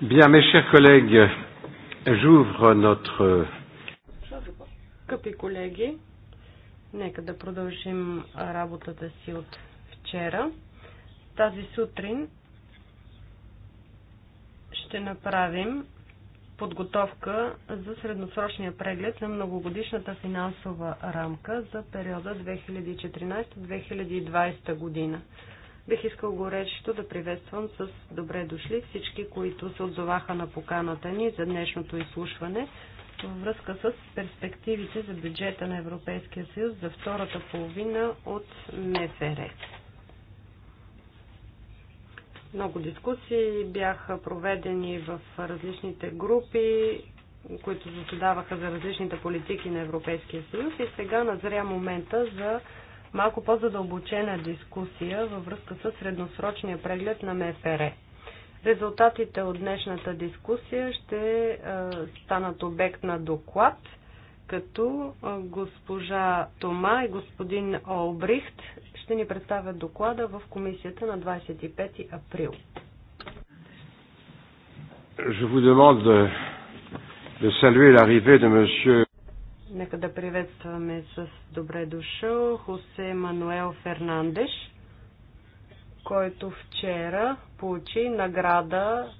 Bien, mes chers collègues, j'ouvre notre. Скъпи колеги, нека да продължим работата си от вчера. Тази сутрин ще направим подготовка за средносрочния преглед на многогодишната финансова рамка за периода 2014-2020 година. Бих искал горещо да приветствам с добре дошли всички, които се отзоваха на поканата ни за днешното изслушване във връзка с перспективите за бюджета на Европейския съюз за втората половина от МФР. Много дискусии бяха проведени в различните групи, които заседаваха за различните политики на Европейския съюз и сега назря момента за малко по-задълбочена дискусия във връзка с средносрочния преглед на МФР. Резултатите от днешната дискусия ще е, станат обект на доклад, като е, госпожа Тома и господин Олбрихт ще ни представят доклада в комисията на 25 април. Je vous demande de, de saluer l'arrivée de monsieur Нека да приветстваме с добре дошъл Хосе Мануел Фернандеш, който вчера получи награда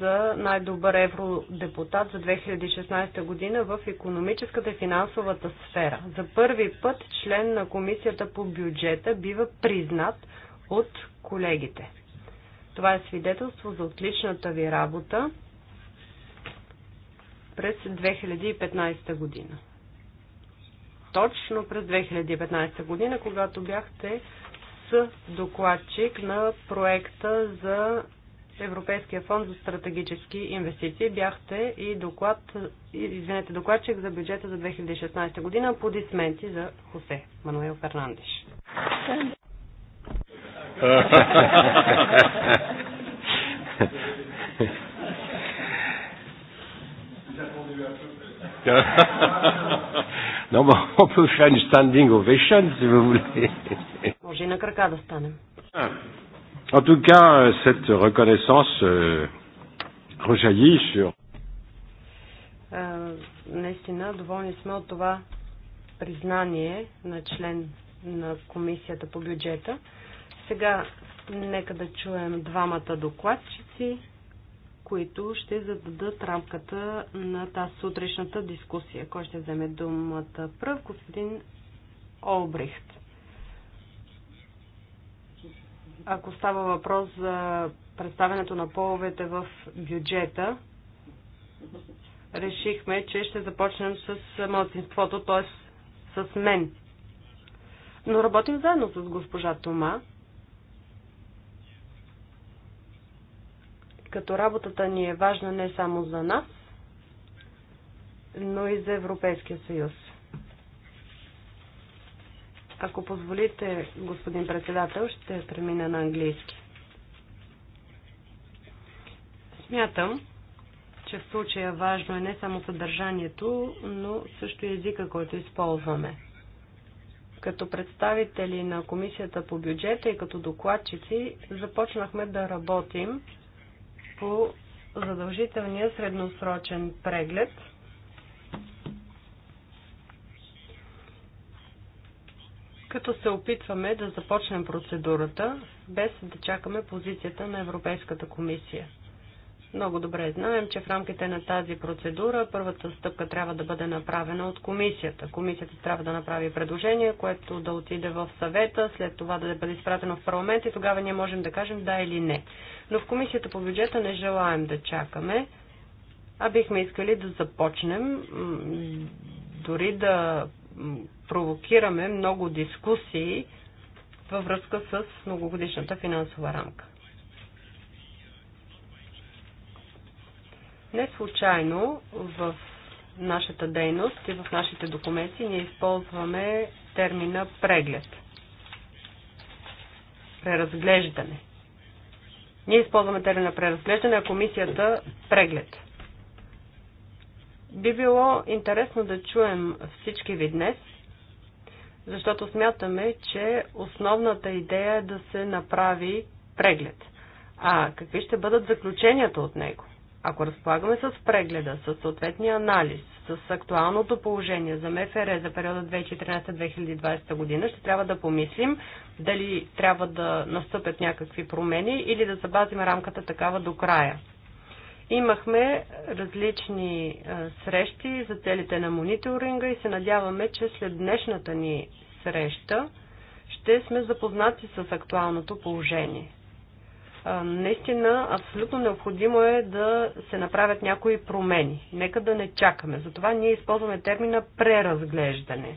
за най-добър евродепутат за 2016 година в економическата и финансовата сфера. За първи път член на комисията по бюджета бива признат от колегите. Това е свидетелство за отличната ви работа през 2015 година. Точно през 2015 година, когато бяхте с докладчик на проекта за Европейския фонд за стратегически инвестиции. Бяхте и доклад, извинете, докладчик за бюджета за 2016 година. Аплодисменти за Хосе Мануел Фернандеш. Non, mais on peut faire une standing ovation si Може на крака да станем. En tout cas, euh, cette reconnaissance euh, rejaillit sur. Наистина, доволни сме от това признание на член на Комисията по бюджета. Сега нека да чуем двамата докладчици които ще зададат рамката на тази сутрешната дискусия. Кой ще вземе думата пръв? Господин Олбрихт. Ако става въпрос за представянето на половете в бюджета, решихме, че ще започнем с младсинството, т.е. с мен. Но работим заедно с госпожа Тома като работата ни е важна не само за нас, но и за Европейския съюз. Ако позволите, господин председател, ще премина на английски. Смятам, че в случая важно е не само съдържанието, но също и езика, който използваме. Като представители на Комисията по бюджета и като докладчици започнахме да работим по задължителния средносрочен преглед. Като се опитваме да започнем процедурата, без да чакаме позицията на Европейската комисия. Много добре знаем, че в рамките на тази процедура първата стъпка трябва да бъде направена от комисията. Комисията трябва да направи предложение, което да отиде в съвета, след това да бъде изпратено в парламент и тогава ние можем да кажем да или не. Но в комисията по бюджета не желаем да чакаме, а бихме искали да започнем, дори да провокираме много дискусии във връзка с многогодишната финансова рамка. Не случайно в нашата дейност и в нашите документи ние използваме термина преглед, преразглеждане. Ние използваме термина преразглеждане, а комисията преглед. Би било интересно да чуем всички ви днес, защото смятаме, че основната идея е да се направи преглед. А какви ще бъдат заключенията от него? Ако разполагаме с прегледа, с съответния анализ, с актуалното положение за МФР за периода 2014-2020 година, ще трябва да помислим дали трябва да настъпят някакви промени или да запазим рамката такава до края. Имахме различни срещи за целите на мониторинга и се надяваме, че след днешната ни среща ще сме запознати с актуалното положение наистина абсолютно необходимо е да се направят някои промени. Нека да не чакаме. Затова ние използваме термина преразглеждане.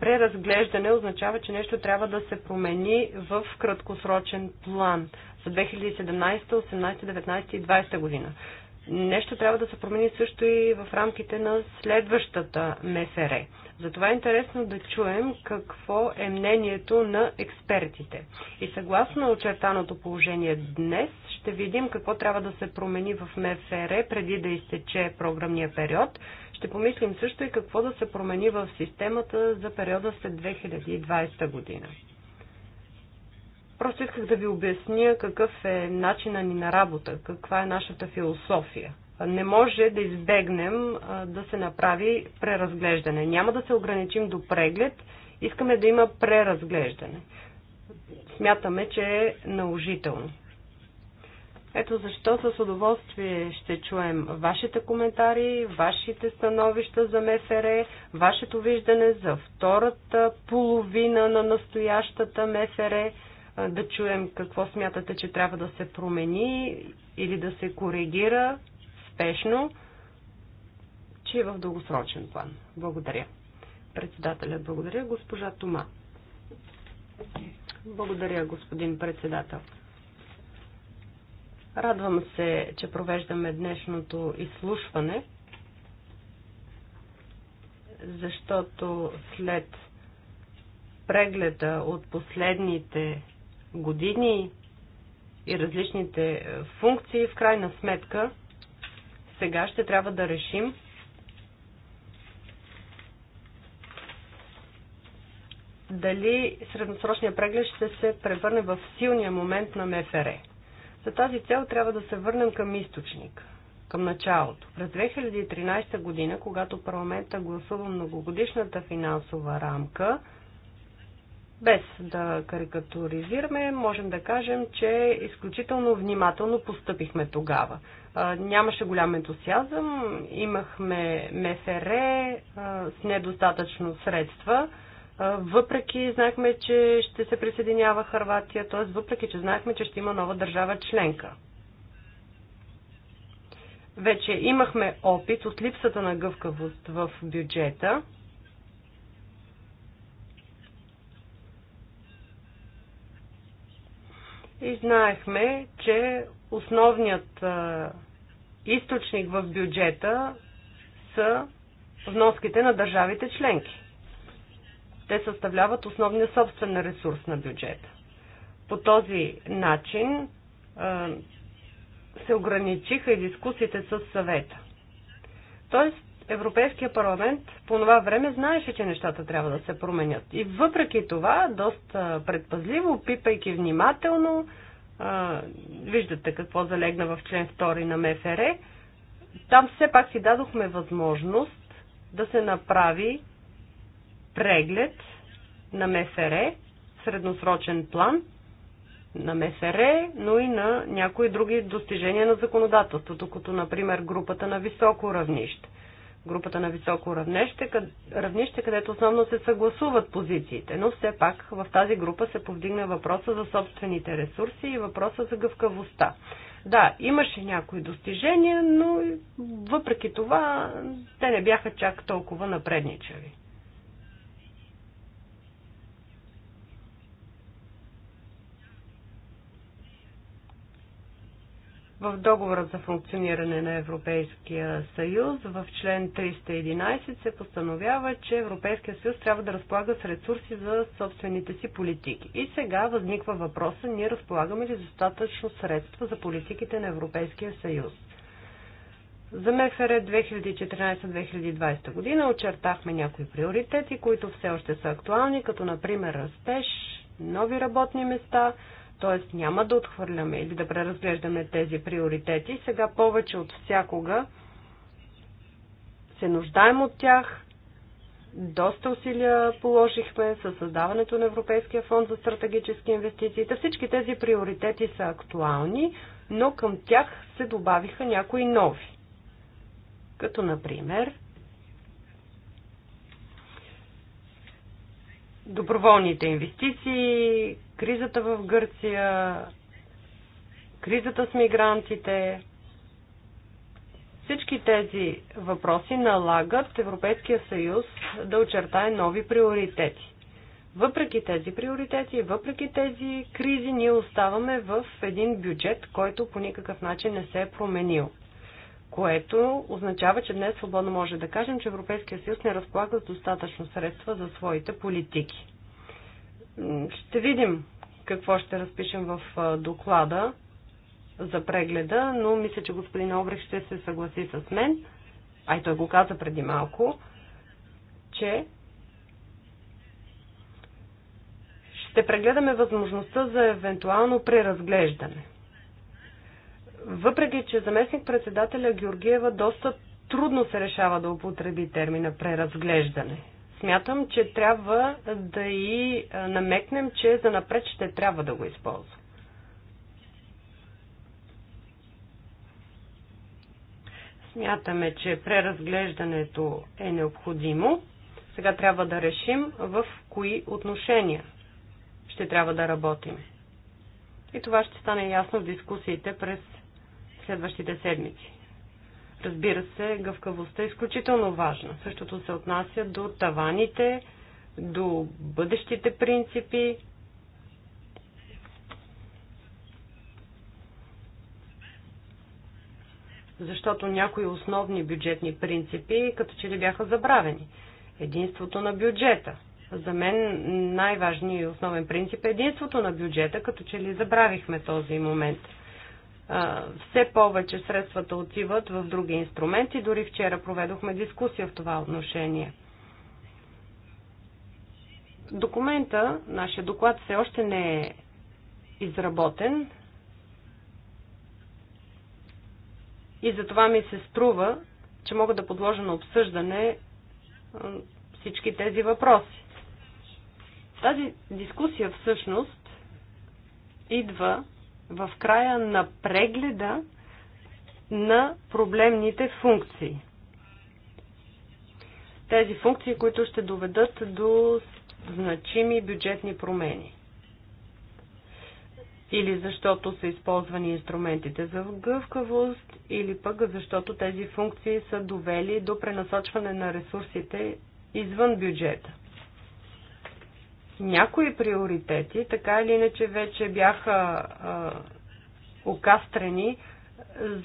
Преразглеждане означава, че нещо трябва да се промени в краткосрочен план за 2017, 18, 19 и 20 година. Нещо трябва да се промени също и в рамките на следващата МФР. Затова е интересно да чуем какво е мнението на експертите. И съгласно очертаното положение днес, ще видим какво трябва да се промени в МФР преди да изтече програмния период. Ще помислим също и какво да се промени в системата за периода след 2020 година. Просто исках да ви обясня какъв е начина ни на работа, каква е нашата философия. Не може да избегнем да се направи преразглеждане. Няма да се ограничим до преглед, искаме да има преразглеждане. Смятаме, че е наложително. Ето защо с удоволствие ще чуем вашите коментари, вашите становища за МФР, вашето виждане за втората половина на настоящата МФР да чуем какво смятате, че трябва да се промени или да се коригира спешно, че е в дългосрочен план. Благодаря. Председателя, благодаря. Госпожа Тома. Благодаря, господин председател. Радвам се, че провеждаме днешното изслушване, защото след прегледа от последните години и различните е, функции, в крайна сметка сега ще трябва да решим дали средносрочния преглед ще се превърне в силния момент на МФР. За тази цел трябва да се върнем към източник, към началото. През 2013 година, когато парламента гласува многогодишната финансова рамка, без да карикатуризираме, можем да кажем, че изключително внимателно постъпихме тогава. Нямаше голям ентусиазъм, имахме МФР с недостатъчно средства, въпреки знаехме, че ще се присъединява Харватия, т.е. въпреки, че знаехме, че ще има нова държава членка. Вече имахме опит от липсата на гъвкавост в бюджета – и знаехме, че основният източник в бюджета са вноските на държавите членки. Те съставляват основния собствен ресурс на бюджета. По този начин се ограничиха и дискусиите с съвета. Тоест, Европейския парламент по това време знаеше, че нещата трябва да се променят. И въпреки това, доста предпазливо, пипайки внимателно, виждате какво залегна в член 2 на МФР, там все пак си дадохме възможност да се направи преглед на МФР, средносрочен план на МФР, но и на някои други достижения на законодателството, като например групата на високо равнище – групата на високо равнище, къд... равнище, където основно се съгласуват позициите, но все пак в тази група се повдигна въпроса за собствените ресурси и въпроса за гъвкавостта. Да, имаше някои достижения, но въпреки това те не бяха чак толкова напредничави. В договора за функциониране на Европейския съюз в член 311 се постановява, че Европейския съюз трябва да разполага с ресурси за собствените си политики. И сега възниква въпроса, ние разполагаме ли достатъчно средства за политиките на Европейския съюз. За МФР 2014-2020 година очертахме някои приоритети, които все още са актуални, като например растеж, нови работни места – т.е. няма да отхвърляме или да преразглеждаме тези приоритети. Сега повече от всякога се нуждаем от тях. Доста усилия положихме със създаването на Европейския фонд за стратегически инвестиции. Та всички тези приоритети са актуални, но към тях се добавиха някои нови. Като, например, доброволните инвестиции, кризата в Гърция, кризата с мигрантите. Всички тези въпроси налагат Европейския съюз да очертае нови приоритети. Въпреки тези приоритети въпреки тези кризи, ние оставаме в един бюджет, който по никакъв начин не се е променил. Което означава, че днес свободно може да кажем, че Европейския съюз не разполага с достатъчно средства за своите политики. Ще видим какво ще разпишем в доклада за прегледа, но мисля, че господин Обрех ще се съгласи с мен, а и той го каза преди малко, че ще прегледаме възможността за евентуално преразглеждане. Въпреки, че заместник-председателя Георгиева доста трудно се решава да употреби термина преразглеждане смятам, че трябва да и намекнем, че за напред ще трябва да го използва. Смятаме, че преразглеждането е необходимо. Сега трябва да решим в кои отношения ще трябва да работим. И това ще стане ясно в дискусиите през следващите седмици. Разбира се, гъвкавостта е изключително важна. Същото се отнася до таваните, до бъдещите принципи. Защото някои основни бюджетни принципи като че ли бяха забравени. Единството на бюджета. За мен най-важният и основен принцип е единството на бюджета, като че ли забравихме този момент – все повече средствата отиват в други инструменти. Дори вчера проведохме дискусия в това отношение. Документа, нашия доклад все още не е изработен и затова ми се струва, че мога да подложа на обсъждане всички тези въпроси. Тази дискусия всъщност идва в края на прегледа на проблемните функции. Тези функции, които ще доведат до значими бюджетни промени. Или защото са използвани инструментите за гъвкавост, или пък защото тези функции са довели до пренасочване на ресурсите извън бюджета. Някои приоритети, така или иначе, вече бяха окастрени,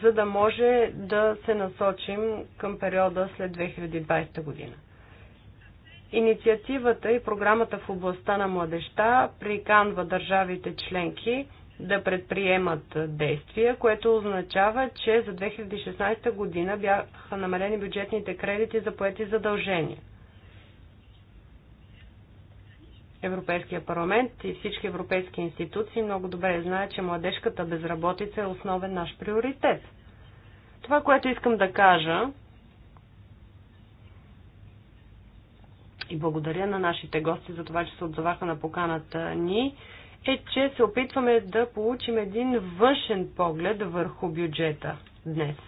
за да може да се насочим към периода след 2020 година. Инициативата и програмата в областта на младеща приканва държавите членки да предприемат действия, което означава, че за 2016 година бяха намалени бюджетните кредити за поети задължения. Европейския парламент и всички европейски институции много добре знаят, че младежката безработица е основен наш приоритет. Това, което искам да кажа и благодаря на нашите гости за това, че се отзоваха на поканата ни, е, че се опитваме да получим един външен поглед върху бюджета днес –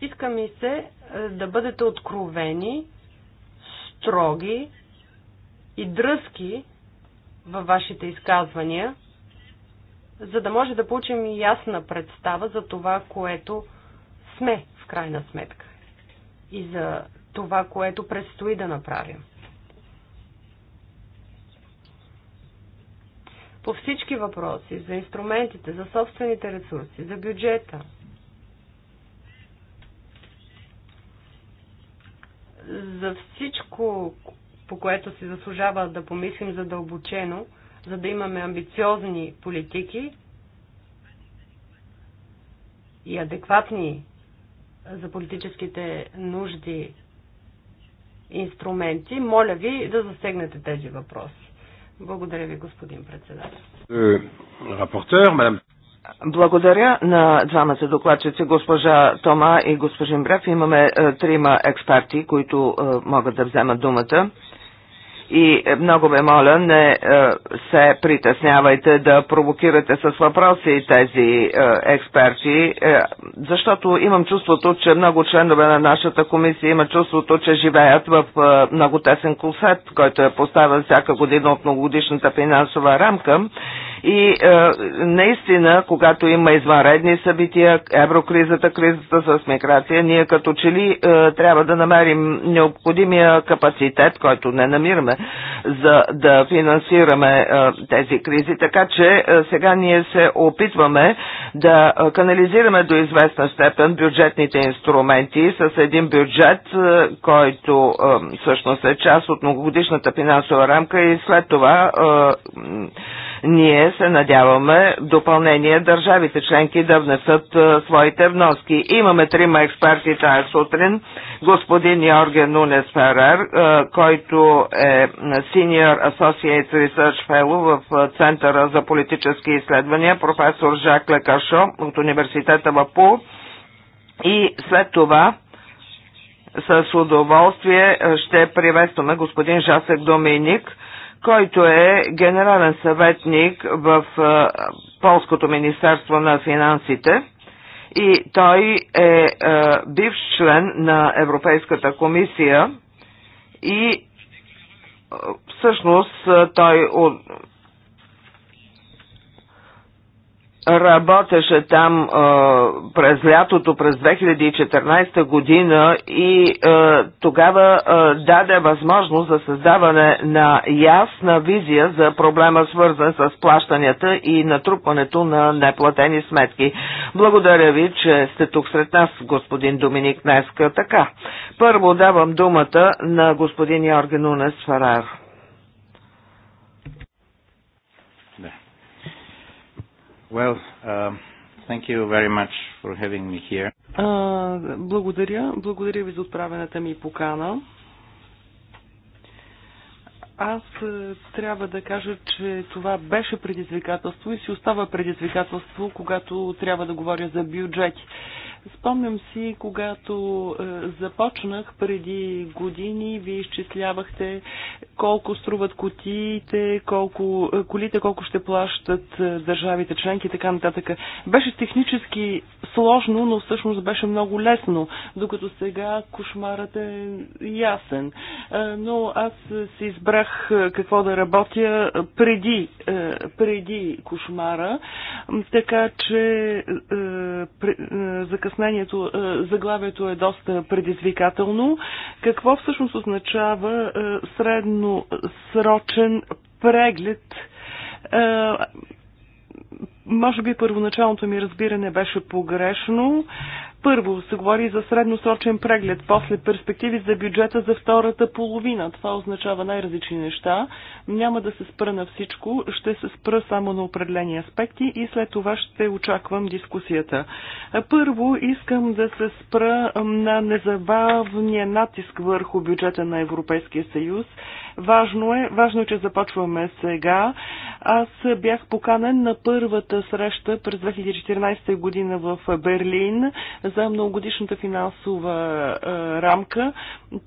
Иска ми се е, да бъдете откровени, строги и дръзки във вашите изказвания, за да може да получим ясна представа за това, което сме в крайна сметка и за това, което предстои да направим. По всички въпроси, за инструментите, за собствените ресурси, за бюджета, за всичко, по което си заслужава да помислим задълбочено, за да имаме амбициозни политики и адекватни за политическите нужди инструменти, моля ви да засегнете тези въпроси. Благодаря ви, господин председател. Е, рапортер, мадам. Благодаря на двамата докладчици, госпожа Тома и госпожин Брев. Имаме е, трима експерти, които е, могат да вземат думата. И е, много ме моля, не е, се притеснявайте да провокирате с въпроси тези е, експерти, е, защото имам чувството, че много членове на нашата комисия имат чувството, че живеят в много тесен кулсет, който е поставен всяка година от многогодишната финансова рамка и е, наистина, когато има извънредни събития, еврокризата, кризата с миграция, ние като че ли е, трябва да намерим необходимия капацитет, който не намираме, за да финансираме е, тези кризи. Така че е, сега ние се опитваме да е, канализираме до известна степен бюджетните инструменти с един бюджет, е, който е, всъщност е част от многогодишната финансова рамка и след това. Е, ние се надяваме в допълнение държавите членки да внесат а, е, своите вноски. Имаме трима експерти тази сутрин. Господин Йорген Нунес Ферер, е, който е Senior Associate Research Fellow в е, Центъра за политически изследвания, професор Жак Лекашо от Университета в И след това с удоволствие ще приветстваме господин Жасек Доминик, който е генерален съветник в е, Полското Министерство на финансите и той е, е бивш член на Европейската комисия и е, всъщност той работеше там а, през лятото, през 2014 година и а, тогава а, даде възможност за създаване на ясна визия за проблема свързан с плащанията и натрупването на неплатени сметки. Благодаря ви, че сте тук сред нас, господин Доминик Неска. Така, първо давам думата на господин Йорген Унес Фарар. Well, um, thank you very much for having me here. Uh, благодаря. Благодаря ви за отправената ми покана. Аз е, трябва да кажа, че това беше предизвикателство и си остава предизвикателство, когато трябва да говоря за бюджети. Спомням си, когато е, започнах преди години, ви изчислявахте колко струват котиите, колко, е, колите, колко ще плащат е, държавите членки и така нататък. Беше технически сложно, но всъщност беше много лесно, докато сега кошмарът е ясен. Но аз си избрах какво да работя преди, преди кошмара, така че за закъснението, е, заглавието е доста предизвикателно. Какво всъщност означава е, средносрочен преглед? Е, може би първоначалното ми разбиране беше погрешно. Първо се говори за средносрочен преглед, после перспективи за бюджета за втората половина. Това означава най-различни неща. Няма да се спра на всичко, ще се спра само на определени аспекти и след това ще очаквам дискусията. Първо искам да се спра на незабавния натиск върху бюджета на Европейския съюз Важно е, важно е, че започваме сега. Аз бях поканен на първата среща през 2014 година в Берлин за многогодишната финансова е, рамка.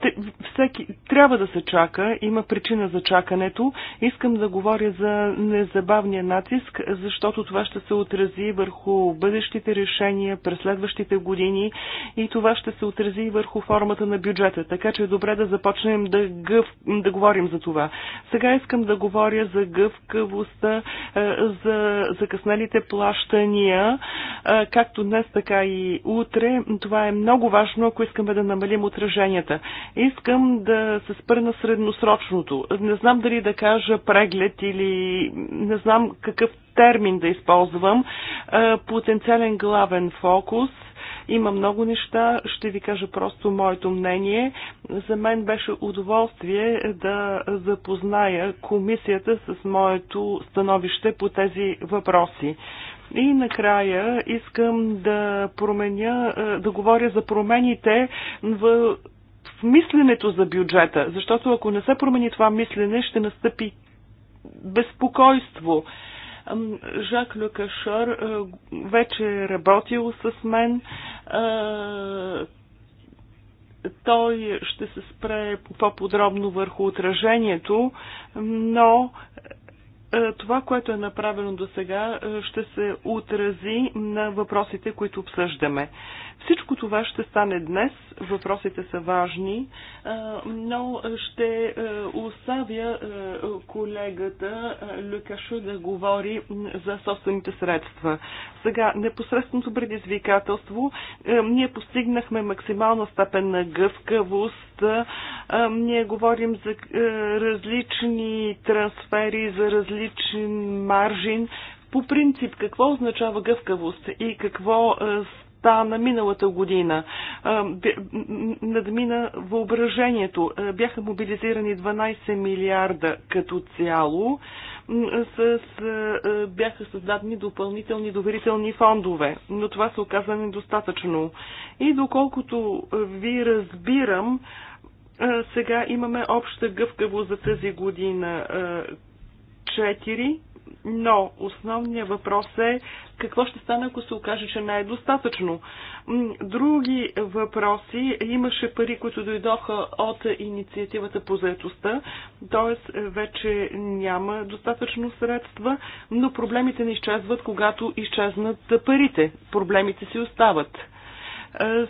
Т всеки, трябва да се чака, има причина за чакането. Искам да говоря за незабавния натиск, защото това ще се отрази върху бъдещите решения през следващите години и това ще се отрази върху формата на бюджета. Така че е добре да започнем да, гъв, да говорим говорим за това. Сега искам да говоря за гъвкавостта, е, за закъсналите плащания, е, както днес, така и утре. Това е много важно, ако искаме да намалим отраженията. Искам да се спра на средносрочното. Не знам дали да кажа преглед или не знам какъв термин да използвам. Е, потенциален главен фокус – има много неща. Ще ви кажа просто моето мнение. За мен беше удоволствие да запозная комисията с моето становище по тези въпроси. И накрая искам да променя, е, да говоря за промените в мисленето за бюджета, защото ако не се промени това мислене, ще настъпи безпокойство. Жак Люкашор е, вече е работил с мен. Е, той ще се спре по-подробно върху отражението, но е, това, което е направено до сега, ще се отрази на въпросите, които обсъждаме. Всичко това ще стане днес. Въпросите са важни, но ще оставя колегата Люкашо да говори за собствените средства. Сега, непосредственото предизвикателство, ние постигнахме максимална степен на гъвкавост. Ние говорим за различни трансфери, за различен маржин по принцип какво означава гъвкавост и какво да, на миналата година. Надмина въображението. Бяха мобилизирани 12 милиарда като цяло. С, бяха създадени допълнителни доверителни фондове, но това се оказа недостатъчно. И доколкото ви разбирам, сега имаме обща гъвкавост за тази година 4 но основният въпрос е какво ще стане, ако се окаже, че не е достатъчно. Други въпроси. Имаше пари, които дойдоха от инициативата по заетостта, т.е. вече няма достатъчно средства, но проблемите не изчезват, когато изчезнат парите. Проблемите си остават.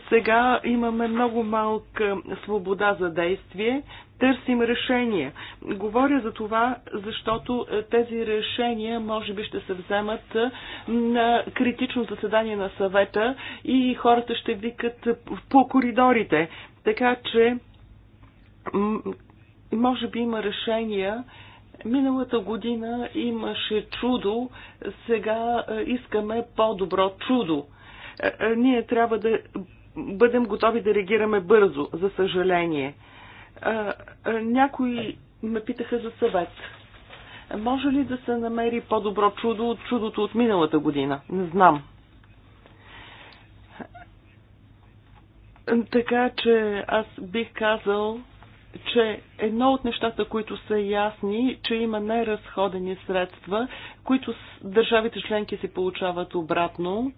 Сега имаме много малка свобода за действие. Търсим решения. Говоря за това, защото тези решения може би ще се вземат на критично заседание на съвета и хората ще викат по коридорите. Така че може би има решения. Миналата година имаше чудо, сега искаме по-добро чудо. Е, е, ние трябва да бъдем готови да реагираме бързо, за съжаление. Е, някои ме питаха за съвет. Може ли да се намери по-добро чудо от чудото от миналата година? Не знам. Така че аз бих казал, че едно от нещата, които са ясни, че има неразходени средства, които държавите членки си получават обратно.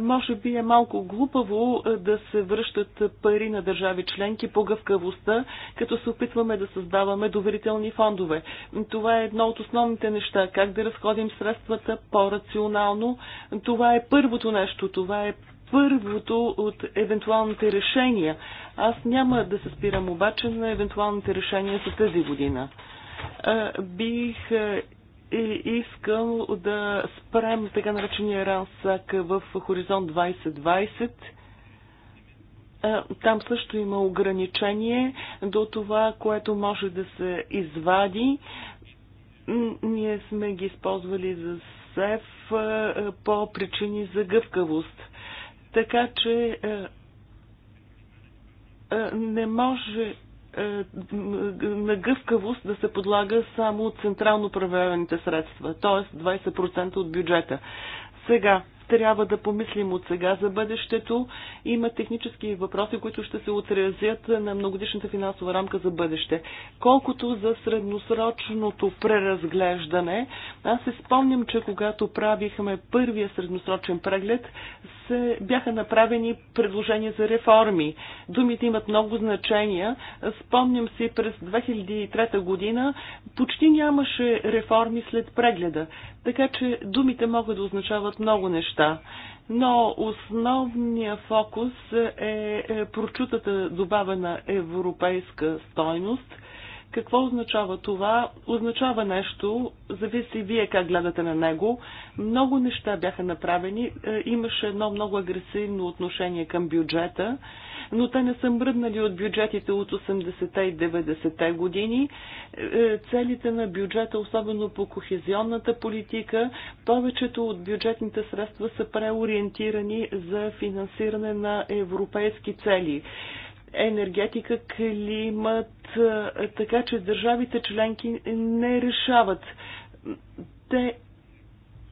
Може би е малко глупаво да се връщат пари на държави членки по гъвкавостта, като се опитваме да създаваме доверителни фондове. Това е едно от основните неща. Как да разходим средствата по-рационално. Това е първото нещо. Това е първото от евентуалните решения. Аз няма да се спирам обаче на евентуалните решения за тази година. Бих и искал да спрем така наречения рансак в Хоризонт 2020. Там също има ограничение до това, което може да се извади. Ние сме ги използвали за СЕФ по причини за гъвкавост. Така че е, е, не може е, на гъвкавост да се подлага само от централно управляваните средства, т.е. 20% от бюджета. Сега трябва да помислим от сега за бъдещето. Има технически въпроси, които ще се отразят на многодишната финансова рамка за бъдеще. Колкото за средносрочното преразглеждане, аз се спомням, че когато правихме първия средносрочен преглед, се бяха направени предложения за реформи. Думите имат много значения. Спомням си през 2003 година почти нямаше реформи след прегледа, така че думите могат да означават много неща. Но основният фокус е, е прочутата добавена европейска стойност какво означава това? Означава нещо, зависи вие как гледате на него. Много неща бяха направени. Е, имаше едно много агресивно отношение към бюджета, но те не са мръднали от бюджетите от 80-те и 90-те години. Е, е, целите на бюджета, особено по кохезионната политика, повечето от бюджетните средства са преориентирани за финансиране на европейски цели енергетика, климат, така че държавите членки не решават. Те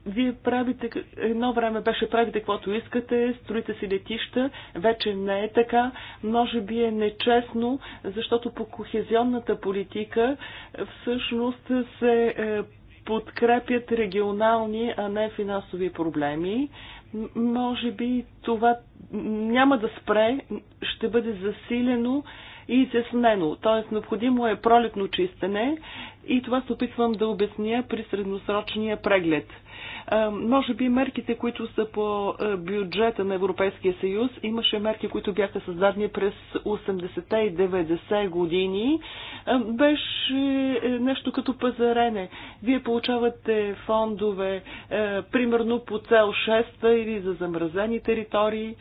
вие правите, едно време беше правите каквото искате, строите си летища, вече не е така. Може би е нечестно, защото по кохезионната политика всъщност се е, подкрепят регионални, а не финансови проблеми. Може би това няма да спре, ще бъде засилено и изяснено. Т.е. необходимо е пролетно чистене и това се опитвам да обясня при средносрочния преглед – е, може би мерките, които са по е, бюджета на Европейския съюз, имаше мерки, които бяха създадени през 80-те и 90 години. Е, беше нещо като пазарене. Вие получавате фондове, примерно по цел 6 или за замразени територии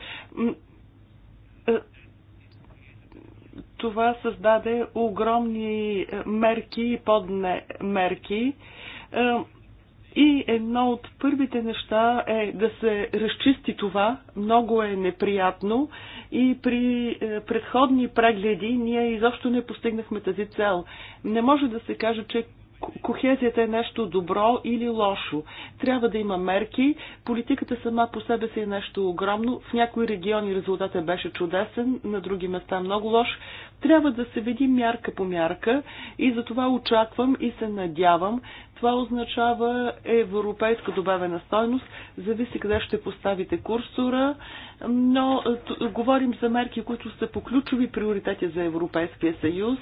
това създаде огромни мерки и мерки. И едно от първите неща е да се разчисти това. Много е неприятно и при е, предходни прегледи ние изобщо не постигнахме тази цел. Не може да се каже, че кохезията е нещо добро или лошо. Трябва да има мерки. Политиката сама по себе си е нещо огромно. В някои региони резултатът беше чудесен, на други места много лош. Трябва да се види мярка по мярка и за това очаквам и се надявам. Това означава европейска добавена стойност. Зависи къде ще поставите курсора, но говорим за мерки, които са по ключови приоритети за Европейския съюз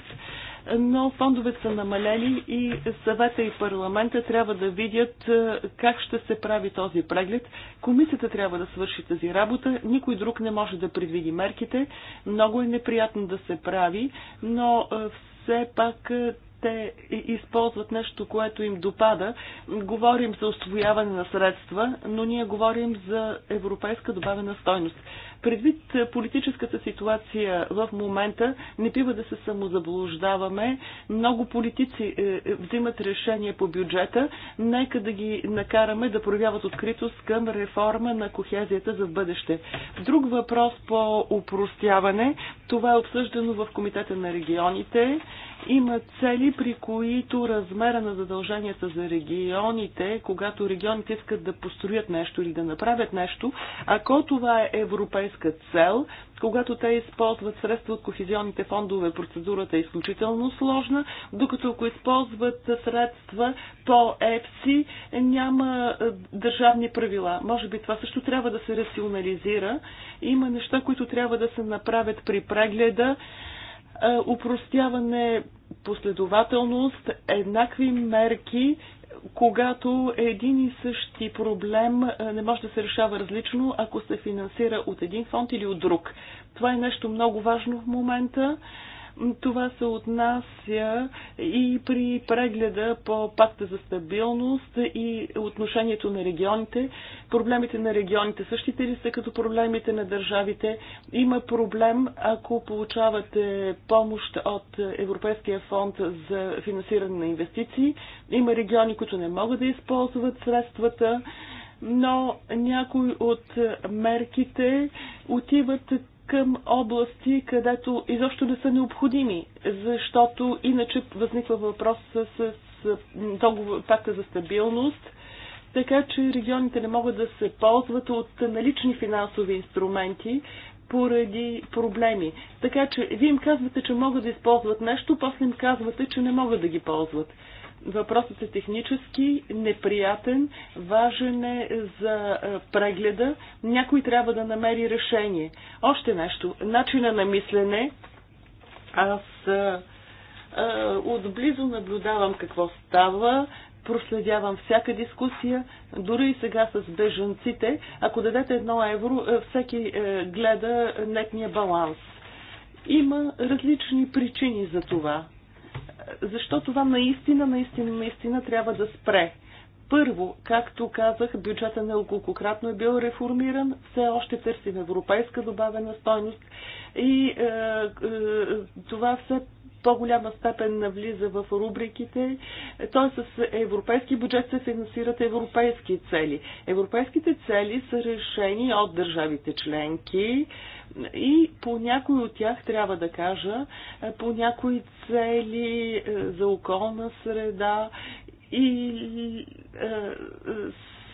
но фондовете са намалели и съвета и парламента трябва да видят е, как ще се прави този преглед. Комисията трябва да свърши тази работа, никой друг не може да предвиди мерките. Много е неприятно да се прави, но е, все пак е, те използват нещо, което им допада. Говорим за освояване на средства, но ние говорим за европейска добавена стойност. Предвид политическата ситуация в момента, не бива да се самозаблуждаваме. Много политици е, е, взимат решение по бюджета. Нека да ги накараме да проявяват откритост към реформа на кохезията за в бъдеще. Друг въпрос по упростяване. Това е обсъждано в Комитета на регионите. Има цели, при които размера на задълженията за регионите, когато регионите искат да построят нещо или да направят нещо, ако това е европейска цел, когато те използват средства от кохезионните фондове, процедурата е изключително сложна, докато ако използват средства по ЕПСИ, няма държавни правила. Може би това също трябва да се рационализира. Има неща, които трябва да се направят при прегледа упростяване последователност, еднакви мерки, когато един и същи проблем не може да се решава различно, ако се финансира от един фонд или от друг. Това е нещо много важно в момента. Това се отнася и при прегледа по пакта за стабилност и отношението на регионите. Проблемите на регионите същите ли са като проблемите на държавите? Има проблем, ако получавате помощ от Европейския фонд за финансиране на инвестиции. Има региони, които не могат да използват средствата но някои от мерките отиват към области, където изобщо не са необходими, защото иначе възниква въпрос с, с, с договор, пакта за стабилност, така че регионите не могат да се ползват от налични финансови инструменти поради проблеми. Така че вие им казвате, че могат да използват нещо, после им казвате, че не могат да ги ползват. Въпросът е технически, неприятен, важен е за е, прегледа. Някой трябва да намери решение. Още нещо. Начина на мислене. Аз а, е, а, е, отблизо наблюдавам какво става, проследявам всяка дискусия, дори и сега с бежанците. Ако дадете едно евро, всеки гледа нетния баланс. Има различни причини за това. Защо това наистина, наистина, наистина трябва да спре? Първо, както казах, бюджета неколкократно е бил реформиран, все още търсим европейска добавена стойност и е, е, това все по-голяма степен навлиза в рубриките. т.е. с европейски бюджет се финансират европейски цели. Европейските цели са решени от държавите членки и по някои от тях трябва да кажа, по някои цели е, за околна среда и е,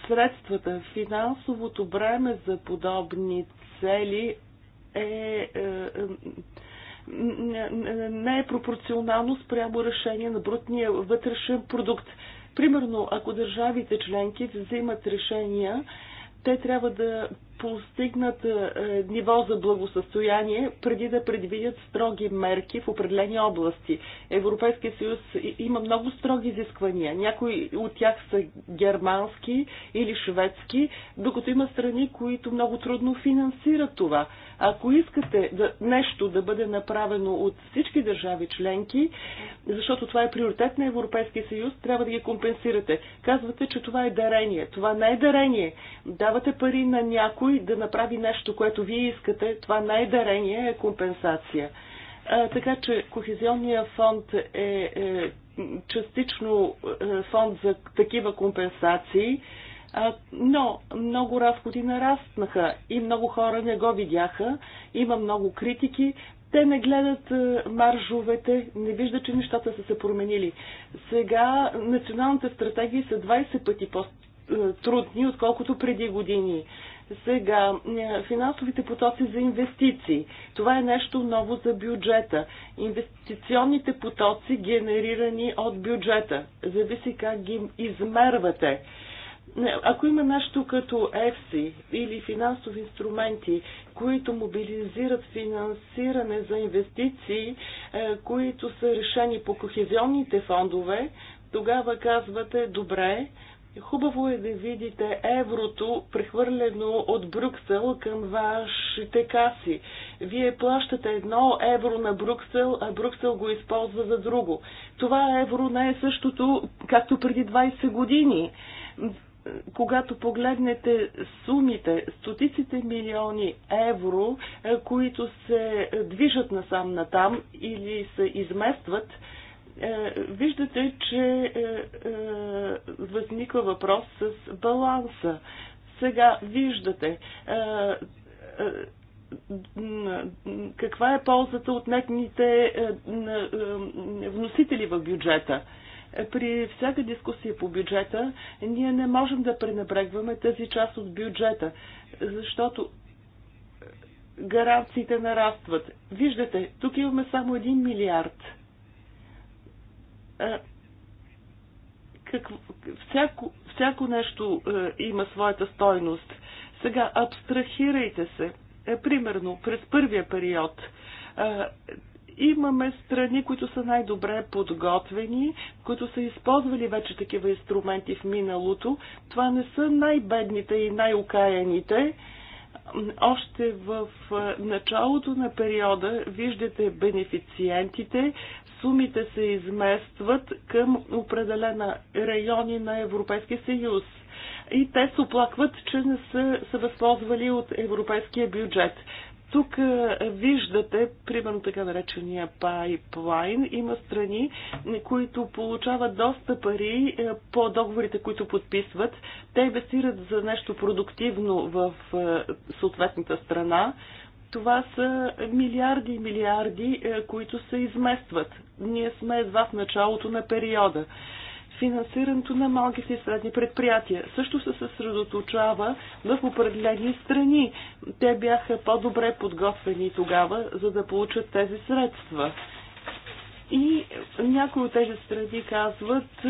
средствата, финансовото бреме за подобни цели е, е, е не е пропорционално спрямо решение на брутния вътрешен продукт. Примерно, ако държавите членки взимат решения, те трябва да постигнат е, ниво за благосъстояние, преди да предвидят строги мерки в определени области. Европейския съюз има много строги изисквания. Някои от тях са германски или шведски, докато има страни, които много трудно финансират това. Ако искате да, нещо да бъде направено от всички държави членки, защото това е приоритет на Европейския съюз, трябва да ги компенсирате. Казвате, че това е дарение. Това не е дарение. Давате пари на някой, някой да направи нещо, което вие искате, това най дарение е компенсация. А, така че Кохезионния фонд е, е частично е, фонд за такива компенсации, а, но много разходи нараснаха и много хора не го видяха. Има много критики, те не гледат е, маржовете, не виждат, че нещата са се променили. Сега националните стратегии са 20 пъти по-трудни, е, отколкото преди години. Сега, е, финансовите потоци за инвестиции. Това е нещо ново за бюджета. Инвестиционните потоци, генерирани от бюджета. Зависи как ги измервате. Е, ако има нещо като ЕФСИ или финансови инструменти, които мобилизират финансиране за инвестиции, е, които са решени по кохезионните фондове, тогава казвате, добре, Хубаво е да видите еврото прехвърлено от Брюксел към вашите каси. Вие плащате едно евро на Брюксел, а Брюксел го използва за друго. Това евро не е същото, както преди 20 години. Когато погледнете сумите, стотиците милиони евро, е, които се движат насам-натам или се изместват, е, виждате, че е, е, възниква въпрос с баланса. Сега виждате каква е ползата от нетните вносители в бюджета. При всяка дискусия по бюджета ние не можем да пренебрегваме тази част от бюджета, защото гаранциите нарастват. Виждате, тук имаме само 1 милиард – какво, всяко, всяко нещо а, има своята стойност. Сега абстрахирайте се. А, е, примерно, през първия период а, имаме страни, които са най-добре подготвени, които са използвали вече такива инструменти в миналото. Това не са най-бедните и най-окаяните. Още в началото на периода виждате бенефициентите, сумите се изместват към определена райони на Европейския съюз. И те се оплакват, че не са се възползвали от европейския бюджет. Тук виждате, примерно така наречения пайплайн, има страни, които получават доста пари по договорите, които подписват. Те инвестират за нещо продуктивно в съответната страна това са милиарди и милиарди, е, които се изместват. Ние сме едва в началото на периода. Финансирането на малките и средни предприятия също се съсредоточава в определени страни. Те бяха по-добре подготвени тогава, за да получат тези средства. И някои от тези страни казват,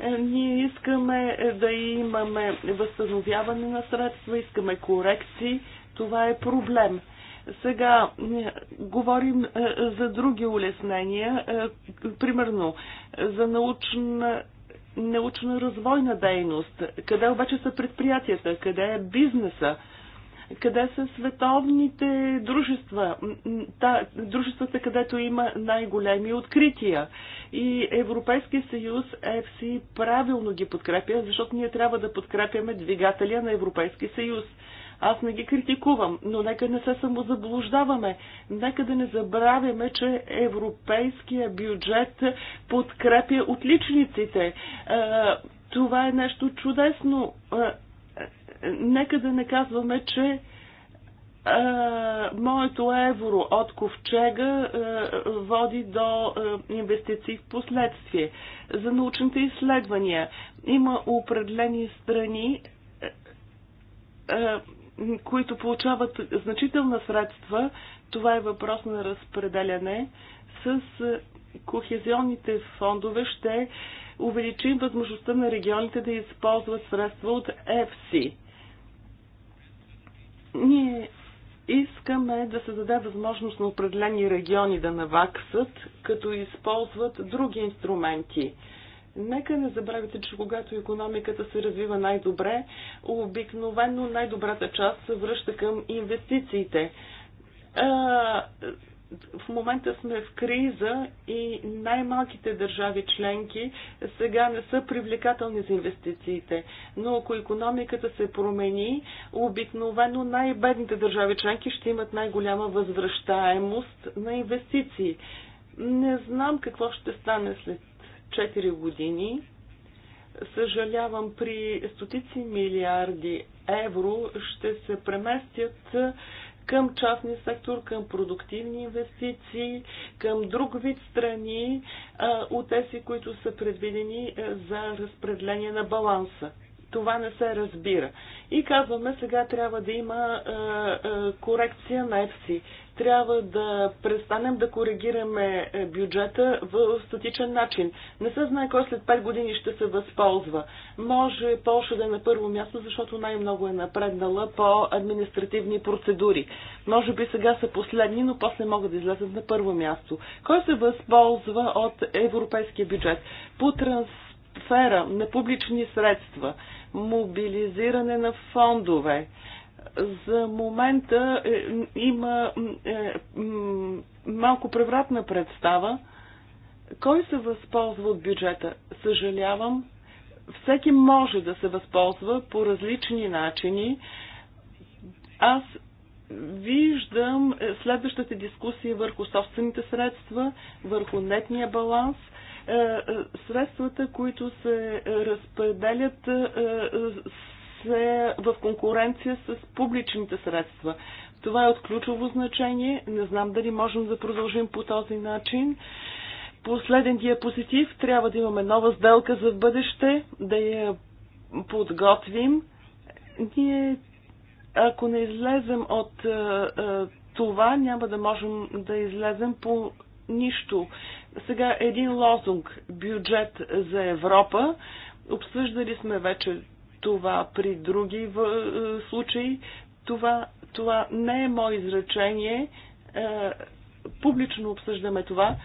е, ние искаме да имаме възстановяване на средства, искаме корекции. Това е проблем. Сега говорим е, за други улеснения, е, примерно за научна научно-развойна дейност, къде обаче са предприятията, къде е бизнеса, къде са световните дружества, та, дружествата, където има най-големи открития. И Европейския съюз ЕФСИ правилно ги подкрепя, защото ние трябва да подкрепяме двигателя на Европейския съюз. Аз не ги критикувам, но нека не се самозаблуждаваме. Нека да не забравяме, че европейския бюджет подкрепя отличниците. Е, това е нещо чудесно. Е, нека да не казваме, че е, моето евро от ковчега води до инвестиции в последствие. За научните изследвания има определени страни, които получават значителна средства, това е въпрос на разпределяне, с е, кохезионните фондове ще увеличим възможността на регионите да използват средства от ЕФСИ. Ние искаме да се даде възможност на определени региони да наваксат, като използват други инструменти – Нека не забравяйте, че когато економиката се развива най-добре, обикновено най-добрата част се връща към инвестициите. В момента сме в криза и най-малките държави членки сега не са привлекателни за инвестициите. Но ако економиката се промени, обикновено най-бедните държави членки ще имат най-голяма възвръщаемост на инвестиции. Не знам какво ще стане след 4 години. Съжалявам, при стотици милиарди евро ще се преместят към частния сектор, към продуктивни инвестиции, към друг вид страни а, от тези, които са предвидени за разпределение на баланса. Това не се разбира. И казваме, сега трябва да има а, а, корекция на ЕФСИ трябва да престанем да коригираме е, бюджета в статичен начин. Не се знае кой след 5 години ще се възползва. Може Польша да е на първо място, защото най-много е напреднала по административни процедури. Може би сега са последни, но после могат да излезат на първо място. Кой се възползва от европейския бюджет? По трансфера на публични средства, мобилизиране на фондове, за момента е, има е, малко превратна представа. Кой се възползва от бюджета? Съжалявам, всеки може да се възползва по различни начини. Аз виждам е, следващата дискусия върху собствените средства, върху нетния баланс, средствата, които се разпределят се в конкуренция с публичните средства. Това е от ключово значение. Не знам дали можем да продължим по този начин. Последен диапозитив. Трябва да имаме нова сделка за бъдеще, да я подготвим. Ние, ако не излезем от е, е, това, няма да можем да излезем по нищо. Сега един лозунг бюджет за Европа. Обсъждали сме вече това при други в... Е, случаи. Това, това не е мое изречение. Е, публично обсъждаме това.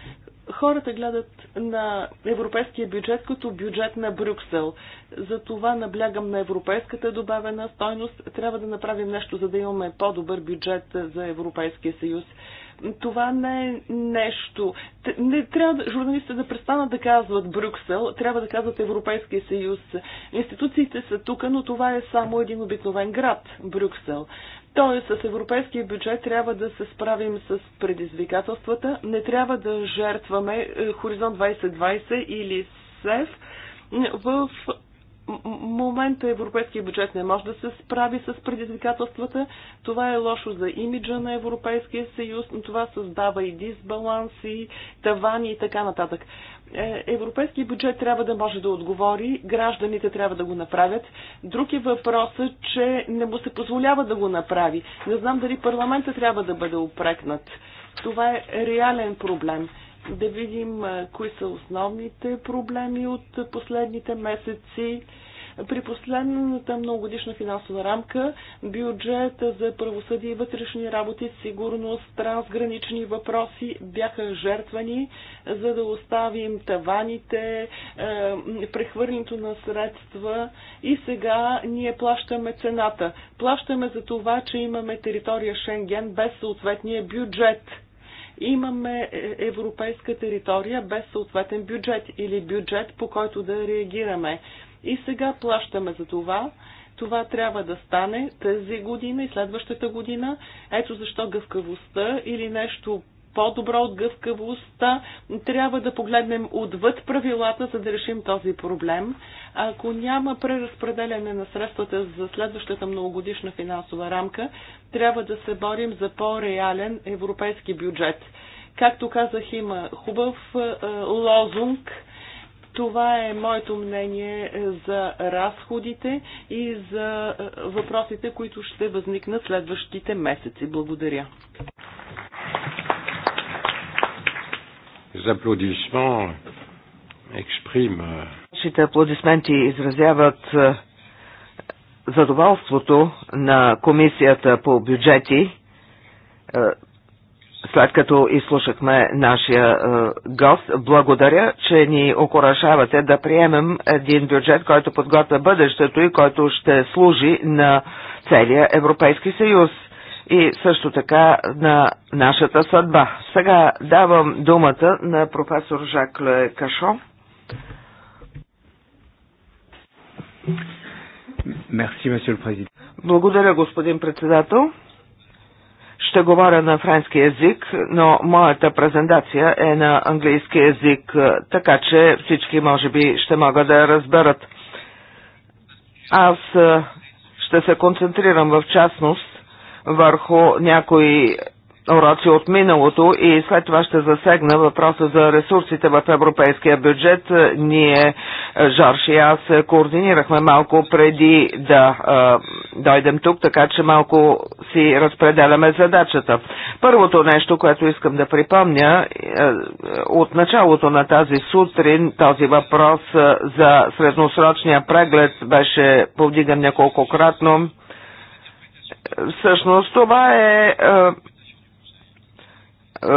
Хората гледат на европейския бюджет като бюджет на Брюксел. За това наблягам на европейската добавена стойност. Трябва да направим нещо, за да имаме по-добър бюджет за Европейския съюз. Това не е нещо. Не трябва журналистите да престанат да казват Брюксел, трябва да казват Европейския съюз. Институциите са тук, но това е само един обикновен град, Брюксел. Тоест, с европейския бюджет трябва да се справим с предизвикателствата, не трябва да жертваме е, Хоризонт 2020 или СЕФ е, в момента европейския бюджет не може да се справи с предизвикателствата. Това е лошо за имиджа на Европейския съюз, но това създава и дисбаланси, тавани и така нататък. Е, европейския бюджет трябва да може да отговори, гражданите трябва да го направят. Друг е въпросът, че не му се позволява да го направи. Не знам дали парламента трябва да бъде опрекнат. Това е реален проблем да видим кои са основните проблеми от последните месеци. При последната многогодишна финансова рамка бюджета за правосъдие и вътрешни работи, сигурност, трансгранични въпроси бяха жертвани, за да оставим таваните, е, прехвърлянето на средства и сега ние плащаме цената. Плащаме за това, че имаме територия Шенген без съответния бюджет – имаме е, европейска територия без съответен бюджет или бюджет, по който да реагираме. И сега плащаме за това. Това трябва да стане тази година и следващата година. Ето защо гъвкавостта или нещо по-добро от гъвкавостта. Трябва да погледнем отвъд правилата, за да решим този проблем. Ако няма преразпределяне на средствата за следващата многогодишна финансова рамка, трябва да се борим за по-реален европейски бюджет. Както казах, има хубав е, лозунг. Това е моето мнение за разходите и за е, въпросите, които ще възникнат следващите месеци. Благодаря. Euh, Нашите аплодисменти изразяват е, задоволството на Комисията по бюджети, е, след като изслушахме нашия е, гост. Благодаря, че ни окорашавате да приемем един бюджет, който подготвя бъдещето и който ще служи на целия Европейски съюз и също така на нашата съдба. Сега давам думата на професор Жак Ле Кашо. Merci, Благодаря, господин председател. Ще говоря на френски язик, но моята презентация е на английски язик, така че всички може би ще могат да я разберат. Аз ще се концентрирам в частност върху някои уроци от миналото и след това ще засегна въпроса за ресурсите в европейския бюджет. Ние, Жорж и аз, координирахме малко преди да а, дойдем тук, така че малко си разпределяме задачата. Първото нещо, което искам да припомня, е, от началото на тази сутрин този въпрос за средносрочния преглед беше повдиган няколкократно. Всъщност това е, е, е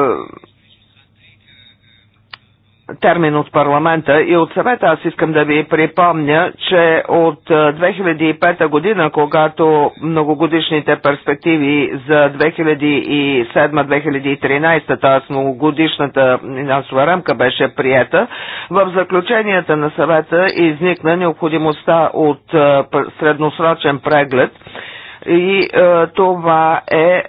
термин от парламента и от съвета. Аз искам да ви припомня, че от 2005 е, година, когато многогодишните перспективи за 2007-2013, т.е. многогодишната финансова рамка беше приета, в заключенията на съвета изникна необходимостта от е, средносрочен преглед и е, това е, е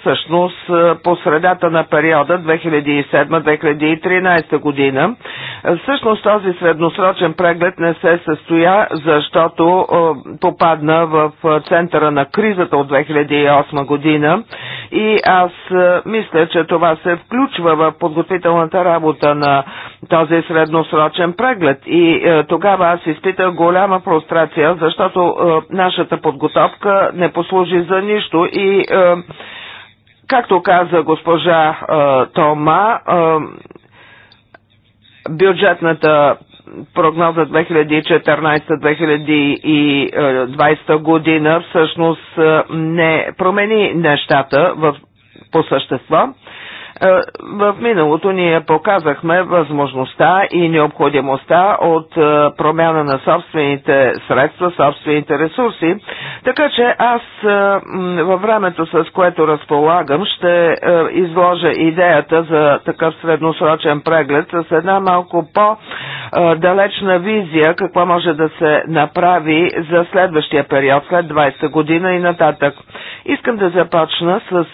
всъщност е, по средата на периода 2007-2013 година. Всъщност този средносрочен преглед не се състоя, защото е, попадна в е, центъра на кризата от 2008 година и аз е, мисля, че това се включва в подготвителната работа на този средносрочен преглед и е, тогава аз изпитах голяма прострация, защото е, нашата подготовка не не послужи за нищо и е, както каза госпожа е, Тома, е, бюджетната прогноза 2014-2020 е, година всъщност е, не промени нещата в, по същество. Е, в миналото ние показахме възможността и необходимостта от е, промяна на собствените средства, собствените ресурси, така че аз е, във времето, с което разполагам, ще изложа идеята за такъв средносрочен преглед с една малко по-далечна визия, какво може да се направи за следващия период, след 20 година и нататък. Искам да започна с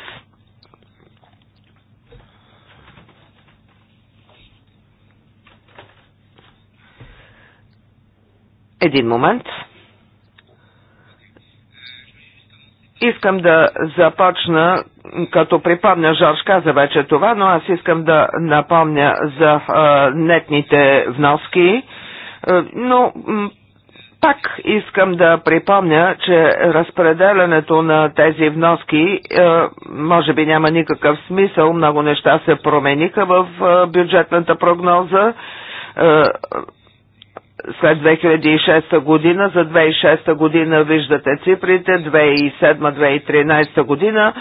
Един момент. Искам да започна, като припомня, Жорж каза вече това, но аз искам да напомня за а, нетните вноски, а, но пак искам да припомня, че разпределянето на тези вноски а, може би няма никакъв смисъл. Много неща се промениха в а, бюджетната прогноза. А, след 2006 година. За 2006 година виждате цифрите, 2007-2013 година.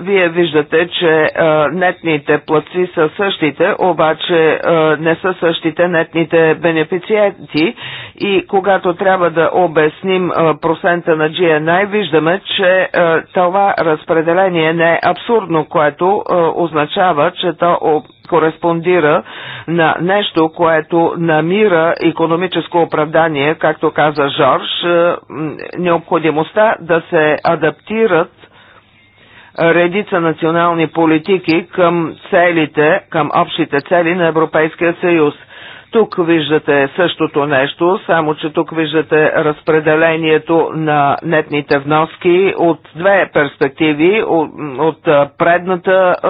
Вие виждате, че нетните платци са същите, обаче не са същите нетните бенефициенти и когато трябва да обясним процента на GNI, виждаме, че това разпределение не е абсурдно, което означава, че то кореспондира на нещо, което намира економическо оправдание, както каза Жорж, е, необходимостта да се адаптират редица национални политики към целите, към общите цели на Европейския съюз. Тук виждате същото нещо, само че тук виждате разпределението на нетните вноски от две перспективи, от, от предната е,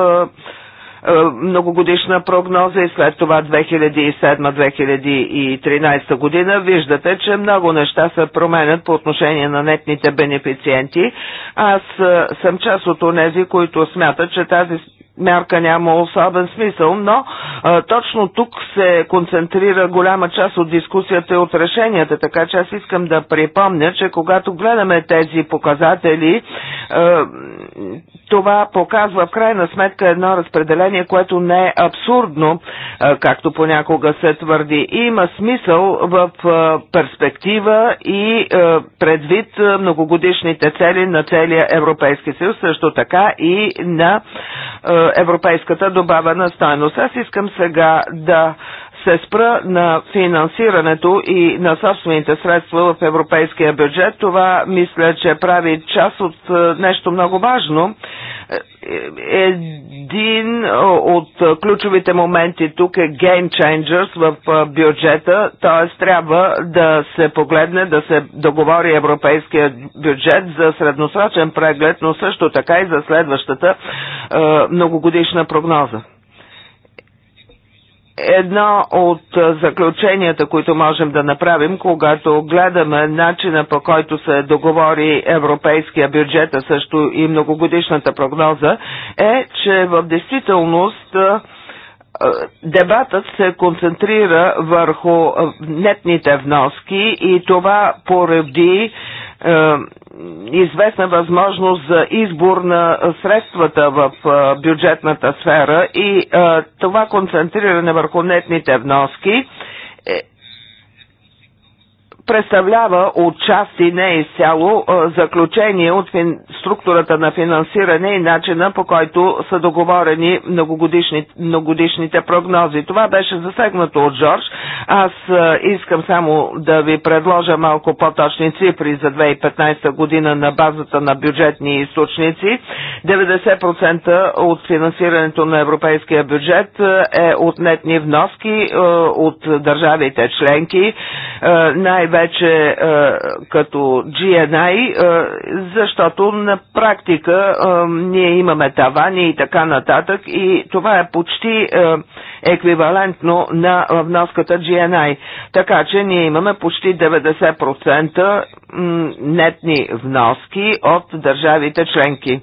е, многогодишна прогноза и след това 2007-2013 година, виждате, че много неща се променят по отношение на нетните бенефициенти. Аз е, съм част от онези, които смятат, че тази мярка няма особен смисъл, но а, е, точно тук се концентрира голяма част от дискусията и от решенията, така че аз искам да припомня, че когато гледаме тези показатели, а, това показва в крайна сметка едно разпределение, което не е абсурдно, както понякога се твърди. И има смисъл в перспектива и предвид многогодишните цели на целия Европейски съюз, също така и на европейската добавена стойност. Аз искам сега да се спра на финансирането и на собствените средства в европейския бюджет. Това мисля, че прави част от е, нещо много важно. Е, един от ключовите моменти тук е game changers в е, бюджета, т.е. трябва да се погледне, да се договори европейския бюджет за средносрочен преглед, но също така и за следващата многогодишна прогноза едно от заключенията, които можем да направим, когато гледаме начина по който се договори европейския бюджет, а също и многогодишната прогноза, е, че в действителност дебатът се концентрира върху нетните вноски и това поради известна възможност за избор на средствата в бюджетната сфера и това концентриране върху нетните вноски представлява отчасти не изцяло заключение от фин... структурата на финансиране и начина по който са договорени многогодишни... многогодишните прогнози. Това беше засегнато от Джордж Аз искам само да ви предложа малко по-точни цифри за 2015 година на базата на бюджетни източници. 90% от финансирането на европейския бюджет е от нетни вноски от държавите членки. Най-вече вече вече като GNI, е, защото на практика е, ние имаме тавани и така нататък и това е почти е, еквивалентно на вноската GNI. Така че ние имаме почти 90% нетни вноски от държавите членки.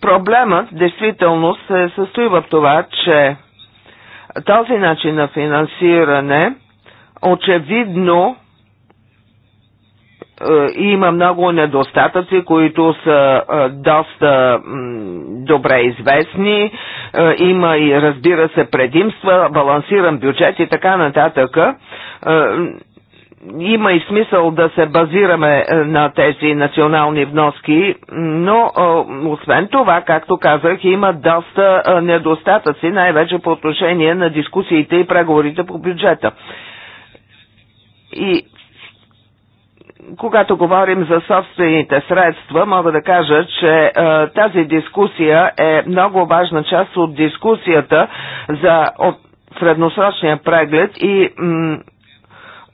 Проблемът действително се състои в това, че този начин на финансиране Очевидно, е, има много недостатъци, които са е, доста добре известни. Е, има и, разбира се, предимства, балансиран бюджет и така нататък. Има и смисъл да се базираме на тези национални вноски, но освен това, както казах, има доста недостатъци, най-вече по отношение на дискусиите и преговорите по бюджета. И когато говорим за собствените средства, мога да кажа, че е, тази дискусия е много важна част от дискусията за от средносрочния преглед и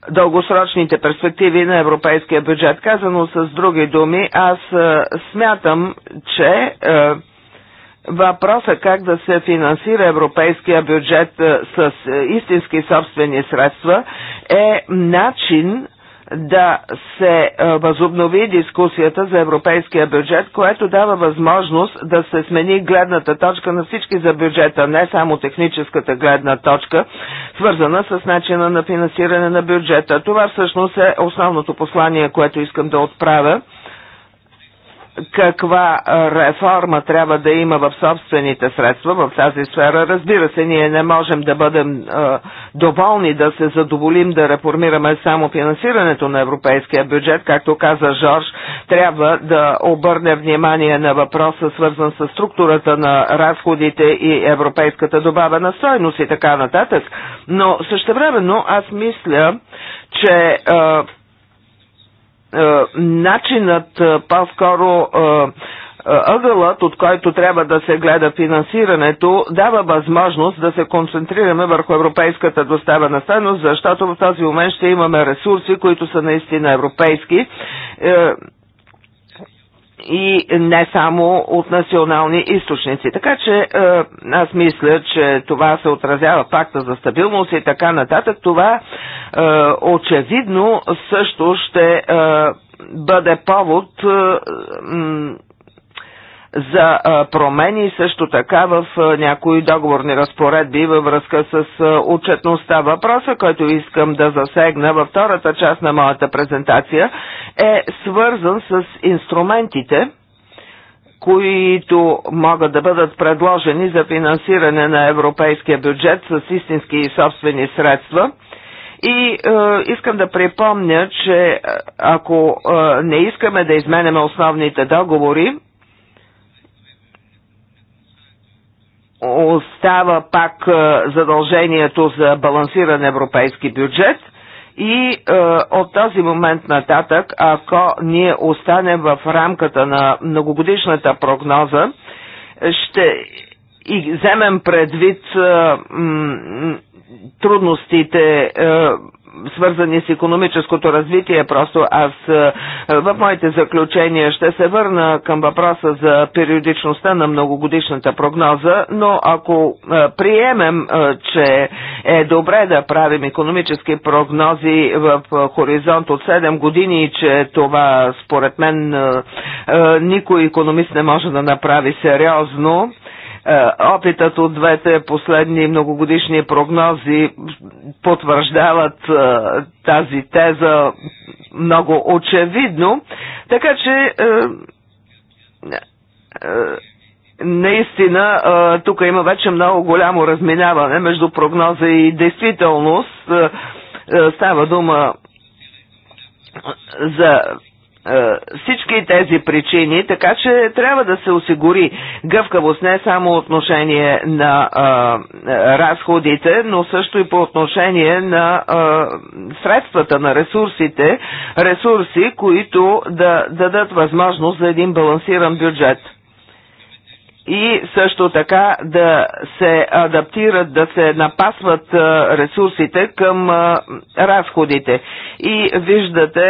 дългосрочните перспективи на европейския бюджет. Казано с други думи, аз е, смятам, че е, Въпросът как да се финансира европейския бюджет е, с е, истински собствени средства е начин да се е, възобнови дискусията за европейския бюджет, което дава възможност да се смени гледната точка на всички за бюджета, не само техническата гледна точка, свързана с начина на финансиране на бюджета. Това всъщност е основното послание, което искам да отправя каква реформа трябва да има в собствените средства в тази сфера. Разбира се, ние не можем да бъдем е, доволни да се задоволим да реформираме само финансирането на европейския бюджет. Както каза Жорж, трябва да обърне внимание на въпроса, свързан с структурата на разходите и европейската добавена стойност и така нататък. Но същевременно аз мисля, че е, е, начинът е, по-скоро е, ъгълът, от който трябва да се гледа финансирането, дава възможност да се концентрираме върху европейската доставена стойност, защото в този момент ще имаме ресурси, които са наистина европейски и не само от национални източници. Така че е, аз мисля, че това се отразява факта за стабилност и така нататък. Това е, очевидно също ще е, бъде повод за промени също така в някои договорни разпоредби във връзка с отчетността. Въпроса, който искам да засегна във втората част на моята презентация е свързан с инструментите, които могат да бъдат предложени за финансиране на европейския бюджет с истински и собствени средства. И е, искам да припомня, че е, ако е, не искаме да изменяме основните договори, остава пак е, задължението за балансиран европейски бюджет и е, от този момент нататък, ако ние останем в рамката на многогодишната прогноза, ще и вземем предвид е, трудностите е, свързани с економическото развитие. Просто аз е, в моите заключения ще се върна към въпроса за периодичността на многогодишната прогноза, но ако е, приемем, е, че е добре да правим економически прогнози в хоризонт от 7 години и че това според мен никой економист не може да направи сериозно, е, опитът от двете последни многогодишни прогнози потвърждават е, тази теза много очевидно, така че е, наистина тук има вече много голямо разминаване между прогноза и действителност. Става дума за е, всички тези причини, така че трябва да се осигури гъвкавост не само отношение на а, е, разходите, но също и по отношение на а, е, средствата, на ресурсите, ресурси, които да дадат възможност за един балансиран бюджет и също така да се адаптират, да се напасват ресурсите към разходите. И виждате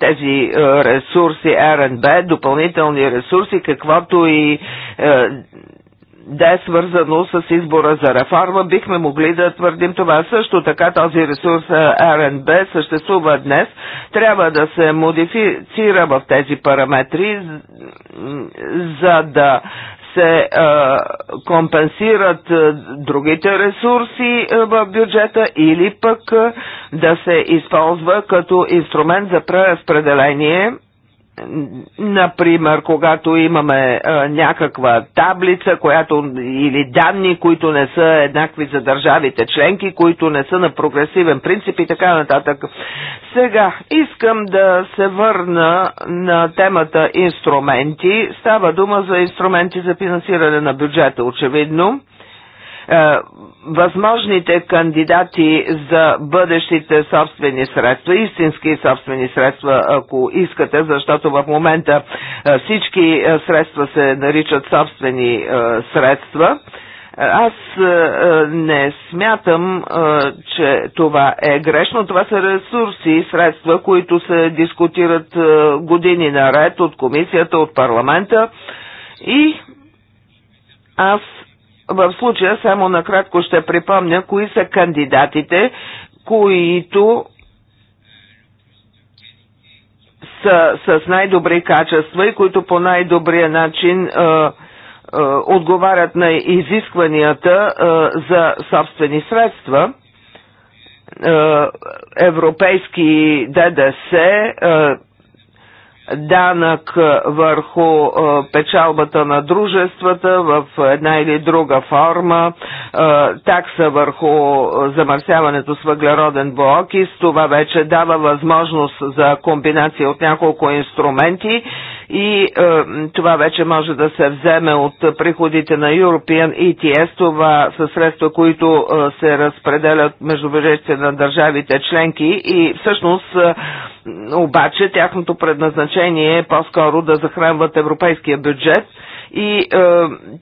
тези ресурси R&B, допълнителни ресурси, каквото и да е свързано с избора за реформа, бихме могли да твърдим това. Също така този ресурс РНБ е, съществува днес, трябва да се модифицира в тези параметри, за да се а, е, компенсират а, е, другите ресурси в бюджета или пък а, да се използва като инструмент за преразпределение Например, когато имаме а, някаква таблица която, или данни, които не са еднакви за държавите членки, които не са на прогресивен принцип и така нататък. Сега искам да се върна на темата инструменти. Става дума за инструменти за финансиране на бюджета, очевидно. Е, възможните кандидати за бъдещите собствени средства, истински собствени средства, ако искате, защото в момента е, всички е, средства се наричат собствени средства. Аз не смятам, че това е грешно. Това са ресурси и средства, които се дискутират години наред от комисията, от парламента. И аз в случая само накратко ще припомня кои са кандидатите, които са с най-добри качества и които по най-добрия начин е, е, отговарят на изискванията е, за собствени средства. Е, европейски ДДС, е, данък върху печалбата на дружествата в една или друга форма, такса върху замърсяването с въглероден блокис. Това вече дава възможност за комбинация от няколко инструменти и е, това вече може да се вземе от приходите на European ETS. Това са средства, които е, се разпределят между бюджетите на държавите членки и всъщност е, обаче тяхното предназначение е по-скоро да захранват европейския бюджет и е,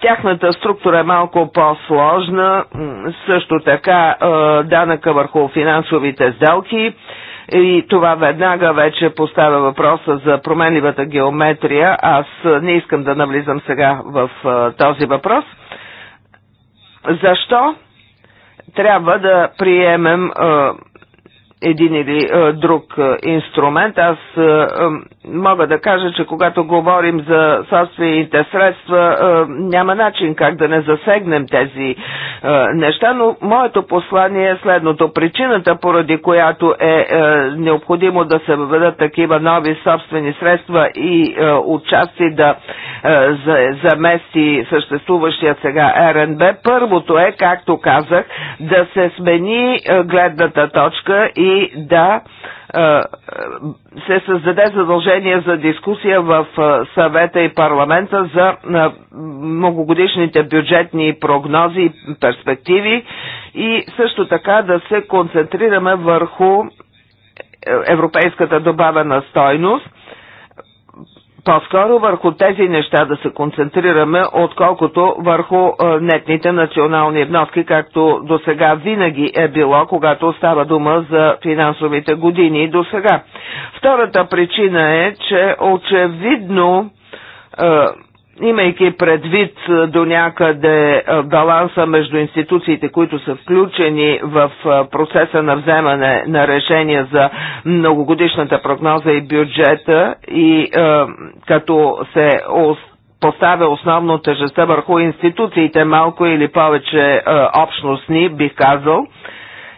тяхната структура е малко по-сложна, също така е, данъка върху финансовите сделки, и това веднага вече поставя въпроса за променливата геометрия. Аз не искам да навлизам сега в този въпрос. Защо трябва да приемем един или е, друг е, инструмент. Аз е, мога да кажа, че когато говорим за собствените средства, няма начин как да не засегнем тези неща, но моето послание е следното. Причината, поради която е необходимо да се въведат такива нови собствени средства и отчасти да замести съществуващия сега РНБ, първото е, както казах, да се смени гледната точка и и да се създаде задължение за дискусия в съвета и парламента за многогодишните бюджетни прогнози и перспективи и също така да се концентрираме върху е, европейската добавена стойност по-скоро върху тези неща да се концентрираме, отколкото върху е, нетните национални вноски, както до сега винаги е било, когато става дума за финансовите години до сега. Втората причина е, че очевидно е, имайки предвид до някъде баланса между институциите, които са включени в процеса на вземане на решения за многогодишната прогноза и бюджета и като се поставя основно тежеста върху институциите, малко или повече общностни, бих казал,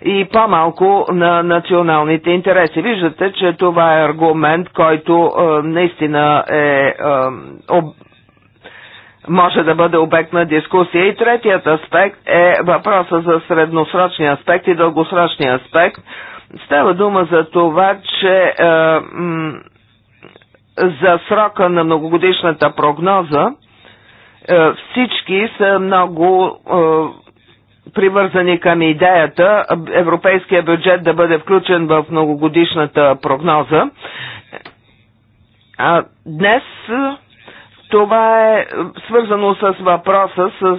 и по-малко на националните интереси. Виждате, че това е аргумент, който наистина е, е об, може да бъде обект на дискусия. И третият аспект е въпроса за средносрочния аспект и дългосрочния аспект. Става дума за това, че е, за срока на многогодишната прогноза е, всички са много е, привързани към идеята европейския бюджет да бъде включен в многогодишната прогноза. А днес е, това е, е свързано с въпроса, с,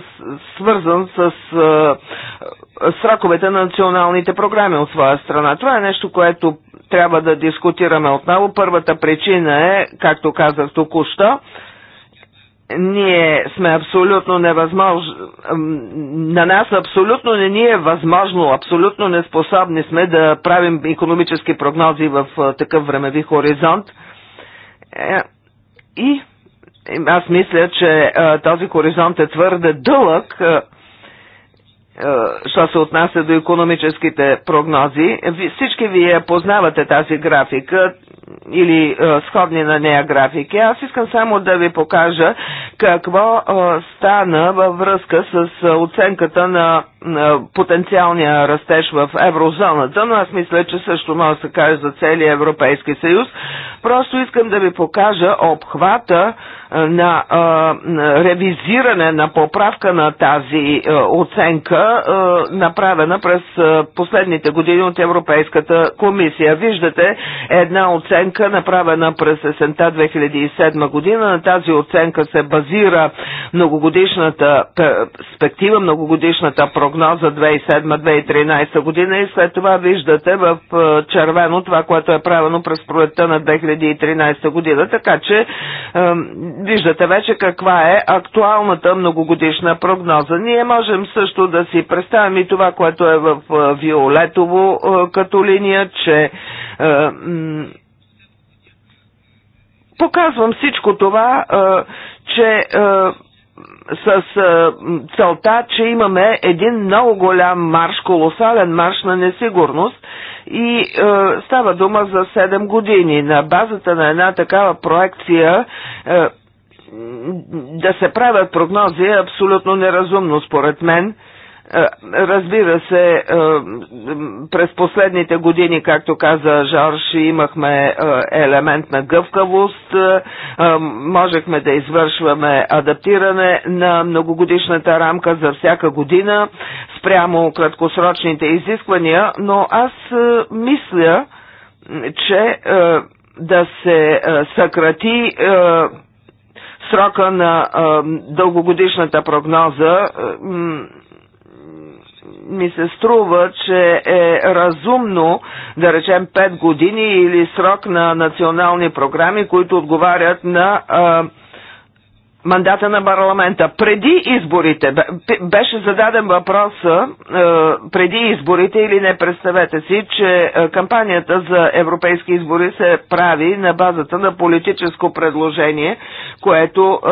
свързан с е, е, сроковете на националните програми от своя страна. Това е нещо, което трябва да дискутираме отново. Първата причина е, както казах току-що, ние сме абсолютно невъзможно, на нас абсолютно не ни е възможно, абсолютно неспособни сме да правим економически прогнози в е, такъв времеви хоризонт. И аз мисля, че а, този хоризонт е твърде дълъг, а, а, що се отнася до економическите прогнози. Всички вие познавате тази графика или а, сходни на нея графики. Аз искам само да ви покажа какво а, стана във връзка с а, оценката на, на потенциалния растеж в еврозоната, но аз мисля, че също може да се каже за целия Европейски съюз. Просто искам да ви покажа обхвата на ревизиране, на поправка на тази оценка, направена през последните години от Европейската комисия. Виждате една оценка, направена през есента 2007 година. На тази оценка се базира многогодишната перспектива, многогодишната прогноза 2007-2013 година и след това виждате в червено това, което е правено през пролетта на 2013 година. Така че виждате вече каква е актуалната многогодишна прогноза. Ние можем също да си представим и това, което е в Виолетово като линия, че показвам всичко това, че с целта, че имаме един много голям марш, колосален марш на несигурност и е, става дума за 7 години. На базата на една такава проекция е, да се правят прогнози е абсолютно неразумно според мен. Е, разбира се, е, през последните години, както каза Жорж, имахме е, елемент на гъвкавост, можехме да извършваме адаптиране на многогодишната рамка за всяка година спрямо краткосрочните изисквания, но аз мисля, че да се съкрати срока на дългогодишната прогноза ми се струва, че е разумно, да речем 5 години или срок на национални програми, които отговарят на а, мандата на парламента. Преди изборите беше зададен въпроса, е, преди изборите или не, представете си, че е, кампанията за европейски избори се прави на базата на политическо предложение, което е,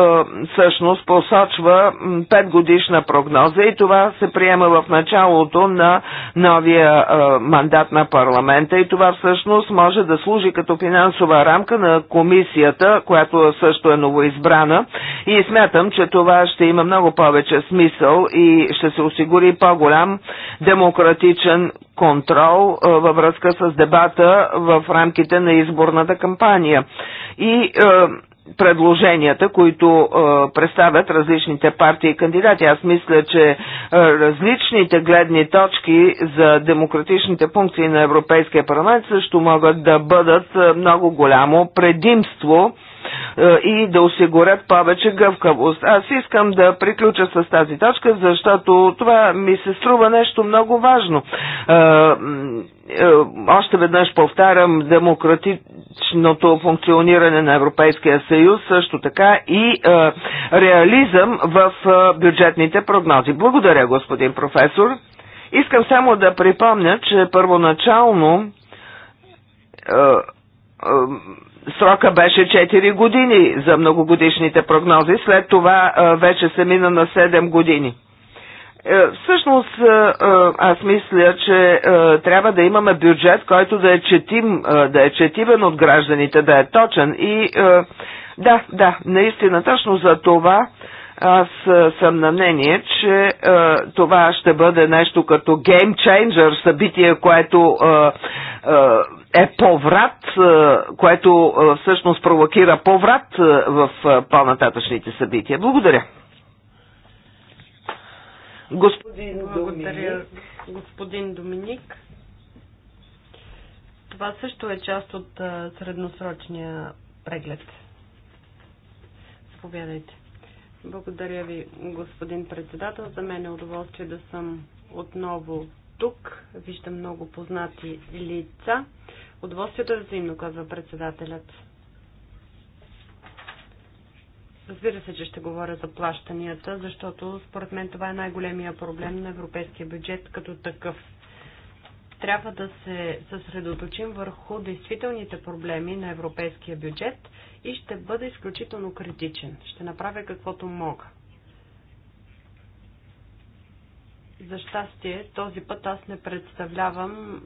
всъщност посочва 5 годишна прогноза и това се приема в началото на новия мандат на парламента и това всъщност може да служи като финансова рамка на комисията, която също е новоизбрана и смятам, че това ще има много повече смисъл и ще се осигури по-голям демократичен контрол е, във връзка с дебата в рамките на изборната кампания. И е, предложенията, които е, представят различните партии и кандидати. Аз мисля, че е, различните гледни точки за демократичните функции на Европейския парламент също могат да бъдат е, много голямо предимство е, и да осигурят повече гъвкавост. Аз искам да приключа с тази точка, защото това ми се струва нещо много важно е, е, още веднъж повтарям, демократичното функциониране на Европейския съюз, също така и е, реализъм в е, бюджетните прогнози. Благодаря, господин професор. Искам само да припомня, че първоначално е, срока беше 4 години за многогодишните прогнози, след това вече се мина на 7 години. Е, всъщност, аз мисля, че трябва да имаме бюджет, който да е, четим, да е четивен от гражданите, да е точен. И да, да, наистина, точно за това аз съм на мнение, че това ще бъде нещо като геймчейнджър събитие, което е, е поврат, е, което е, всъщност провокира поврат в по-нататъчните събития. Благодаря. Господин Благодаря, Доминик. господин Доминик. Това също е част от средносрочния преглед. Споведайте. Благодаря ви, господин председател. За мен е удоволствие да съм отново тук. Виждам много познати лица. Удоволствието е взаимно, казва председателят. Разбира се, че ще говоря за плащанията, защото според мен това е най-големия проблем на европейския бюджет като такъв. Трябва да се съсредоточим върху действителните проблеми на европейския бюджет и ще бъда изключително критичен. Ще направя каквото мога. За щастие, този път аз не представлявам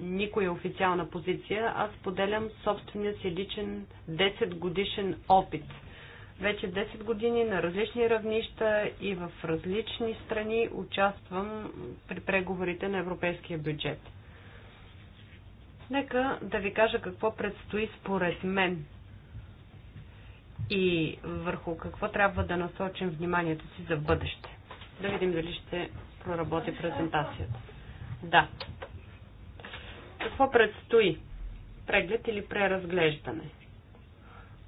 никоя официална позиция. Аз поделям собствения си личен 10 годишен опит. Вече 10 години на различни равнища и в различни страни участвам при преговорите на европейския бюджет. Нека да ви кажа какво предстои според мен и върху какво трябва да насочим вниманието си за бъдеще. Да видим дали ще проработи презентацията. Да. Какво предстои? Преглед или преразглеждане?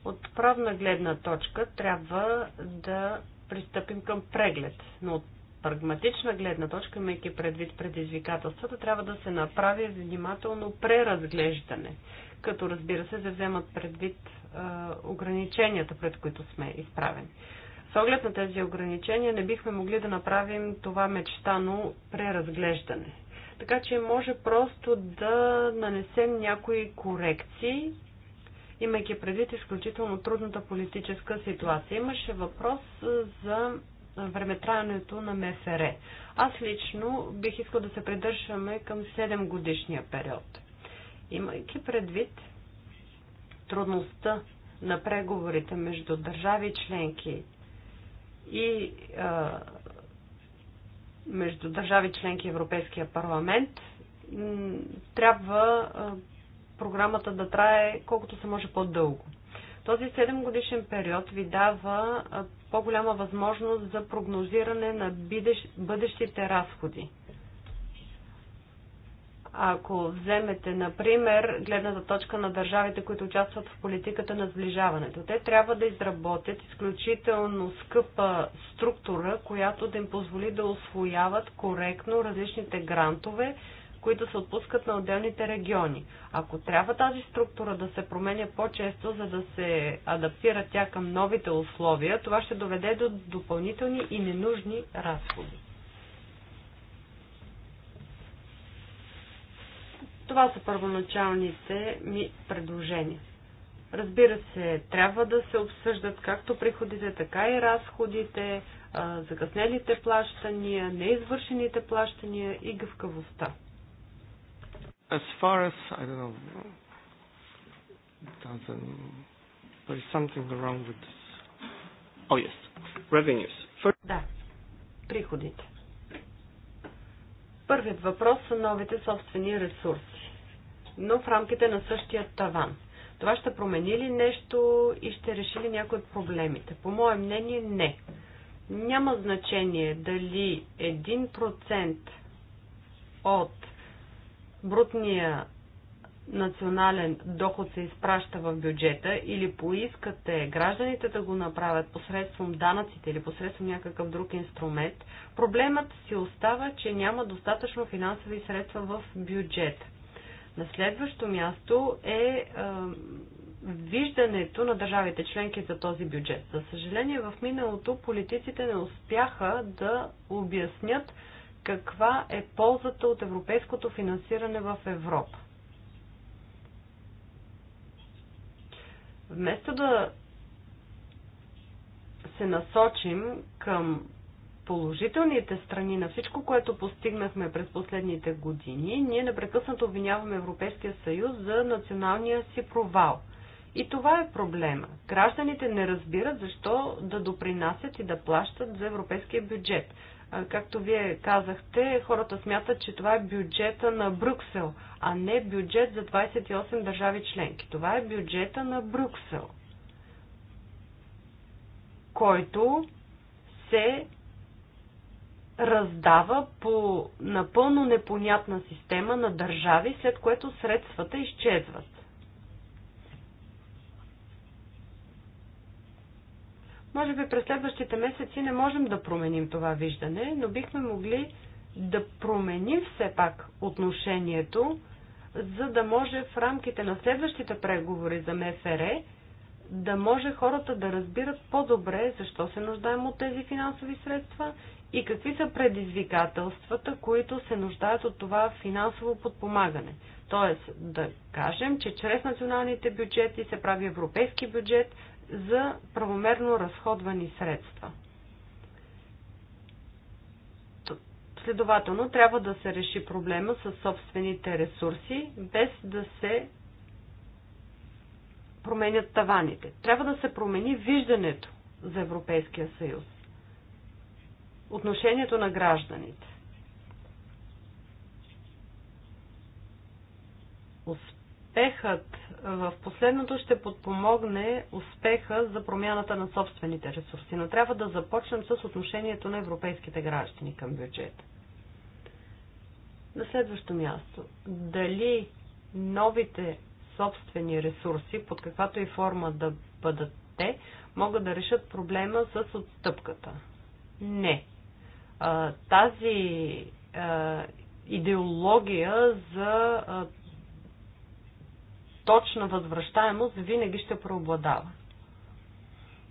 От правна гледна точка трябва да пристъпим към преглед, но от прагматична гледна точка, имайки предвид предизвикателствата, трябва да се направи внимателно преразглеждане, като разбира се да вземат предвид е, ограниченията, пред които сме изправени. С оглед на тези ограничения не бихме могли да направим това мечтано преразглеждане. Така че може просто да нанесем някои корекции, имайки предвид изключително трудната политическа ситуация. Имаше въпрос за времетраенето на МФР. Аз лично бих искал да се придържаме към 7 годишния период. Имайки предвид трудността на преговорите между държави членки и а, между държави членки Европейския парламент, трябва а, програмата да трае колкото се може по-дълго. Този 7 годишен период ви дава по-голяма възможност за прогнозиране на бъдещите разходи. Ако вземете, например, гледната точка на държавите, които участват в политиката на сближаването, те трябва да изработят изключително скъпа структура, която да им позволи да освояват коректно различните грантове, които се отпускат на отделните региони. Ако трябва тази структура да се променя по-често, за да се адаптира тя към новите условия, това ще доведе до допълнителни и ненужни разходи. Това са първоначалните ми предложения. Разбира се, трябва да се обсъждат както приходите, така и разходите, закъснелите плащания, неизвършените плащания и гъвкавостта. As far as, I don't know, there is something wrong with this. Oh yes, revenues. First... Да, приходите. Първият въпрос са новите собствени ресурси но в рамките на същия таван. Това ще промени ли нещо и ще реши ли някои от проблемите? По мое мнение, не. Няма значение дали 1% от брутния национален доход се изпраща в бюджета или поискате гражданите да го направят посредством данъците или посредством някакъв друг инструмент, проблемът си остава, че няма достатъчно финансови средства в бюджета. На следващо място е виждането на държавите членки за този бюджет. За съжаление, в миналото политиците не успяха да обяснят каква е ползата от европейското финансиране в Европа. Вместо да се насочим към положителните страни на всичко, което постигнахме през последните години, ние непрекъснато обвиняваме Европейския съюз за националния си провал. И това е проблема. Гражданите не разбират защо да допринасят и да плащат за европейския бюджет. Както вие казахте, хората смятат, че това е бюджета на Брюксел, а не бюджет за 28 държави членки. Това е бюджета на Брюксел, който се раздава по напълно непонятна система на държави, след което средствата изчезват. Може би през следващите месеци не можем да променим това виждане, но бихме могли да променим все пак отношението, за да може в рамките на следващите преговори за МФР да може хората да разбират по-добре защо се нуждаем от тези финансови средства и какви са предизвикателствата, които се нуждаят от това финансово подпомагане. Тоест да кажем, че чрез националните бюджети се прави европейски бюджет за правомерно разходвани средства. Следователно, трябва да се реши проблема с собствените ресурси, без да се променят таваните. Трябва да се промени виждането за Европейския съюз. Отношението на гражданите. Успехът в последното ще подпомогне успеха за промяната на собствените ресурси, но трябва да започнем с отношението на европейските граждани към бюджета. На следващо място, дали новите собствени ресурси, под каквато и форма да бъдат те, могат да решат проблема с отстъпката. Не. тази идеология за точна възвръщаемост винаги ще преобладава.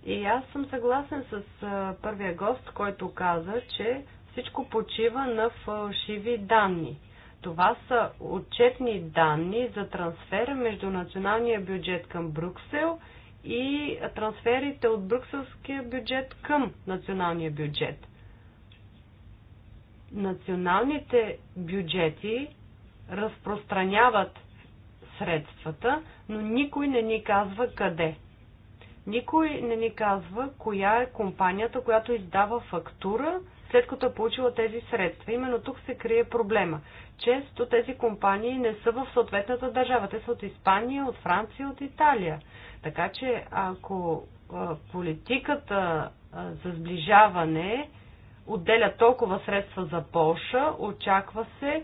И аз съм съгласен с а, първия гост, който каза, че всичко почива на фалшиви данни. Това са отчетни данни за трансфер между националния бюджет към Брюксел и трансферите от брюкселския бюджет към националния бюджет. Националните бюджети разпространяват средствата, но никой не ни казва къде. Никой не ни казва коя е компанията, която издава фактура, след като е получила тези средства. Именно тук се крие проблема често тези компании не са в съответната държава. Те са от Испания, от Франция, от Италия. Така че ако политиката за сближаване отделя толкова средства за Польша, очаква се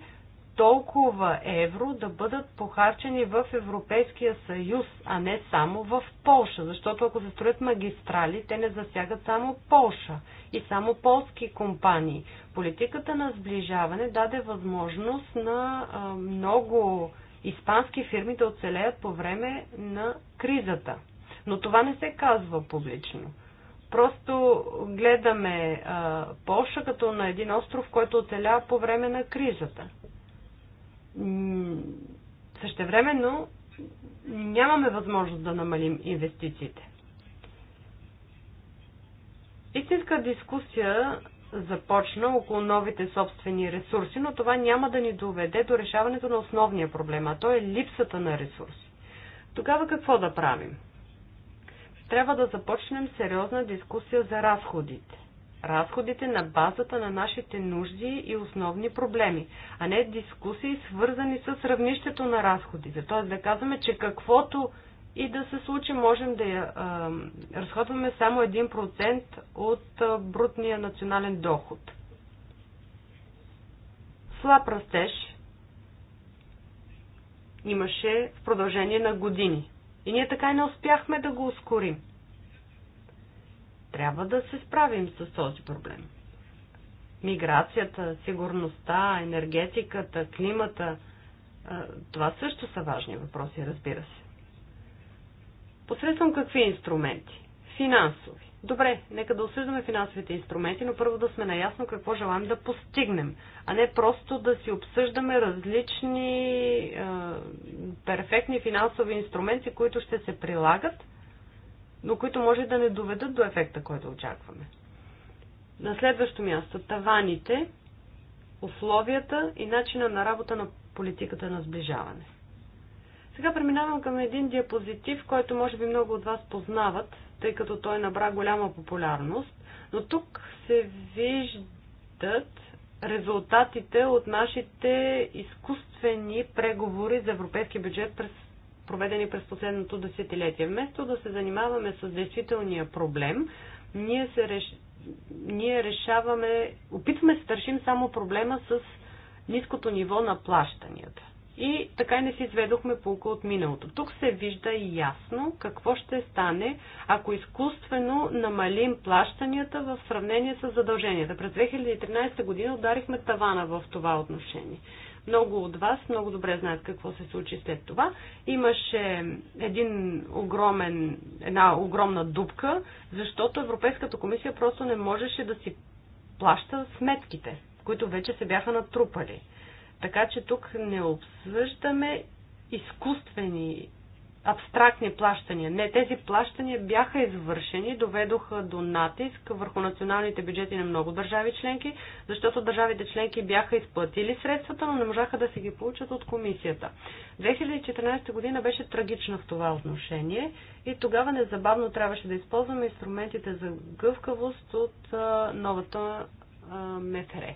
толкова евро да бъдат похарчени в Европейския съюз, а не само в Полша, защото ако се строят магистрали, те не засягат само Полша и само полски компании. Политиката на сближаване даде възможност на много испански фирми да оцелеят по време на кризата. Но това не се казва публично. Просто гледаме а, Полша като на един остров, който оцелява по време на кризата същевременно нямаме възможност да намалим инвестициите. Истинска дискусия започна около новите собствени ресурси, но това няма да ни доведе до решаването на основния проблем, а то е липсата на ресурси. Тогава какво да правим? Трябва да започнем сериозна дискусия за разходите разходите на базата на нашите нужди и основни проблеми, а не дискусии свързани с равнището на разходите. Тоест да казваме, че каквото и да се случи, можем да я, а, разходваме само 1% от а, брутния национален доход. Слаб растеж имаше в продължение на години. И ние така и не успяхме да го ускорим трябва да се справим с този проблем. Миграцията, сигурността, енергетиката, климата, това също са важни въпроси, разбира се. Посредством какви инструменти? Финансови. Добре, нека да осъждаме финансовите инструменти, но първо да сме наясно какво желаем да постигнем, а не просто да си обсъждаме различни е, перфектни финансови инструменти, които ще се прилагат – но които може да не доведат до ефекта, който очакваме. На следващо място таваните, условията и начина на работа на политиката на сближаване. Сега преминавам към един диапозитив, който може би много от вас познават, тъй като той набра голяма популярност, но тук се виждат резултатите от нашите изкуствени преговори за европейски бюджет през проведени през последното десетилетие. Вместо да се занимаваме с действителния проблем, ние, се реш... ние решаваме, опитваме се да решим само проблема с ниското ниво на плащанията. И така и не си изведохме полка от миналото. Тук се вижда ясно какво ще стане, ако изкуствено намалим плащанията в сравнение с задълженията. През 2013 година ударихме тавана в това отношение. Много от вас много добре знаят какво се случи след това. Имаше един огромен, една огромна дупка, защото Европейската комисия просто не можеше да си плаща сметките, които вече се бяха натрупали. Така че тук не обсъждаме изкуствени абстрактни плащания. Не, тези плащания бяха извършени, доведоха до натиск върху националните бюджети на много държави членки, защото държавите членки бяха изплатили средствата, но не можаха да се ги получат от комисията. 2014 година беше трагична в това отношение и тогава незабавно трябваше да използваме инструментите за гъвкавост от новата МФР.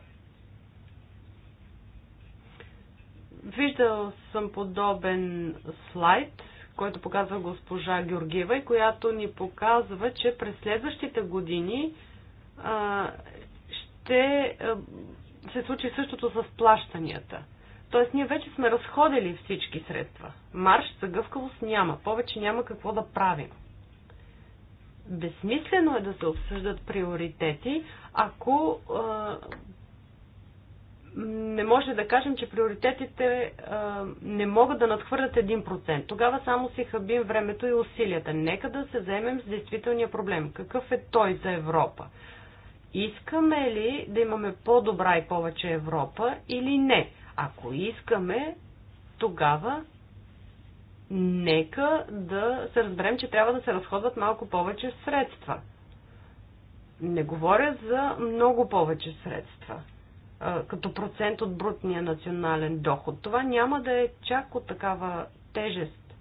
Виждал съм подобен слайд който показва госпожа Георгиева и която ни показва, че през следващите години а, ще а, се случи същото с плащанията. Тоест ние вече сме разходили всички средства. Марш за гъвкавост няма. Повече няма какво да правим. Безсмислено е да се обсъждат приоритети, ако а, не може да кажем, че приоритетите а, не могат да надхвърлят 1%. Тогава само си хабим времето и усилията. Нека да се заемем с действителния проблем. Какъв е той за Европа? Искаме ли да имаме по-добра и повече Европа или не? Ако искаме, тогава нека да се разберем, че трябва да се разходват малко повече средства. Не говоря за много повече средства като процент от брутния национален доход. Това няма да е чак от такава тежест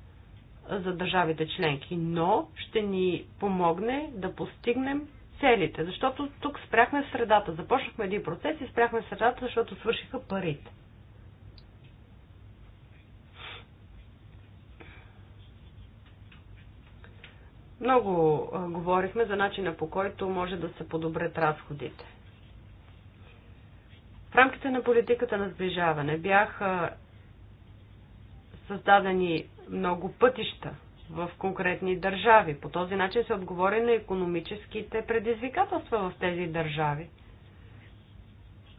за държавите членки, но ще ни помогне да постигнем целите, защото тук спряхме средата. Започнахме един процес и спряхме средата, защото свършиха парите. Много говорихме за начина по който може да се подобрят разходите. В рамките на политиката на сближаване бяха създадени много пътища в конкретни държави. По този начин се отговори на економическите предизвикателства в тези държави.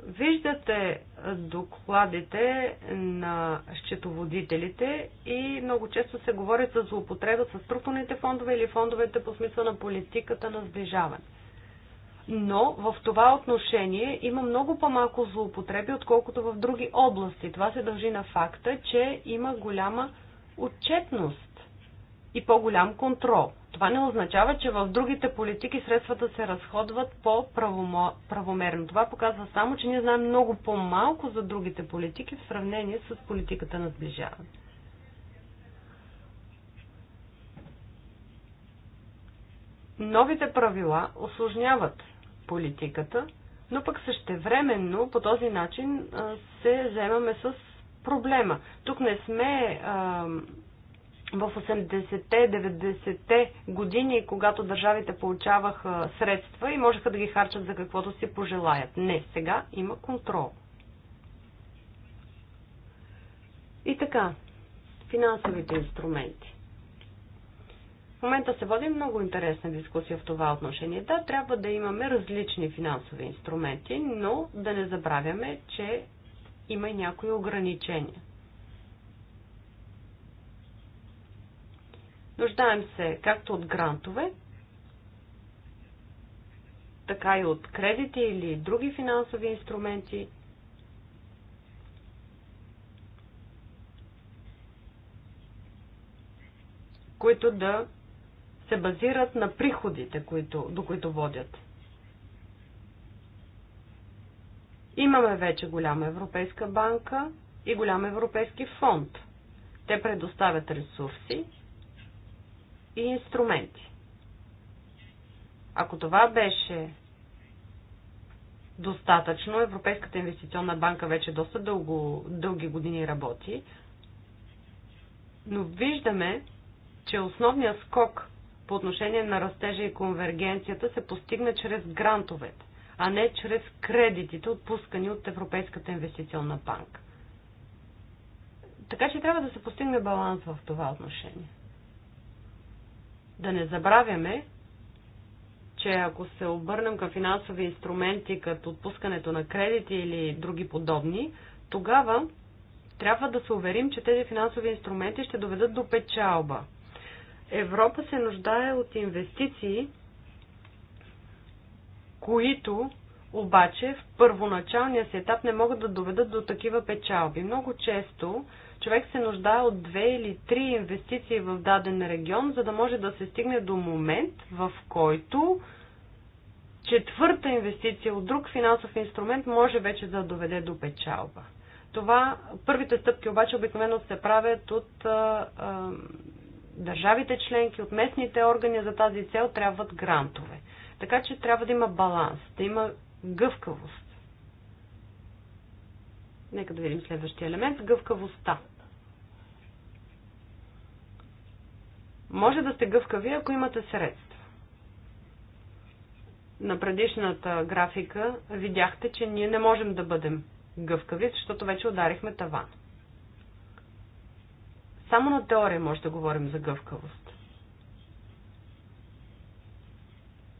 Виждате докладите на счетоводителите и много често се говори за злоупотреба с структурните фондове или фондовете по смисъл на политиката на сближаване но в това отношение има много по-малко злоупотреби, отколкото в други области. Това се дължи на факта, че има голяма отчетност и по-голям контрол. Това не означава, че в другите политики средствата се разходват по-правомерно. Това показва само, че ние знаем много по-малко за другите политики в сравнение с политиката на сближаване. Новите правила осложняват политиката, но пък същевременно по този начин се заемаме с проблема. Тук не сме в 80-те, 90-те години, когато държавите получаваха средства и можеха да ги харчат за каквото си пожелаят. Не, сега има контрол. И така, финансовите инструменти. В момента се води много интересна дискусия в това отношение. Да, трябва да имаме различни финансови инструменти, но да не забравяме, че има и някои ограничения. Нуждаем се както от грантове, така и от кредити или други финансови инструменти. които да се базират на приходите, които, до които водят. Имаме вече голяма европейска банка и голям европейски фонд. Те предоставят ресурси и инструменти. Ако това беше достатъчно, Европейската инвестиционна банка вече доста дълго, дълги години работи, но виждаме, че основният скок по отношение на растежа и конвергенцията се постигне чрез грантовете, а не чрез кредитите, отпускани от Европейската инвестиционна банка. Така че трябва да се постигне баланс в това отношение. Да не забравяме, че ако се обърнем към финансови инструменти, като отпускането на кредити или други подобни, тогава трябва да се уверим, че тези финансови инструменти ще доведат до печалба, Европа се нуждае от инвестиции, които обаче в първоначалния си етап не могат да доведат до такива печалби. Много често човек се нуждае от две или три инвестиции в даден регион, за да може да се стигне до момент, в който четвърта инвестиция от друг финансов инструмент може вече да доведе до печалба. Това, първите стъпки обаче обикновено се правят от а, а, държавите членки, от местните органи за тази цел трябват грантове. Така че трябва да има баланс, да има гъвкавост. Нека да видим следващия елемент гъвкавостта. Може да сте гъвкави, ако имате средства. На предишната графика видяхте, че ние не можем да бъдем гъвкави, защото вече ударихме таван. Само на теория може да говорим за гъвкавост.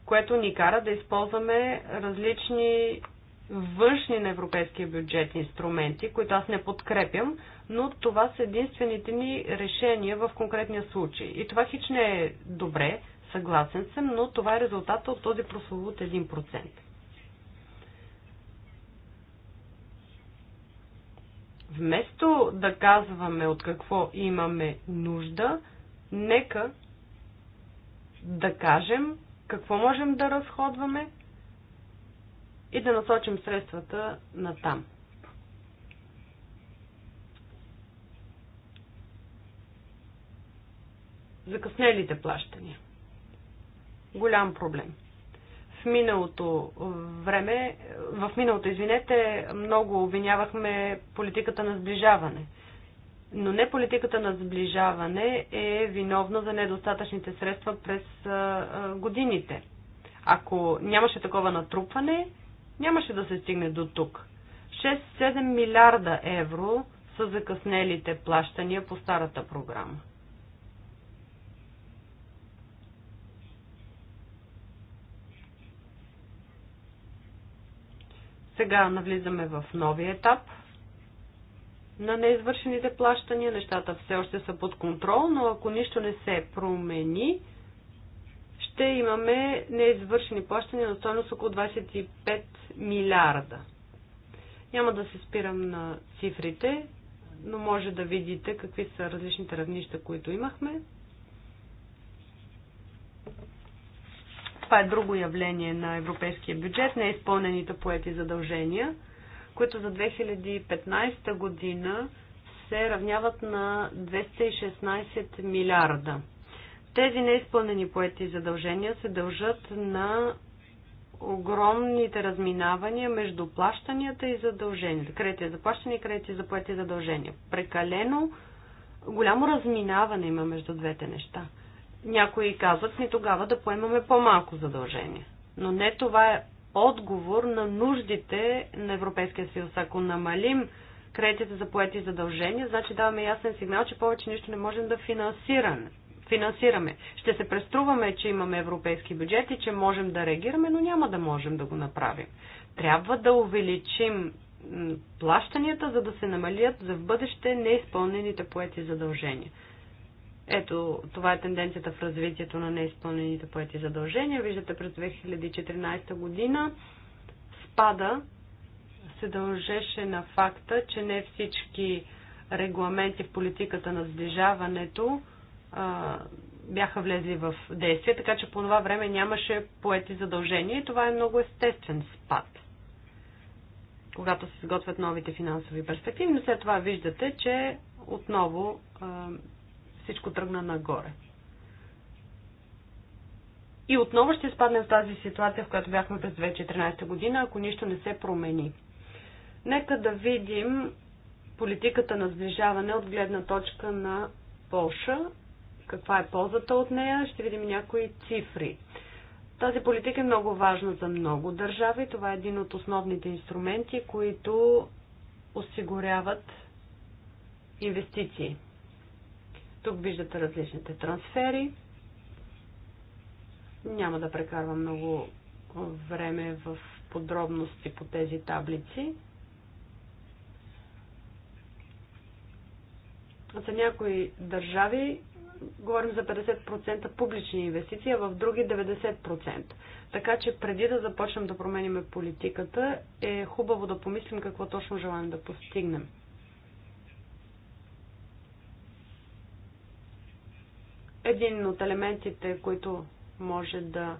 Което ни кара да използваме различни външни на европейския бюджет инструменти, които аз не подкрепям, но това са единствените ни решения в конкретния случай. И това хич не е добре, съгласен съм, но това е резултата от този прословут 1%. Вместо да казваме от какво имаме нужда, нека да кажем какво можем да разходваме и да насочим средствата на там. Закъснелите плащания. Голям проблем миналото време, в миналото, извинете, много обвинявахме политиката на сближаване. Но не политиката на сближаване е виновна за недостатъчните средства през годините. Ако нямаше такова натрупване, нямаше да се стигне до тук. 6-7 милиарда евро са закъснелите плащания по старата програма. Сега навлизаме в новия етап на неизвършените плащания. Нещата все още са под контрол, но ако нищо не се промени, ще имаме неизвършени плащания на стоеност около 25 милиарда. Няма да се спирам на цифрите, но може да видите какви са различните равнища, които имахме. Това е друго явление на европейския бюджет, не е изпълнените поети задължения, които за 2015 година се равняват на 216 милиарда. Тези неизпълнени поети задължения се дължат на огромните разминавания между плащанията и задълженията. Кредити за плащане и кредити за поети задължения. Прекалено голямо разминаване има между двете неща. Някои казват ни тогава да поемаме по-малко задължения. Но не това е отговор на нуждите на Европейския съюз. Ако намалим кредитите за поети задължения, значи даваме ясен сигнал, че повече нищо не можем да финансираме. Финансираме. Ще се преструваме, че имаме европейски бюджет и че можем да реагираме, но няма да можем да го направим. Трябва да увеличим плащанията, за да се намалят за в бъдеще неизпълнените поети задължения. Ето, това е тенденцията в развитието на неизпълнените поети задължения. Виждате, през 2014 година спада се дължеше на факта, че не всички регламенти в политиката на сближаването а, бяха влезли в действие, така че по това време нямаше поети задължения и това е много естествен спад. Когато се изготвят новите финансови перспективи, но след това виждате, че отново а, всичко тръгна нагоре. И отново ще спаднем в тази ситуация, в която бяхме през 2014 година, ако нищо не се промени. Нека да видим политиката на сближаване от гледна точка на Полша, каква е ползата от нея, ще видим някои цифри. Тази политика е много важна за много държави. Това е един от основните инструменти, които осигуряват инвестиции. Тук виждате различните трансфери. Няма да прекарвам много време в подробности по тези таблици. За някои държави говорим за 50% публични инвестиции, а в други 90%. Така че преди да започнем да променим политиката, е хубаво да помислим какво точно желаем да постигнем. Един от елементите, които може да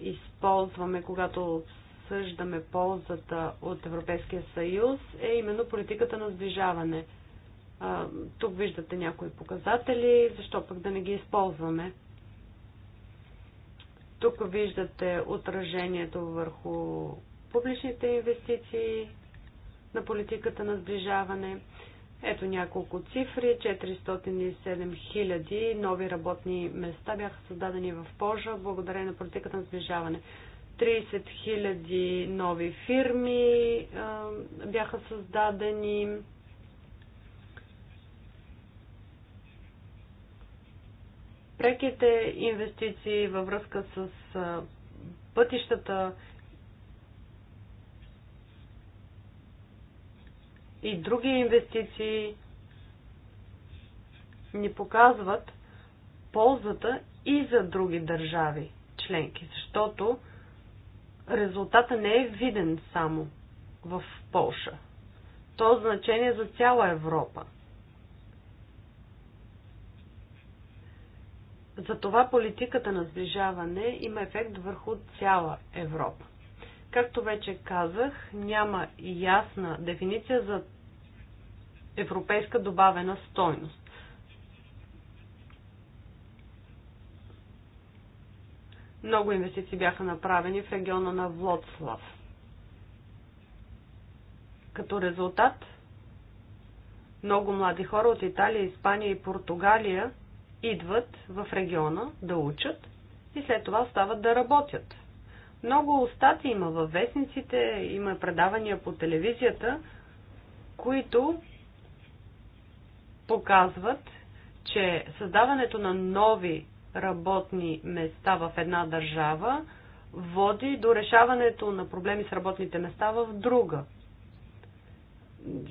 използваме, когато обсъждаме ползата от Европейския съюз, е именно политиката на сближаване. Тук виждате някои показатели, защо пък да не ги използваме. Тук виждате отражението върху публичните инвестиции на политиката на сближаване. Ето няколко цифри. 407 000 нови работни места бяха създадени в Польша благодарение на политиката на сближаване. 30 000 нови фирми а, бяха създадени. Преките инвестиции във връзка с а, пътищата и други инвестиции ни показват ползата и за други държави членки, защото резултата не е виден само в Полша. То е значение за цяла Европа. Затова политиката на сближаване има ефект върху цяла Европа. Както вече казах, няма ясна дефиниция за европейска добавена стойност. Много инвестиции бяха направени в региона на Влоцлав. Като резултат, много млади хора от Италия, Испания и Португалия идват в региона да учат и след това стават да работят – много статии има във вестниците, има предавания по телевизията, които показват, че създаването на нови работни места в една държава води до решаването на проблеми с работните места в друга.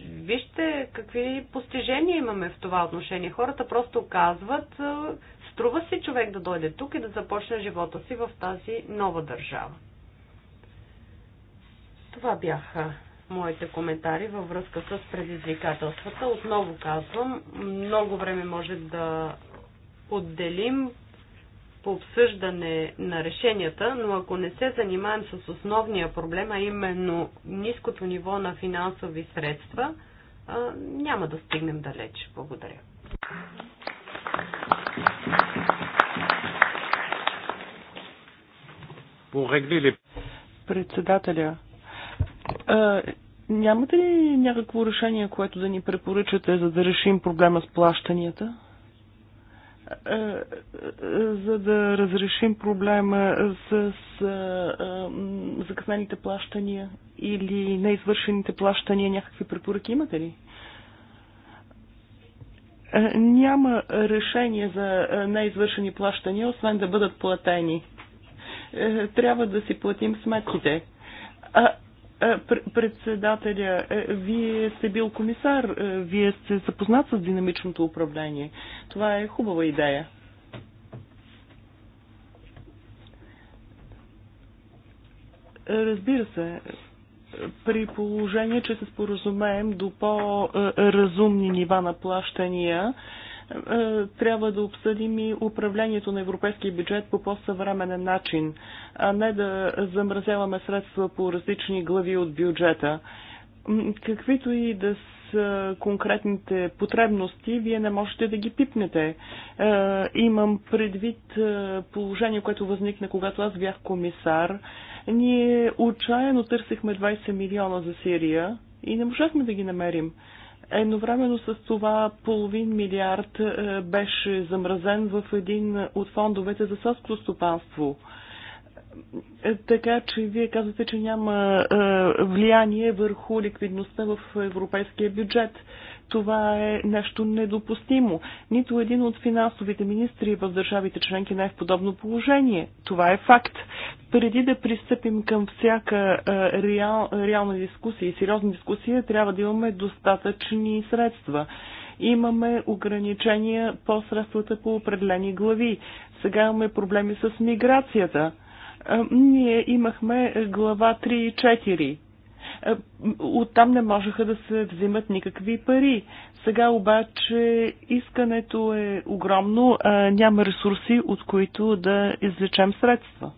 Вижте какви постижения имаме в това отношение. Хората просто казват, струва си човек да дойде тук и да започне живота си в тази нова държава. Това бяха моите коментари във връзка с предизвикателствата. Отново казвам, много време може да отделим по обсъждане на решенията, но ако не се занимаем с основния проблем, а именно ниското ниво на финансови средства, няма да стигнем далеч. Благодаря. Председателя, Нямате ли някакво решение, което да ни препоръчате, за да решим проблема с плащанията? За да разрешим проблема с, с закъснените плащания или неизвършените плащания, някакви препоръки имате ли? Няма решение за неизвършени плащания, освен да бъдат платени. Е, трябва да си платим сметките. А, е, председателя, е, вие сте бил комисар, е, вие сте запознат с динамичното управление. Това е хубава идея. Разбира се, при положение, че се споразумеем до по-разумни нива на плащания, е, трябва да обсъдим и управлението на европейския бюджет по по-съвременен начин, а не да замразяваме средства по различни глави от бюджета. Каквито и да са конкретните потребности, вие не можете да ги пипнете. Е, имам предвид е, положение, което възникна, когато аз бях комисар. Ние отчаяно търсихме 20 милиона за Сирия и не можахме да ги намерим. Едновременно с това половин милиард е, беше замразен в един от фондовете за селско стопанство. Е, така че вие казвате, че няма е, влияние върху ликвидността в европейския бюджет. Това е нещо недопустимо. Нито един от финансовите министри в държавите членки не е в подобно положение. Това е факт. Преди да пристъпим към всяка реал, реална дискусия и сериозна дискусия, трябва да имаме достатъчни средства имаме ограничения по средствата по определени глави. Сега имаме проблеми с миграцията. Ние имахме глава 3 и 4. Е, оттам не можеха да се взимат никакви пари. Сега обаче искането е огромно, а няма ресурси, от които да извлечем средства.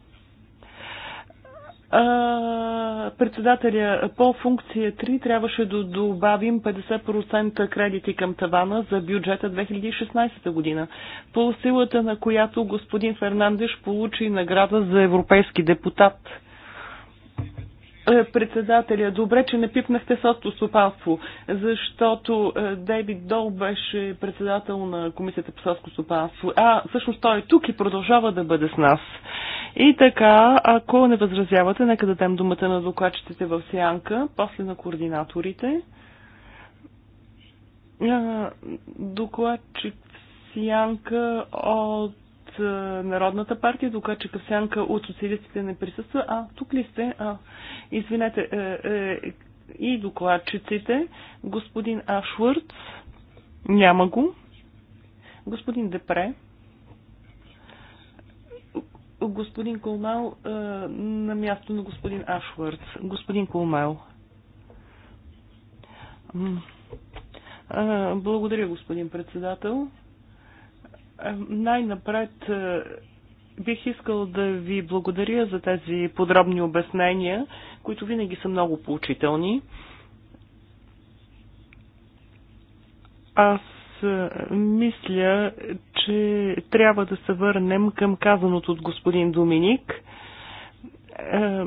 А, председателя по функция 3 трябваше да добавим 50% кредити към тавана за бюджета 2016 година, по силата на която господин Фернандеш получи награда за европейски депутат – е, председателя, добре, че не пипнахте сото стопанство, защото е, Дейвид Дол беше председател на Комисията по сотско стопанство. А, всъщност той е тук и продължава да бъде с нас. И така, ако не възразявате, нека да дадем думата на докладчиците в сянка, после на координаторите. Е, докладчик сянка от от е, Народната партия, че Касянка от социалистите не присъства. А, тук ли сте? А, извинете, е, е, и докладчиците. Господин Ашвърц, няма го. Господин Депре господин Колмал е, на място на господин Ашвард. Господин Колмал. Е, благодаря, господин председател. Най-напред е, бих искал да ви благодаря за тези подробни обяснения, които винаги са много поучителни. Аз е, мисля, че трябва да се върнем към казаното от господин Доминик. Е,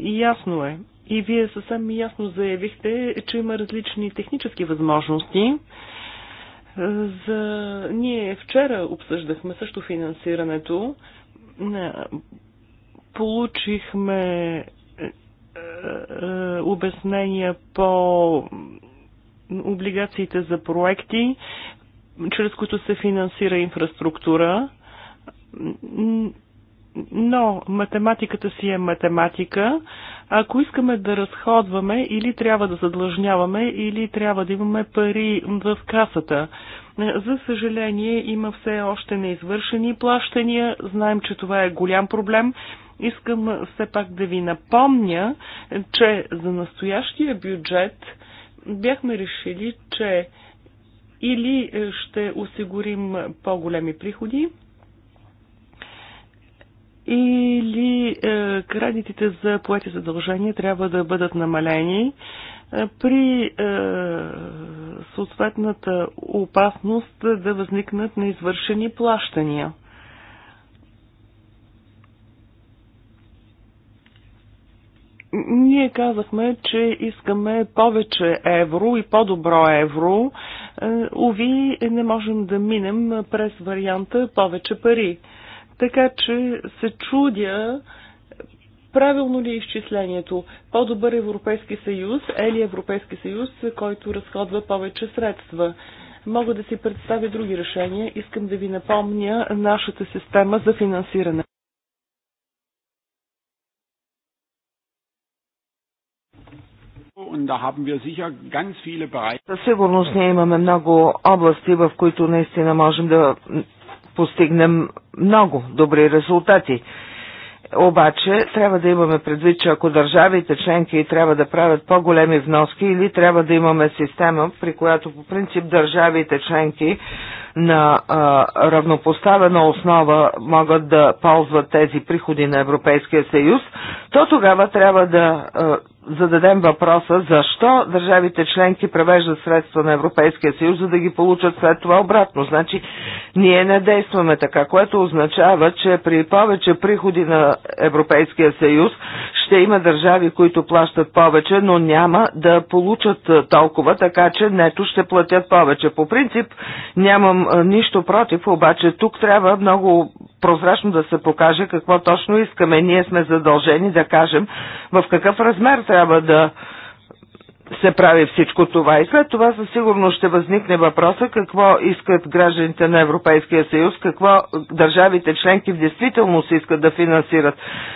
ясно е. И вие съвсем ясно заявихте, че има различни технически възможности. За... Ние вчера обсъждахме също финансирането. Получихме е, е, обяснения по облигациите за проекти, чрез които се финансира инфраструктура но математиката си е математика. Ако искаме да разходваме, или трябва да задлъжняваме, или трябва да имаме пари в касата. За съжаление, има все още неизвършени плащания. Знаем, че това е голям проблем. Искам все пак да ви напомня, че за настоящия бюджет бяхме решили, че или ще осигурим по-големи приходи, или е, кредитите за поети задължения трябва да бъдат намалени е, при е, съответната опасност да възникнат неизвършени плащания. Ние казахме, че искаме повече евро и по-добро евро. Ови, е, не можем да минем през варианта повече пари. Така че се чудя правилно ли е изчислението. По-добър Европейски съюз е ли Европейски съюз, който разходва повече средства? Мога да си представя други решения. Искам да ви напомня нашата система за финансиране. Със сигурност ние имаме много области, в които наистина можем да постигнем много добри резултати. Обаче трябва да имаме предвид, че ако държавите членки трябва да правят по-големи вноски или трябва да имаме система, при която по принцип държавите членки на а, равнопоставена основа могат да ползват тези приходи на Европейския съюз, то тогава трябва да а, зададем въпроса защо държавите членки превеждат средства на Европейския съюз, за да ги получат след това обратно. Значи ние не действаме така, което означава, че при повече приходи на Европейския съюз ще има държави, които плащат повече, но няма да получат толкова, така че нето ще платят повече. По принцип нямам нищо против, обаче тук трябва много прозрачно да се покаже какво точно искаме. Ние сме задължени да кажем в какъв размер трябва трябва да се прави всичко това. И след това със сигурност ще възникне въпроса какво искат гражданите на Европейския съюз, какво държавите членки в действителност искат да финансират.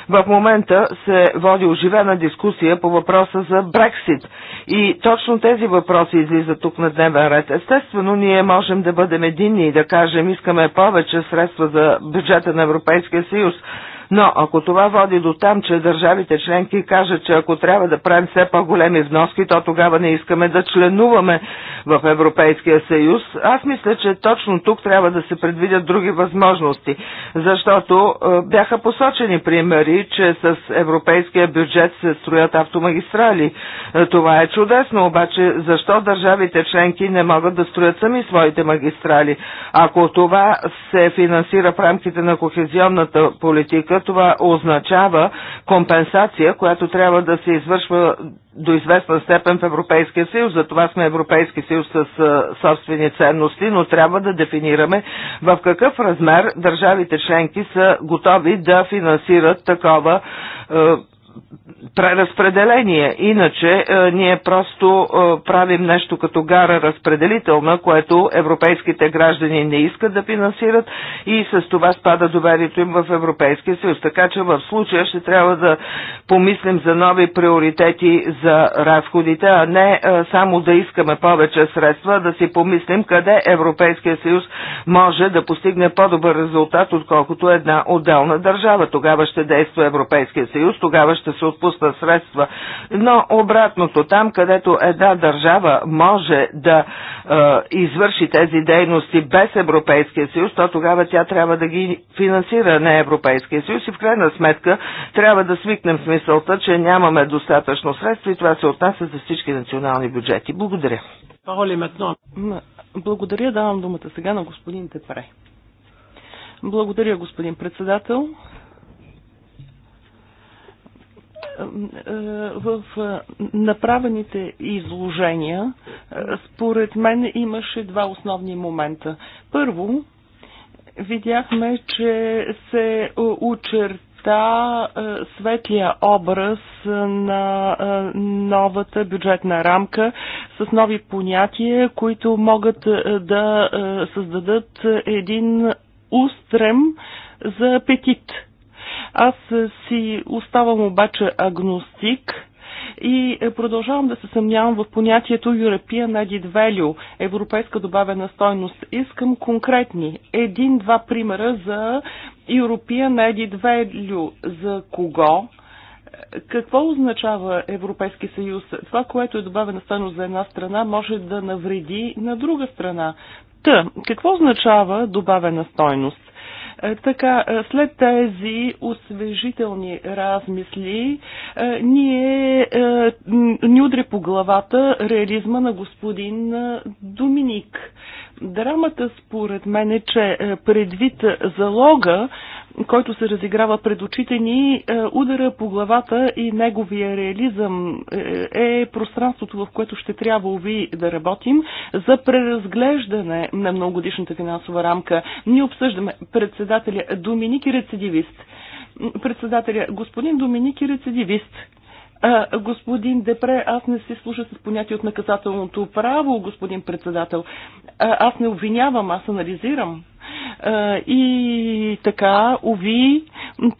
В момента се води оживена дискусия по въпроса за Брексит. И точно тези въпроси излизат тук на дневен ред. Естествено, ние можем да бъдем единни и да кажем искаме повече средства за бюджета на Европейския съюз. Но ако това води до там, че държавите членки кажат, че ако трябва да правим все по-големи вноски, то тогава не искаме да членуваме в Европейския съюз, аз мисля, че точно тук трябва да се предвидят други възможности, защото е, бяха посочени примери, че с европейския бюджет се строят автомагистрали. Е, това е чудесно, обаче защо държавите членки не могат да строят сами своите магистрали? Ако това се финансира в рамките на кохезионната политика, това означава компенсация, която трябва да се извършва до известна степен в Европейския съюз. Затова сме Европейски съюз с а, собствени ценности, но трябва да дефинираме в какъв размер държавите членки са готови да финансират такова а, преразпределение. Иначе е, ние просто е, правим нещо като гара разпределителна, което европейските граждани не искат да финансират и с това спада доверието им в Европейския съюз. Така че в случая ще трябва да помислим за нови приоритети за разходите, а не е, само да искаме повече средства, да си помислим къде Европейския съюз може да постигне по-добър резултат, отколкото една отделна държава. Тогава ще действа Европейския съюз, тогава ще ще се отпусна средства, но обратното, там където една държава може да е, извърши тези дейности без Европейския съюз, то тогава тя трябва да ги финансира не Европейския съюз и в крайна сметка трябва да свикнем с мисълта, че нямаме достатъчно средства и това се отнася за всички национални бюджети. Благодаря. Благодаря, давам думата сега на господин Тепре. Благодаря, господин председател в направените изложения, според мен имаше два основни момента. Първо, видяхме, че се очерта светлия образ на новата бюджетна рамка с нови понятия, които могат да създадат един устрем за апетит аз си оставам обаче агностик и продължавам да се съмнявам в понятието European Added Value, европейска добавена стойност. Искам конкретни, един-два примера за European Added Value, за кого, какво означава Европейски съюз? Това, което е добавена стойност за една страна, може да навреди на друга страна. Та, какво означава добавена стойност? Е, така, е, след тези освежителни размисли, е, ние ни удря по главата реализма на господин Доминик. Драмата според мен е, че предвид залога който се разиграва пред очите ни, е, удара по главата и неговия реализъм е, е пространството, в което ще трябва ви да работим за преразглеждане на многогодишната финансова рамка. Ние обсъждаме председателя Доминики рецидивист. Председателя господин Доминики рецидивист господин Депре, аз не се слуша с понятие от наказателното право, господин председател. Аз не обвинявам, аз анализирам. И така, уви,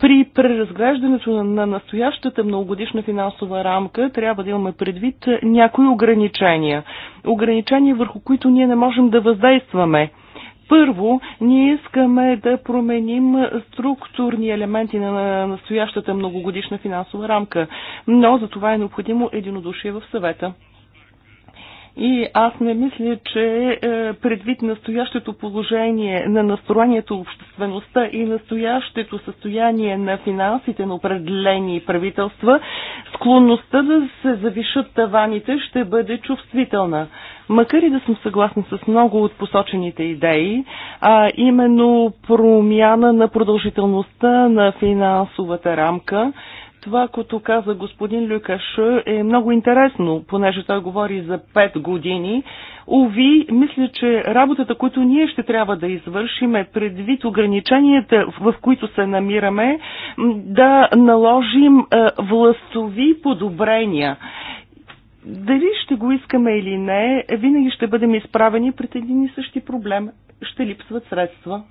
при преразглеждането на настоящата многогодишна финансова рамка трябва да имаме предвид някои ограничения. Ограничения, върху които ние не можем да въздействаме. Първо, ние искаме да променим структурни елементи на настоящата многогодишна финансова рамка, но за това е необходимо единодушие в съвета. И аз не мисля, че е, предвид настоящето положение на настроението обществеността и настоящето състояние на финансите на определени правителства, склонността да се завишат таваните ще бъде чувствителна. Макар и да съм съгласна с много от посочените идеи, а именно промяна на продължителността на финансовата рамка, това, което каза господин Люкаш, е много интересно, понеже той говори за 5 години. Ови, мисля, че работата, която ние ще трябва да извършим е предвид ограниченията, в които се намираме, да наложим властови подобрения. Дали ще го искаме или не, винаги ще бъдем изправени пред един и същи проблем. Ще липсват средства.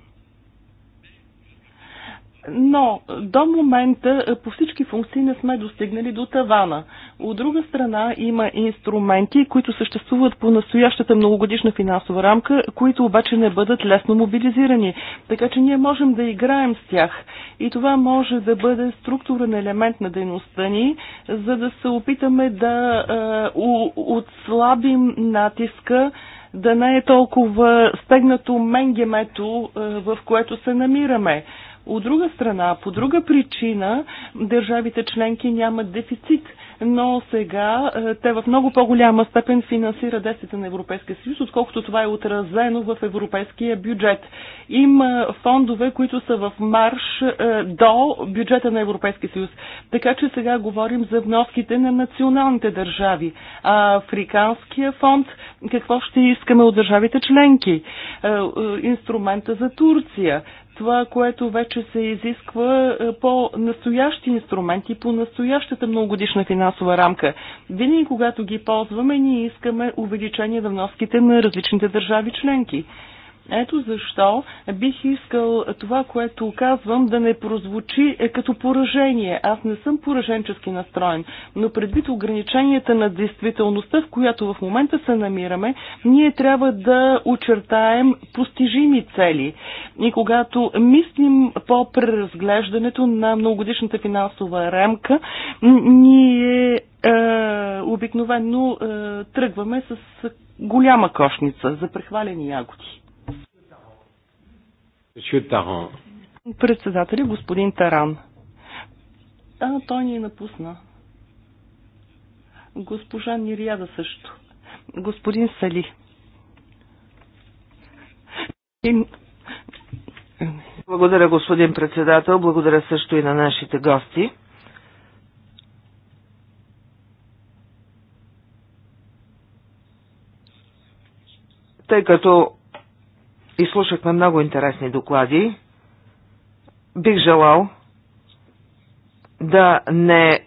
Но до момента е, по всички функции не сме достигнали до тавана. От друга страна има инструменти, които съществуват по настоящата многогодишна финансова рамка, които обаче не бъдат лесно мобилизирани. Така че ние можем да играем с тях. И това може да бъде структурен елемент на дейността ни, за да се опитаме да е, отслабим натиска да не е толкова стегнато менгемето, е, в което се намираме. От друга страна, по друга причина, държавите членки нямат дефицит, но сега е, те в много по-голяма степен финансира действията на Европейския съюз, отколкото това е отразено в европейския бюджет. Има фондове, които са в марш е, до бюджета на Европейския съюз. Така че сега говорим за вноските на националните държави. А Африканския фонд, какво ще искаме от държавите членки? Е, инструмента за Турция това, което вече се изисква е, по настоящи инструменти, по настоящата многогодишна финансова рамка. Винаги, когато ги ползваме, ние искаме увеличение на вноските на различните държави членки. Ето защо бих искал това, което казвам, да не прозвучи е като поражение. Аз не съм пораженчески настроен, но предвид ограниченията на действителността, в която в момента се намираме, ние трябва да очертаем постижими цели. И когато мислим по преразглеждането на многогодишната финансова рамка, ние е, обикновено е, тръгваме с голяма кошница за прехвалени ягоди. Председателя господин Таран. А, той ни е напусна. Госпожа Нирияда също. Господин Сали. Благодаря, господин председател. Благодаря също и на нашите гости. Тъй като изслушахме много интересни доклади, бих желал да не е,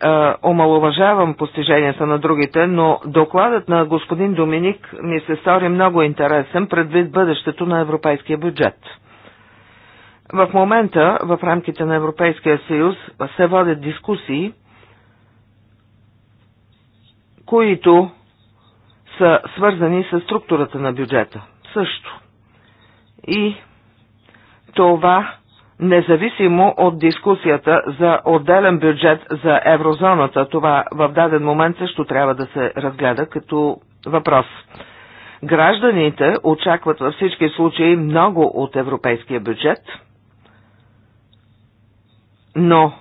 омалуважавам постиженията на другите, но докладът на господин Доминик ми се стори много интересен предвид бъдещето на европейския бюджет. В момента в рамките на Европейския съюз се водят дискусии, които са свързани с структурата на бюджета. Също. И това Независимо от дискусията за отделен бюджет за еврозоната, това в даден момент също трябва да се разгледа като въпрос. Гражданите очакват във всички случаи много от европейския бюджет – но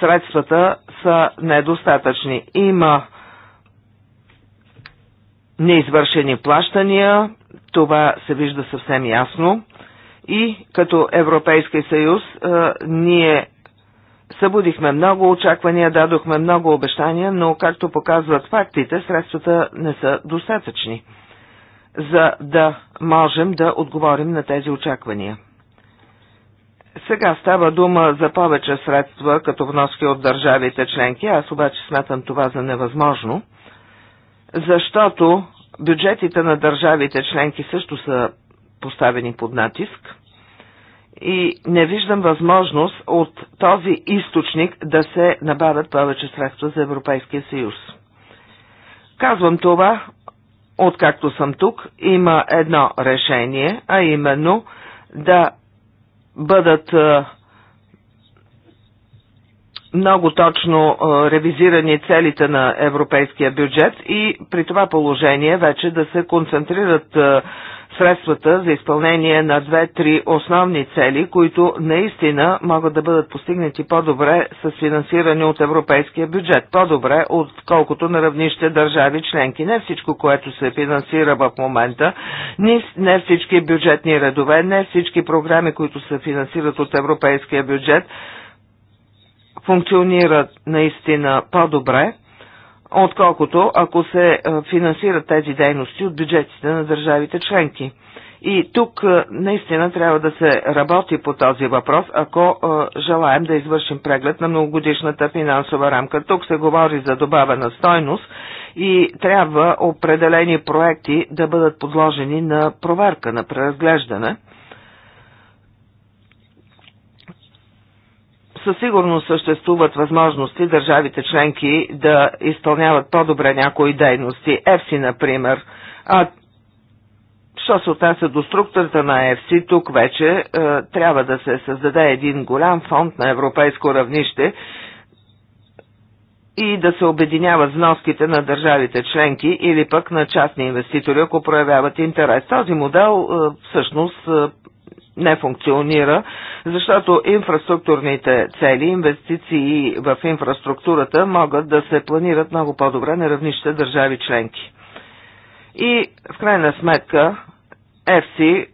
средствата са недостатъчни. Има неизвършени плащания, това се вижда съвсем ясно и като Европейски съюз а, ние събудихме много очаквания, дадохме много обещания, но както показват фактите, средствата не са достатъчни, за да можем да отговорим на тези очаквания. Сега става дума за повече средства, като вноски от държавите членки, аз обаче смятам това за невъзможно, защото бюджетите на държавите членки също са поставени под натиск и не виждам възможност от този източник да се набавят повече средства за Европейския съюз. Казвам това, откакто съм тук, има едно решение, а именно да бъдат много точно ревизирани целите на европейския бюджет и при това положение вече да се концентрират средствата за изпълнение на две-три основни цели, които наистина могат да бъдат постигнати по-добре с финансиране от европейския бюджет, по-добре отколкото на равнище държави членки. Не всичко, което се финансира в момента, не всички бюджетни редове, не всички програми, които се финансират от европейския бюджет, функционират наистина по-добре отколкото ако се е, финансират тези дейности от бюджетите на държавите членки. И тук е, наистина трябва да се работи по този въпрос, ако е, желаем да извършим преглед на многогодишната финансова рамка. Тук се говори за добавена стойност и трябва определени проекти да бъдат подложени на проверка, на преразглеждане. Със сигурност съществуват възможности държавите членки да изпълняват по-добре някои дейности. ЕФСИ, например. А Що се отнася до структурата на ЕФСИ, тук вече е, трябва да се създаде един голям фонд на европейско равнище и да се обединяват вноските на държавите членки или пък на частни инвеститори, ако проявяват интерес. Този модел е, всъщност е, не функционира, защото инфраструктурните цели, инвестиции в инфраструктурата могат да се планират много по-добре на равнище държави членки. И в крайна сметка ЕФСИ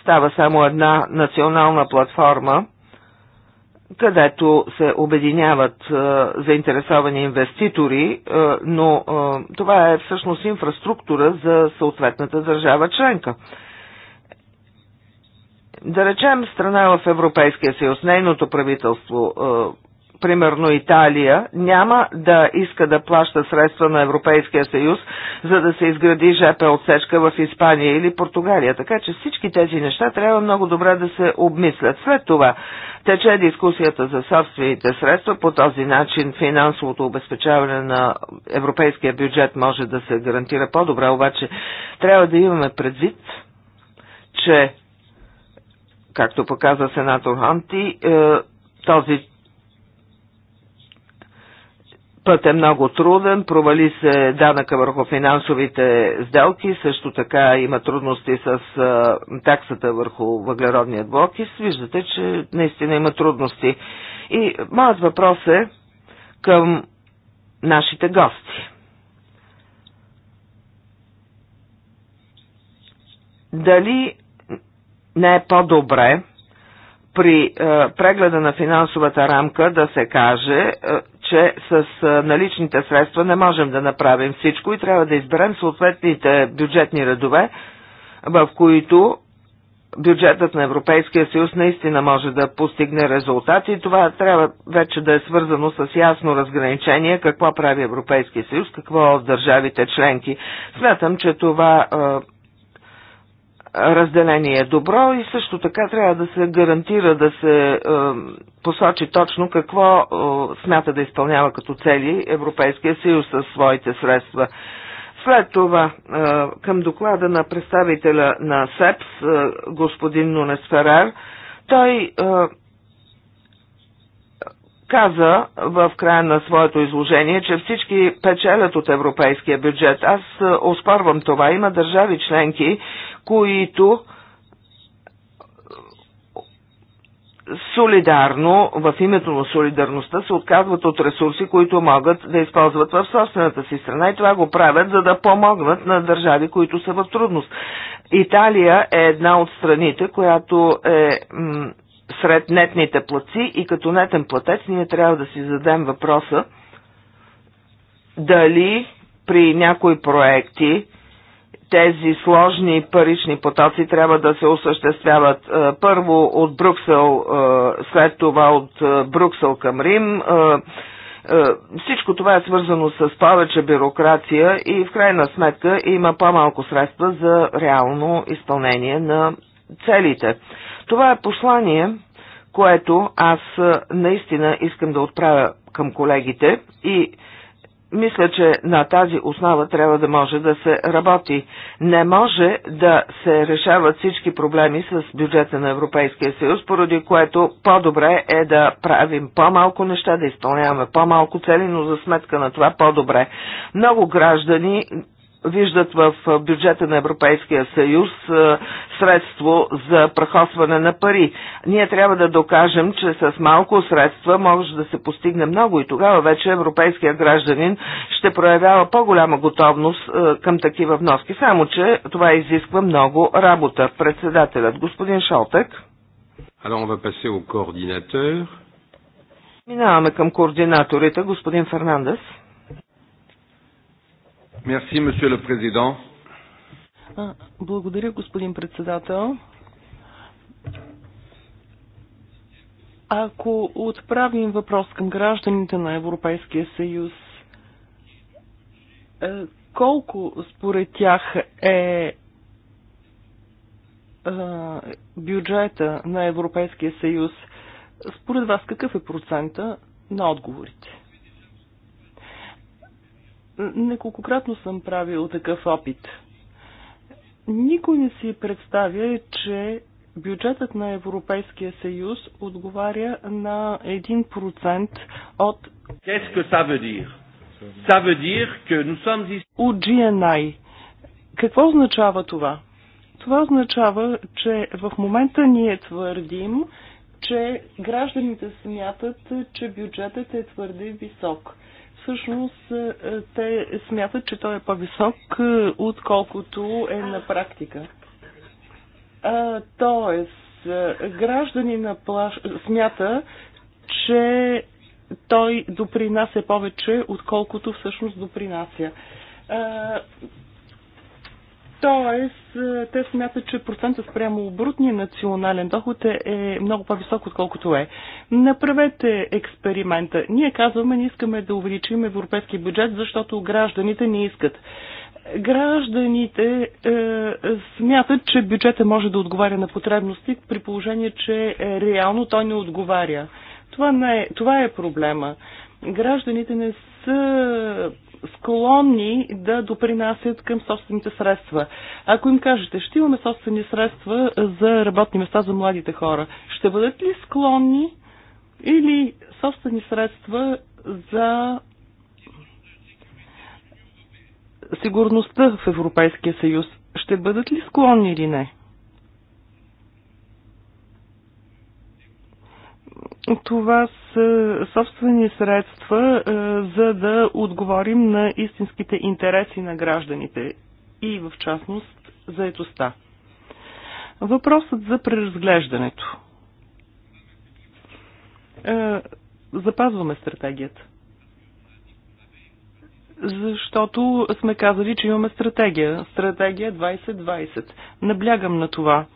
става само една национална платформа, където се обединяват е, заинтересовани инвеститори, е, но е, това е всъщност инфраструктура за съответната държава членка. Да речем страна е в Европейския съюз, нейното правителство, е, примерно Италия, няма да иска да плаща средства на Европейския съюз, за да се изгради ЖП отсечка в Испания или Португалия. Така че всички тези неща трябва много добре да се обмислят. След това тече дискусията за собствените средства. По този начин финансовото обезпечаване на европейския бюджет може да се гарантира по-добре, обаче трябва да имаме предвид, че както показа сенатор Ханти, е, този път е много труден, провали се данъка върху финансовите сделки, също така има трудности с е, таксата върху въглеродния блок и виждате, че наистина има трудности. И моят въпрос е към нашите гости. Дали не е по-добре при е, прегледа на финансовата рамка да се каже, е, че с е, наличните средства не можем да направим всичко и трябва да изберем съответните бюджетни редове, в които бюджетът на Европейския съюз наистина може да постигне резултати и това трябва вече да е свързано с ясно разграничение какво прави Европейския съюз, какво държавите членки. Смятам, че това е, разделение е добро и също така трябва да се гарантира да се е, посочи точно какво е, смята да изпълнява като цели Европейския съюз със своите средства. След това е, към доклада на представителя на СЕПС, е, господин Нунес Ферер, той е, каза в края на своето изложение, че всички печелят от европейския бюджет. Аз е, оспорвам това. Има държави членки, които солидарно, в името на солидарността, се отказват от ресурси, които могат да използват в собствената си страна и това го правят, за да помогнат на държави, които са в трудност. Италия е една от страните, която е сред нетните плаци и като нетен платец ние трябва да си зададем въпроса дали при някои проекти тези сложни парични потоци трябва да се осъществяват е, първо от Бруксел, е, след това от е, Бруксел към Рим. Всичко това е свързано с повече бюрокрация и в крайна сметка има по-малко средства за реално изпълнение на целите. Това е послание, което аз наистина искам да отправя към колегите и мисля, че на тази основа трябва да може да се работи. Не може да се решават всички проблеми с бюджета на Европейския съюз, поради което по-добре е да правим по-малко неща, да изпълняваме по-малко цели, но за сметка на това по-добре. Много граждани виждат в бюджета на Европейския съюз средство за прахосване на пари. Ние трябва да докажем, че с малко средства може да се постигне много и тогава вече европейския гражданин ще проявява по-голяма готовност към такива вноски. Само, че това изисква много работа. Председателят, господин Шолтек. Минаваме към координаторите, господин Фернандес. Merci, monsieur le président. Благодаря, господин председател. Ако отправим въпрос към гражданите на Европейския съюз, е, колко според тях е, е бюджета на Европейския съюз, според вас какъв е процента на отговорите? Неколкократно съм правил такъв опит. Никой не си представя, че бюджетът на Европейския съюз отговаря на 1% от от GNI. Какво означава това? Това означава, че в момента ние твърдим, че гражданите смятат, че бюджетът е твърде висок всъщност е, е, те смятат, че той е по-висок, е, отколкото е на практика. тоест, гражданина плаш... смята, че той допринася повече, отколкото всъщност допринася. Тоест, е, те смятат, че процента спрямо брутния национален доход е, е много по-висок, отколкото е. Направете експеримента. Ние казваме, не искаме да увеличим европейски бюджет, защото гражданите не искат. Гражданите е, смятат, че бюджета може да отговаря на потребности, при положение, че е, реално той не отговаря. Това, не е, това е проблема. Гражданите не са склонни да допринасят към собствените средства. Ако им кажете, ще имаме собствени средства за работни места за младите хора, ще бъдат ли склонни или собствени средства за сигурността в Европейския съюз, ще бъдат ли склонни или не? това са собствени средства, е, за да отговорим на истинските интереси на гражданите и в частност заетостта. Въпросът за преразглеждането. Е, запазваме стратегията. Защото сме казали, че имаме стратегия. Стратегия 2020. Наблягам на това.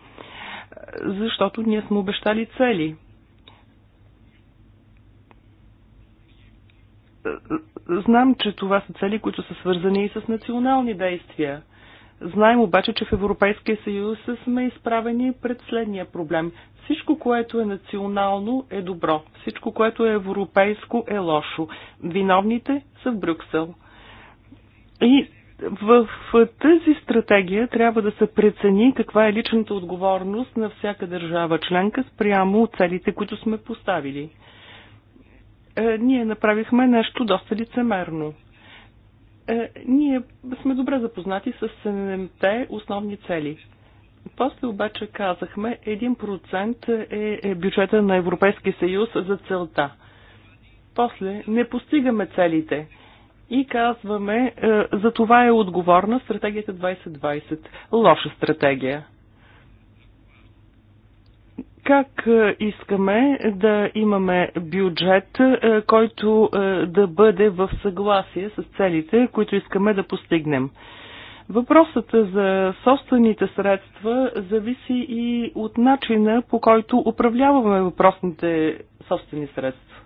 Защото ние сме обещали цели – Знам, че това са цели, които са свързани и с национални действия. Знаем обаче, че в Европейския съюз сме изправени пред следния проблем. Всичко, което е национално, е добро. Всичко, което е европейско, е лошо. Виновните са в Брюксел. И в тази стратегия трябва да се прецени каква е личната отговорност на всяка държава членка спрямо целите, които сме поставили. Е, ние направихме нещо доста лицемерно. Е, ние сме добре запознати с 7-те основни цели. После обаче казахме 1% е, е бюджета на Европейския съюз за целта. После не постигаме целите и казваме за това е отговорна стратегията 2020. Лоша стратегия как е, искаме да имаме бюджет, е, който е, да бъде в съгласие с целите, които искаме да постигнем. Въпросът за собствените средства зависи и от начина по който управляваме въпросните собствени средства.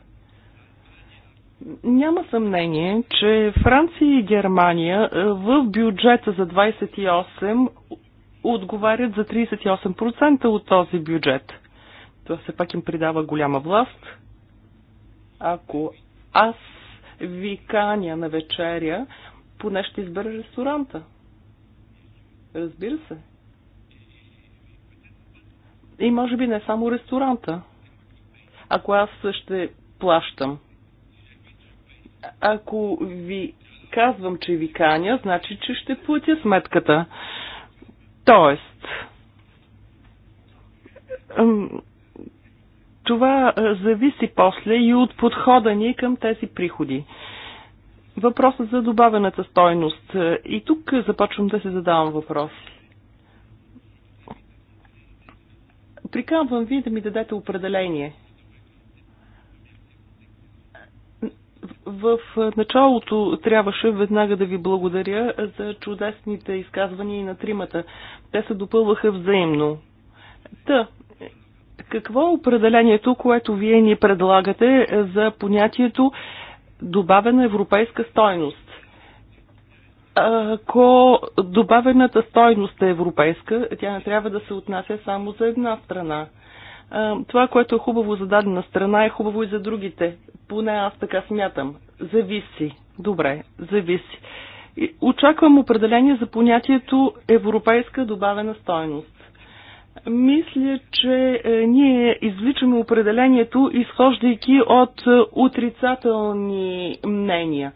Няма съмнение, че Франция и Германия в бюджета за 28 отговарят за 38% от този бюджет. Това все пак им придава голяма власт. Ако аз ви каня на вечеря, поне ще избера ресторанта. Разбира се. И може би не само ресторанта. Ако аз ще плащам. Ако ви казвам, че ви каня, значи, че ще платя сметката. Тоест, това зависи после и от подхода ни към тези приходи. Въпросът за добавената стойност. И тук започвам да се задавам въпроси. Приканвам ви да ми дадете определение. В началото трябваше веднага да ви благодаря за чудесните изказвания и на тримата. Те се допълваха взаимно. Та, какво е определението, което вие ни предлагате е, за понятието добавена европейска стойност? Ако добавената стойност е европейска, тя не трябва да се отнася само за една страна. Това, което е хубаво за дадена страна, е хубаво и за другите. Поне аз така смятам. Зависи. Добре, зависи. Очаквам определение за понятието европейска добавена стойност. Мисля, че е, ние извличаме определението, изхождайки от е, отрицателни мнения.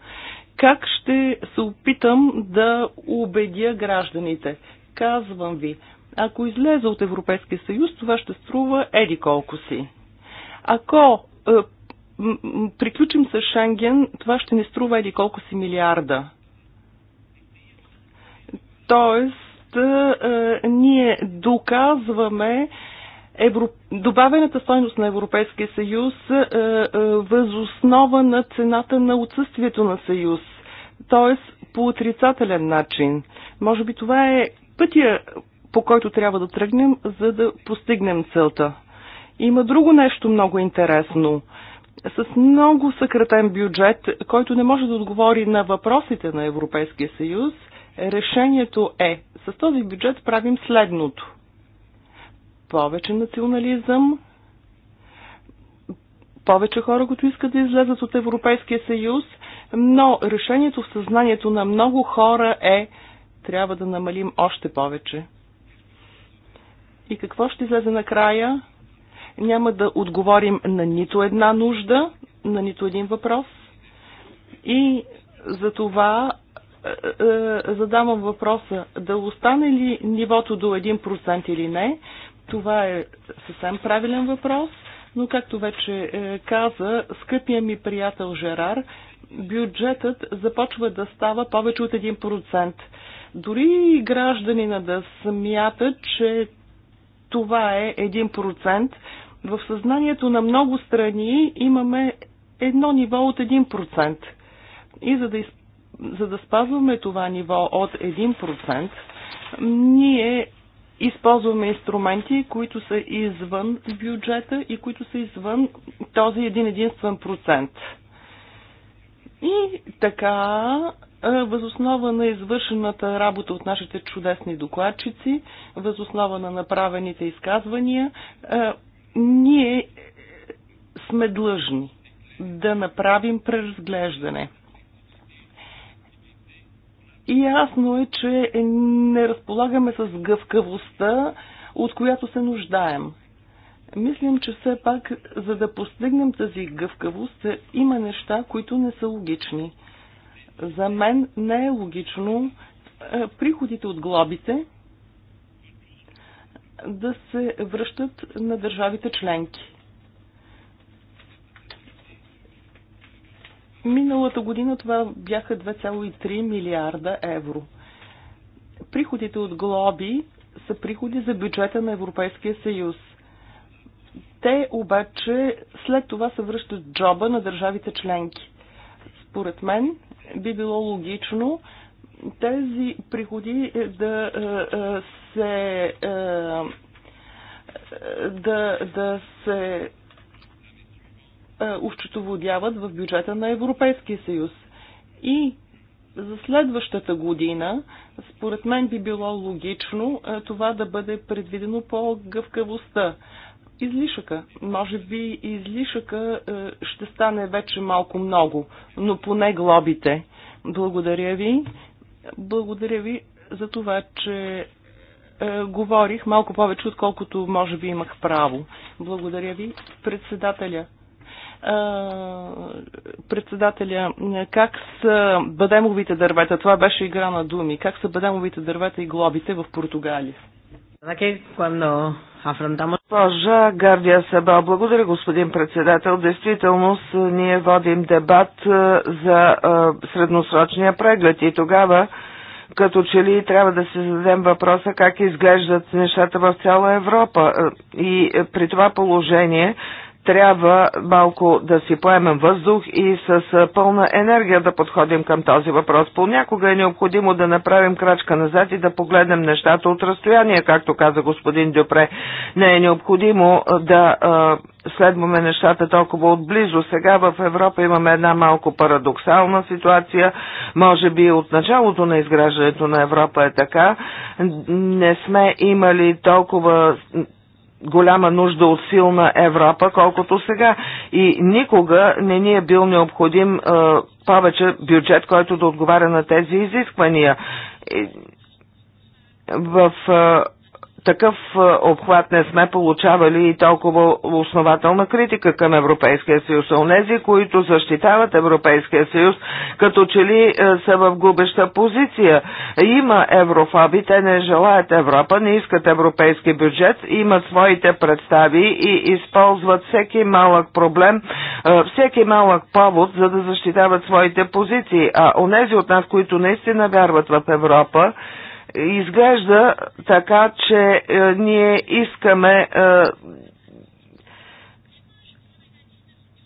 Как ще се опитам да убедя гражданите? Казвам ви, ако излезе от Европейския съюз, това ще струва еди колко си. Ако е, приключим с Шенген, това ще ни струва еди колко си милиарда. Тоест, е, ние доказваме евро... добавената стойност на Европейския съюз е, е, възоснова на цената на отсъствието на съюз, т.е. по отрицателен начин. Може би това е пътя, по който трябва да тръгнем, за да постигнем целта. Има друго нещо много интересно. С много съкратен бюджет, който не може да отговори на въпросите на Европейския съюз – Решението е, с този бюджет правим следното. Повече национализъм, повече хора, които искат да излезат от Европейския съюз, но решението в съзнанието на много хора е трябва да намалим още повече. И какво ще излезе накрая? Няма да отговорим на нито една нужда, на нито един въпрос. И за това е, е, задавам въпроса, да остане ли нивото до 1% или не, това е съвсем правилен въпрос, но както вече е, каза скъпия ми приятел Жерар, бюджетът започва да става повече от 1%. Дори гражданина да смята, че това е 1%, в съзнанието на много страни имаме едно ниво от 1%. И за да изпълним за да спазваме това ниво от 1%, ние използваме инструменти, които са извън бюджета и които са извън този един единствен процент. И така, е, възоснова на извършената работа от нашите чудесни докладчици, възоснова на направените изказвания, е, ние сме длъжни да направим преразглеждане – и ясно е, че не разполагаме с гъвкавостта, от която се нуждаем. Мислим, че все пак, за да постигнем тази гъвкавост, има неща, които не са логични. За мен не е логично е, приходите от глобите да се връщат на държавите членки. Миналата година това бяха 2,3 милиарда евро. Приходите от глоби са приходи за бюджета на Европейския съюз. Те обаче след това се връщат джоба на държавите членки. Според мен би било логично тези приходи е, да е, е, се да, да се ущетоводяват е, в бюджета на Европейския съюз. И за следващата година, според мен би било логично е, това да бъде предвидено по гъвкавостта. Излишъка. Може би излишъка е, ще стане вече малко много, но поне глобите. Благодаря ви. Благодаря ви за това, че говорих малко повече, отколкото може би имах право. Благодаря ви, председателя председателя, как са бадемовите дървета? Това беше игра на думи. Как са бадемовите дървета и глобите в Португалия? Божа, Гардия Саба, благодаря господин председател. Действително ние водим дебат за средносрочния преглед и тогава като че ли трябва да се зададем въпроса как изглеждат нещата в цяла Европа. И при това положение трябва малко да си поемем въздух и с пълна енергия да подходим към този въпрос. Понякога е необходимо да направим крачка назад и да погледнем нещата от разстояние, както каза господин Дюпре. Не е необходимо да следваме нещата толкова отблизо. Сега в Европа имаме една малко парадоксална ситуация. Може би от началото на изграждането на Европа е така. Не сме имали толкова голяма нужда от силна Европа, колкото сега. И никога не ни е бил необходим а, е, повече бюджет, който да отговаря на тези изисквания. В А, е, такъв обхват не сме получавали и толкова основателна критика към Европейския съюз. Онези, които защитават Европейския съюз, като че ли са в губеща позиция. Има еврофоби, те не желаят Европа, не искат европейски бюджет, имат своите представи и използват всеки малък проблем, всеки малък повод, за да защитават своите позиции. А онези от нас, които наистина вярват в Европа, изглежда така, че е, ние искаме е,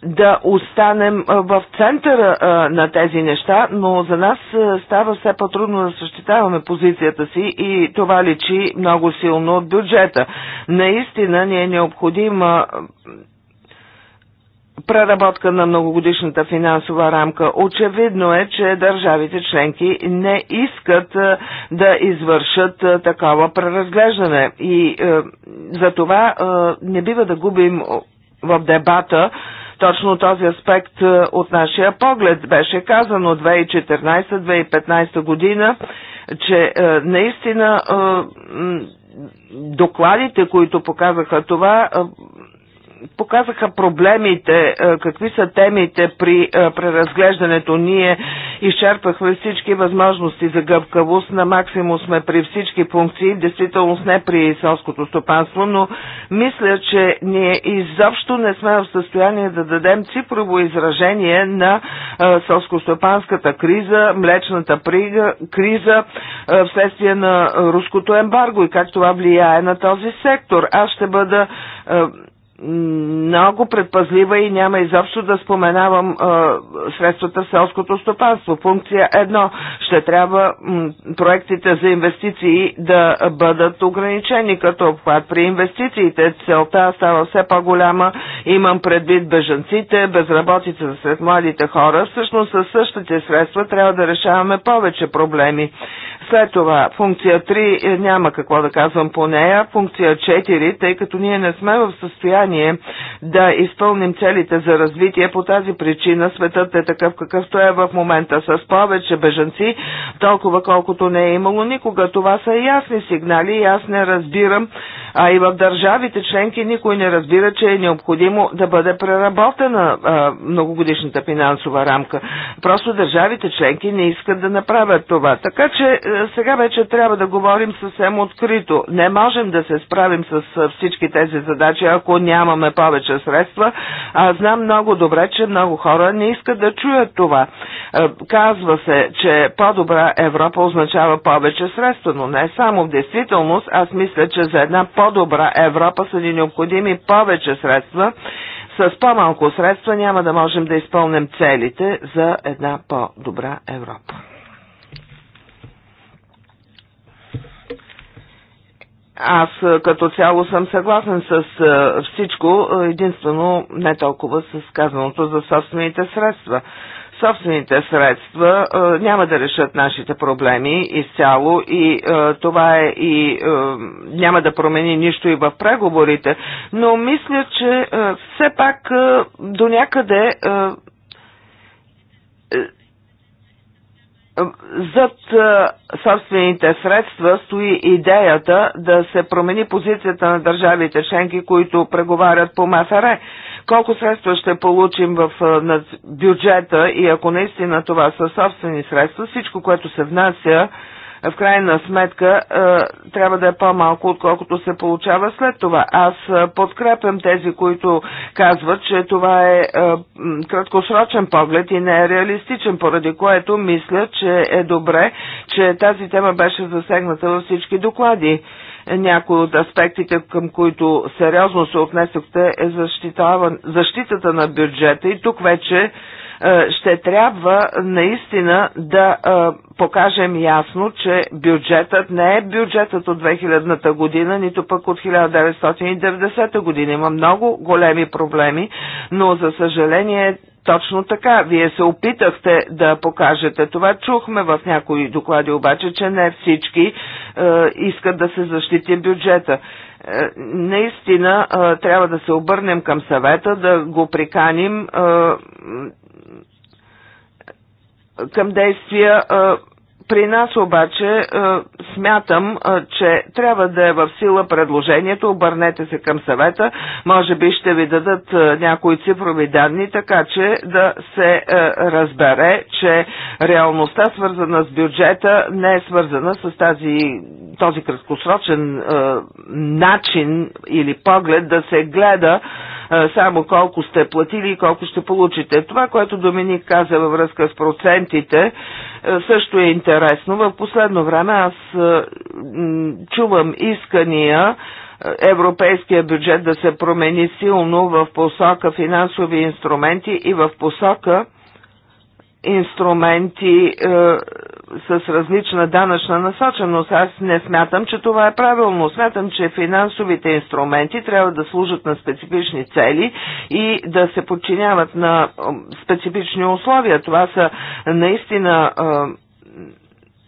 да останем е, в центъра е, на тези неща, но за нас е, става все по-трудно да същитаваме позицията си и това личи много силно от бюджета. Наистина ни е необходима преработка на многогодишната финансова рамка. Очевидно е, че държавите членки не искат е, да извършат е, такова преразглеждане и е, за това не бива да губим в дебата точно този аспект от нашия поглед. Беше казано 2014-2015 година, че наистина докладите, които показаха това, показаха проблемите, е, какви са темите при е, преразглеждането. Ние изчерпахме всички възможности за гъвкавост, на максимум сме при всички функции, действително не при селското стопанство, но мисля, че ние изобщо не сме в състояние да дадем цифрово изражение на е, селскостопанската криза, млечната прига, криза вследствие на руското ембарго и как това влияе на този сектор. Аз ще бъда много предпазлива и няма изобщо да споменавам е, средствата в селското стопанство. Функция едно. Ще трябва м, проектите за инвестиции да бъдат ограничени като обхват. При инвестициите целта става все по-голяма. Имам предвид бежанците, безработица сред младите хора. Всъщност със същите средства трябва да решаваме повече проблеми. След това, функция 3 е, няма какво да казвам по нея. Функция 4, тъй като ние не сме в състояние да изпълним целите за развитие, по тази причина светът е такъв какъвто е в момента. С повече бежанци, толкова колкото не е имало никога. Това са ясни сигнали и аз не разбирам а и в държавите членки никой не разбира, че е необходимо да бъде преработена а, многогодишната финансова рамка. Просто държавите членки не искат да направят това. Така че е, сега вече трябва да говорим съвсем открито. Не можем да се справим с всички тези задачи, ако нямаме повече средства. А знам много добре, че много хора не искат да чуят това. Е, казва се, че по-добра Европа означава повече средства, но не само в действителност. Аз мисля, че за една по по-добра Европа са ни необходими повече средства. С по-малко средства няма да можем да изпълним целите за една по-добра Европа. Аз като цяло съм съгласен с всичко, единствено не толкова с казаното за собствените средства собствените средства а, е, няма да решат нашите проблеми изцяло и а, е, това е и а, е, няма да промени нищо и в преговорите, но мисля, че а, все пак а, до някъде а, Зад собствените средства стои идеята да се промени позицията на държавите членки, които преговарят по МФР колко средства ще получим в бюджета и ако наистина това са собствени средства, всичко, което се внася, в крайна сметка трябва да е по-малко, отколкото се получава след това. Аз подкрепям тези, които казват, че това е краткосрочен поглед и не е реалистичен, поради което мисля, че е добре, че тази тема беше засегната във всички доклади някои от аспектите, към които сериозно се отнесохте, е защитата на бюджета и тук вече е, ще трябва наистина да е, покажем ясно, че бюджетът не е бюджетът от 2000-та година, нито пък от 1990-та година. Има много големи проблеми, но за съжаление е точно така. Вие се опитахте да покажете това. Чухме в някои доклади обаче, че не всички е, искат да се защити бюджета. Е, наистина е, трябва да се обърнем към съвета, да го приканим към действия при нас обаче е, смятам, е, че трябва да е в сила предложението, обърнете се към съвета, може би ще ви дадат е, някои цифрови данни, така че да се разбере, че реалността свързана с бюджета не е свързана с тази, този краткосрочен начин или поглед да се гледа само колко сте платили и колко ще получите. Това, което Доминик каза във връзка с процентите, е, също е интересно. В последно време аз е, чувам искания е, европейския бюджет да се промени силно в посока финансови инструменти и в посока инструменти с различна данъчна насоченост. Аз не смятам, че това е правилно. Смятам, че финансовите инструменти трябва да служат на специфични цели и да се подчиняват на специфични условия. Това са наистина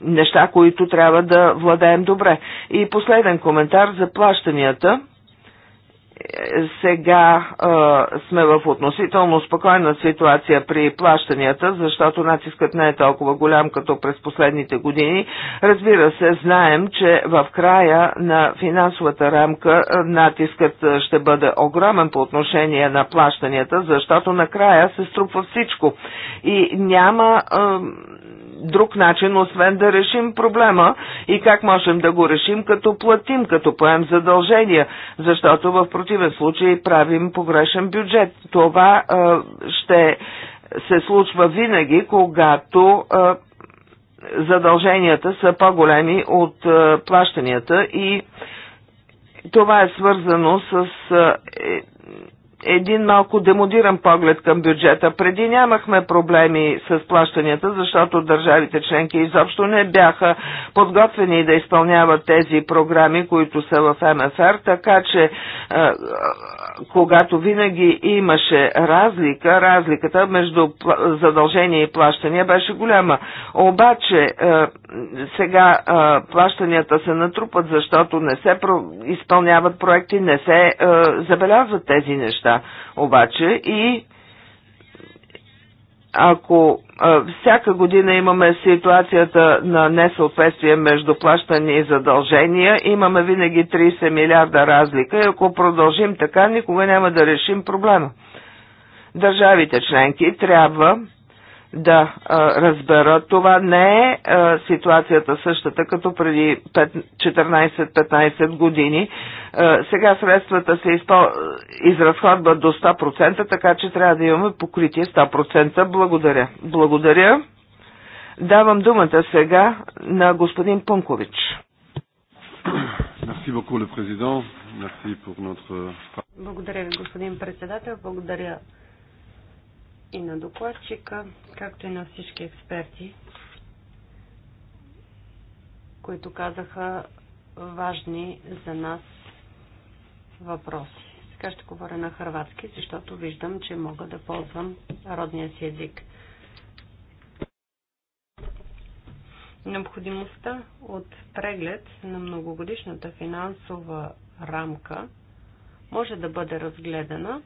неща, които трябва да владеем добре. И последен коментар за плащанията – сега а, сме в относително спокойна ситуация при плащанията, защото натискът не е толкова голям като през последните години. Разбира се, знаем, че в края на финансовата рамка натискът ще бъде огромен по отношение на плащанията, защото накрая се струпва всичко. И няма а, друг начин, освен да решим проблема и как можем да го решим, като платим, като поем задължения, защото в противен случай правим погрешен бюджет. Това а, ще се случва винаги, когато а, задълженията са по-големи от а, плащанията и това е свързано с а, е, един малко демодиран поглед към бюджета. Преди нямахме проблеми с плащанията, защото държавите членки изобщо не бяха подготвени да изпълняват тези програми, които са в МФР, така че когато винаги имаше разлика, разликата между задължения и плащания беше голяма. Обаче е, сега е, плащанията се натрупат, защото не се изпълняват проекти, не се е, забелязват тези неща. Обаче и ако а, всяка година имаме ситуацията на несъответствие между плащане и задължения, имаме винаги 30 милиарда разлика и ако продължим така, никога няма да решим проблема. Държавите членки трябва да а, Това не е а, ситуацията същата като преди 14-15 години. А, сега средствата се изпо... изразходват до 100%, така че трябва да имаме покритие 100%. Благодаря. Благодаря. Давам думата сега на господин Пункович. Благодаря ви, господин председател. Благодаря и на докладчика, както и на всички експерти, които казаха важни за нас въпроси. Сега ще говоря на хрватски, защото виждам, че мога да ползвам родния си език. Необходимостта от преглед на многогодишната финансова рамка може да бъде разгледана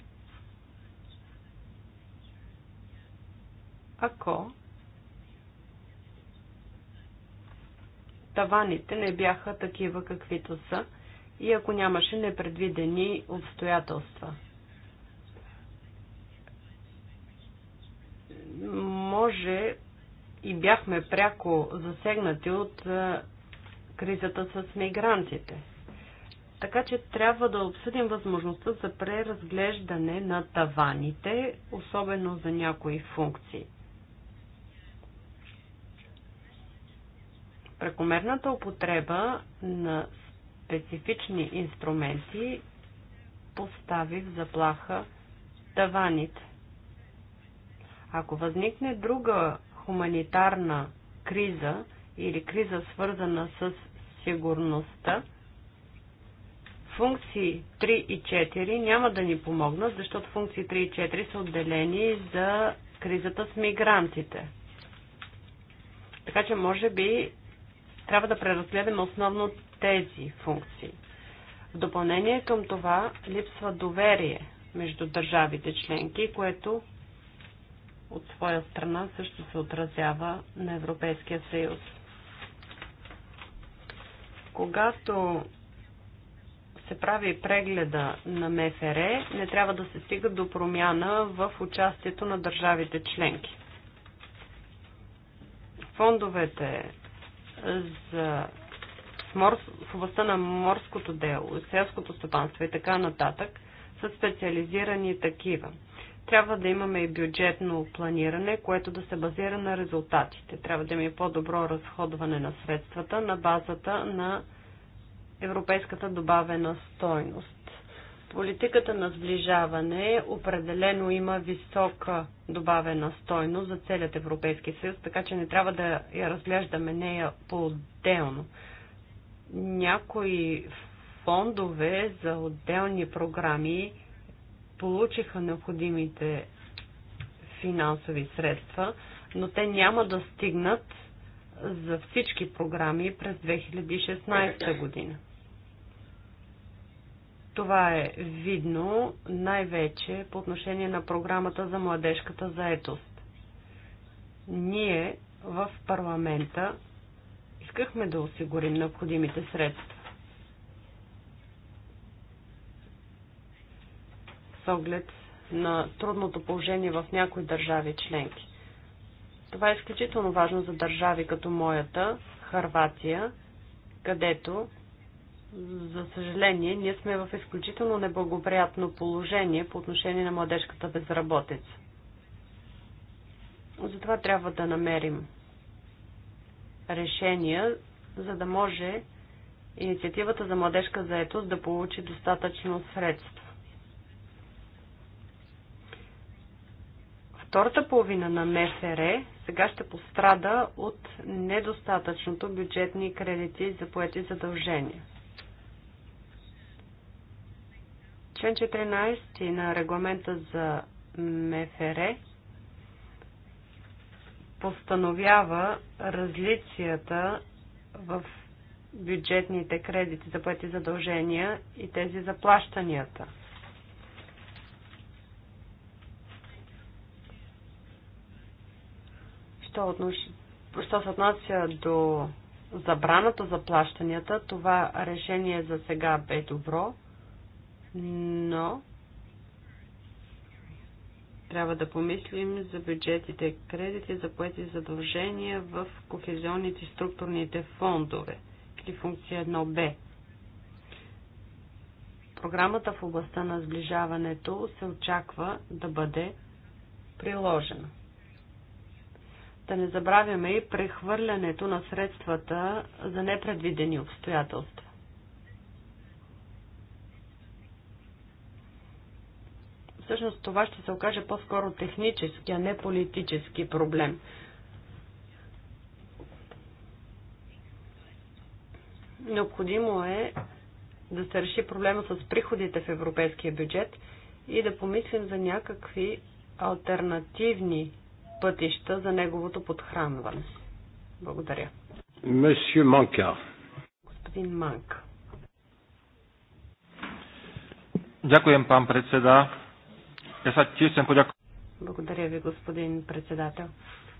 ако таваните не бяха такива каквито са и ако нямаше непредвидени обстоятелства. Може и бяхме пряко засегнати от кризата с мигрантите. Така че трябва да обсъдим възможността за преразглеждане на таваните, особено за някои функции. Прекомерната употреба на специфични инструменти постави в заплаха таваните. Ако възникне друга хуманитарна криза или криза свързана с сигурността, функции 3 и 4 няма да ни помогнат, защото функции 3 и 4 са отделени за кризата с мигрантите. Така че може би трябва да преразгледаме основно тези функции. В допълнение към това липсва доверие между държавите членки, което от своя страна също се отразява на Европейския съюз. Когато се прави прегледа на МФР, не трябва да се стига до промяна в участието на държавите членки. Фондовете за морс, в областта на морското дело, селското стопанство и така нататък са специализирани такива. Трябва да имаме и бюджетно планиране, което да се базира на резултатите. Трябва да има и по-добро разходване на средствата на базата на европейската добавена стойност. Политиката на сближаване определено има висока добавена стойност за целият Европейски съюз, така че не трябва да я разглеждаме нея по-отделно. Някои фондове за отделни програми получиха необходимите финансови средства, но те няма да стигнат за всички програми през 2016 година. Това е видно най-вече по отношение на програмата за младежката заетост. Ние в парламента искахме да осигурим необходимите средства. С оглед на трудното положение в някои държави членки. Това е изключително важно за държави като моята, Харватия, където за съжаление, ние сме в изключително неблагоприятно положение по отношение на младежката безработица. Затова трябва да намерим решения, за да може инициативата за младежка заетост да получи достатъчно средства. Втората половина на МФР сега ще пострада от недостатъчното бюджетни кредити за поети задължения. Член 14 на регламента за МФР постановява различията в бюджетните кредити за поети задължения и тези за плащанията. Що, отнош... Що се отнася до забраната за плащанията, това решение за сега бе добро но трябва да помислим за бюджетите кредити за поети задължения в кохезионните структурните фондове или функция 1Б. Програмата в областта на сближаването се очаква да бъде приложена. Да не забравяме и прехвърлянето на средствата за непредвидени обстоятелства. всъщност това ще се окаже по-скоро технически, а не политически проблем. Необходимо е да се реши проблема с приходите в европейския бюджет и да помислим за някакви альтернативни пътища за неговото подхранване. Благодаря. Месье Манка. Господин Манка. Ďakujem, пан председател. Благодаря ви, господин председател.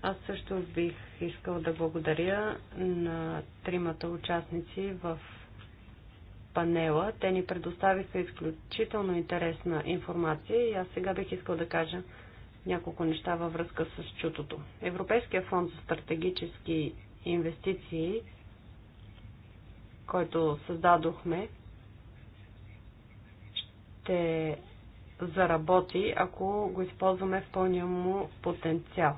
Аз също бих искал да благодаря на тримата участници в панела. Те ни предоставиха изключително интересна информация и аз сега бих искал да кажа няколко неща във връзка с чутото. Европейския фонд за стратегически инвестиции, който създадохме, ще заработи, ако го използваме в пълния му потенциал.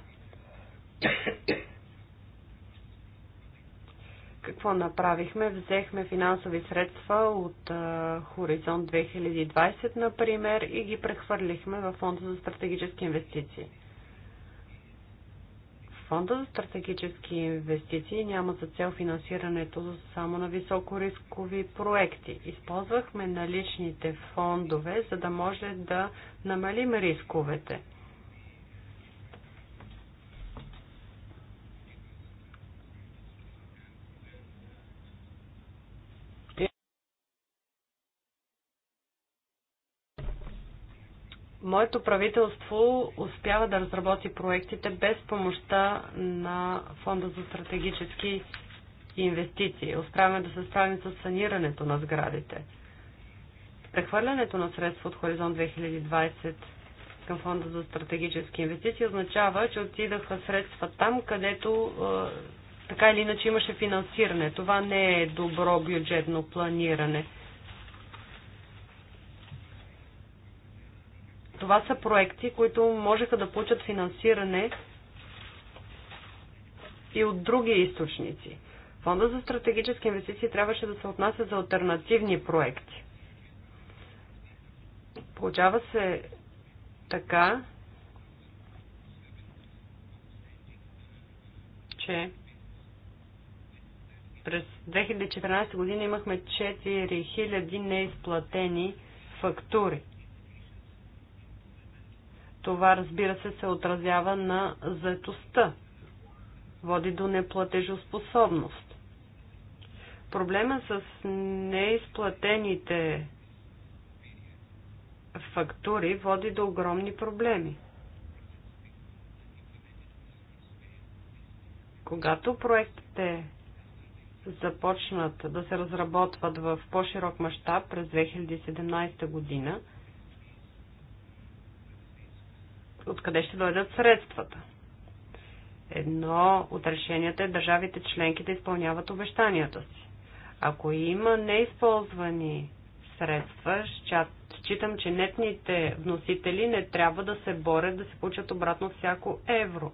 Какво направихме? Взехме финансови средства от Хоризонт 2020, например, и ги прехвърлихме в Фонда за стратегически инвестиции. Фонда за стратегически инвестиции няма за цел финансирането само на високорискови проекти. Използвахме наличните фондове, за да може да намалим рисковете. Моето правителство успява да разработи проектите без помощта на Фонда за стратегически инвестиции. Успяваме да се справим с санирането на сградите. Прехвърлянето на средства от Хоризонт 2020 към Фонда за стратегически инвестиции означава, че отидаха средства там, където е, така или иначе имаше финансиране. Това не е добро бюджетно планиране – това са проекти, които можеха да получат финансиране и от други източници. Фонда за стратегически инвестиции трябваше да се отнася за альтернативни проекти. Получава се така, че през 2014 година имахме 4000 неизплатени фактури. Това, разбира се, се отразява на заетостта. Води до неплатежоспособност. Проблема с неизплатените фактури води до огромни проблеми. Когато проектите започнат да се разработват в по-широк мащаб през 2017 година, откъде ще дойдат средствата. Едно от решенията е държавите членки да изпълняват обещанията си. Ако има неизползвани средства, считам, че нетните вносители не трябва да се борят да се получат обратно всяко евро.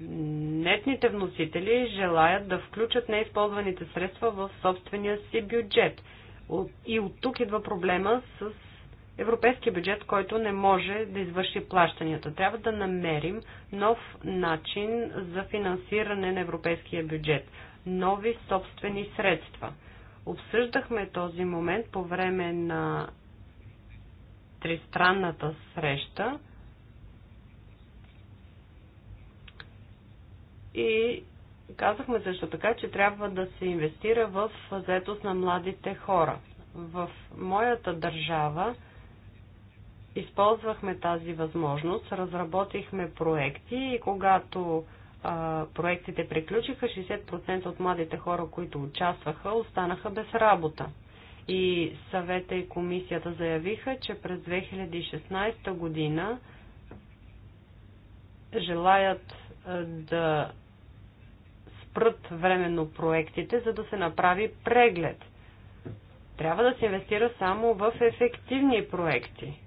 Нетните вносители желаят да включат неизползваните средства в собствения си бюджет – и от тук идва проблема с европейския бюджет, който не може да извърши плащанията. Трябва да намерим нов начин за финансиране на европейския бюджет. Нови собствени средства. Обсъждахме този момент по време на тристранната среща и Казахме също така, че трябва да се инвестира в заетост на младите хора. В моята държава използвахме тази възможност, разработихме проекти и когато а, проектите приключиха, 60% от младите хора, които участваха, останаха без работа. И съвета и комисията заявиха, че през 2016 година желаят да спрат временно проектите, за да се направи преглед. Трябва да се инвестира само в ефективни проекти.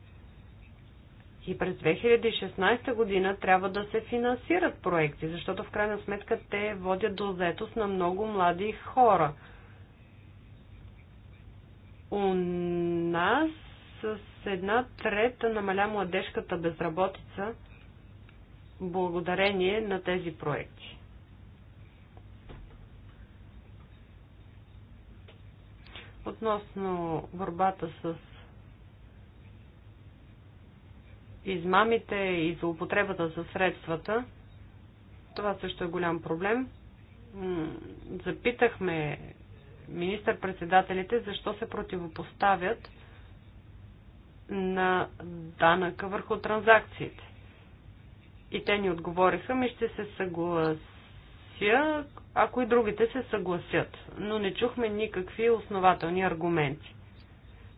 И през 2016 година трябва да се финансират проекти, защото в крайна сметка те водят до заетост на много млади хора. У нас с една трета намаля младежката безработица благодарение на тези проекти. Относно борбата с измамите и злоупотребата за средствата, това също е голям проблем. Запитахме министър-председателите защо се противопоставят на данъка върху транзакциите. И те ни отговориха, ми ще се съглас комисия, ако и другите се съгласят, но не чухме никакви основателни аргументи.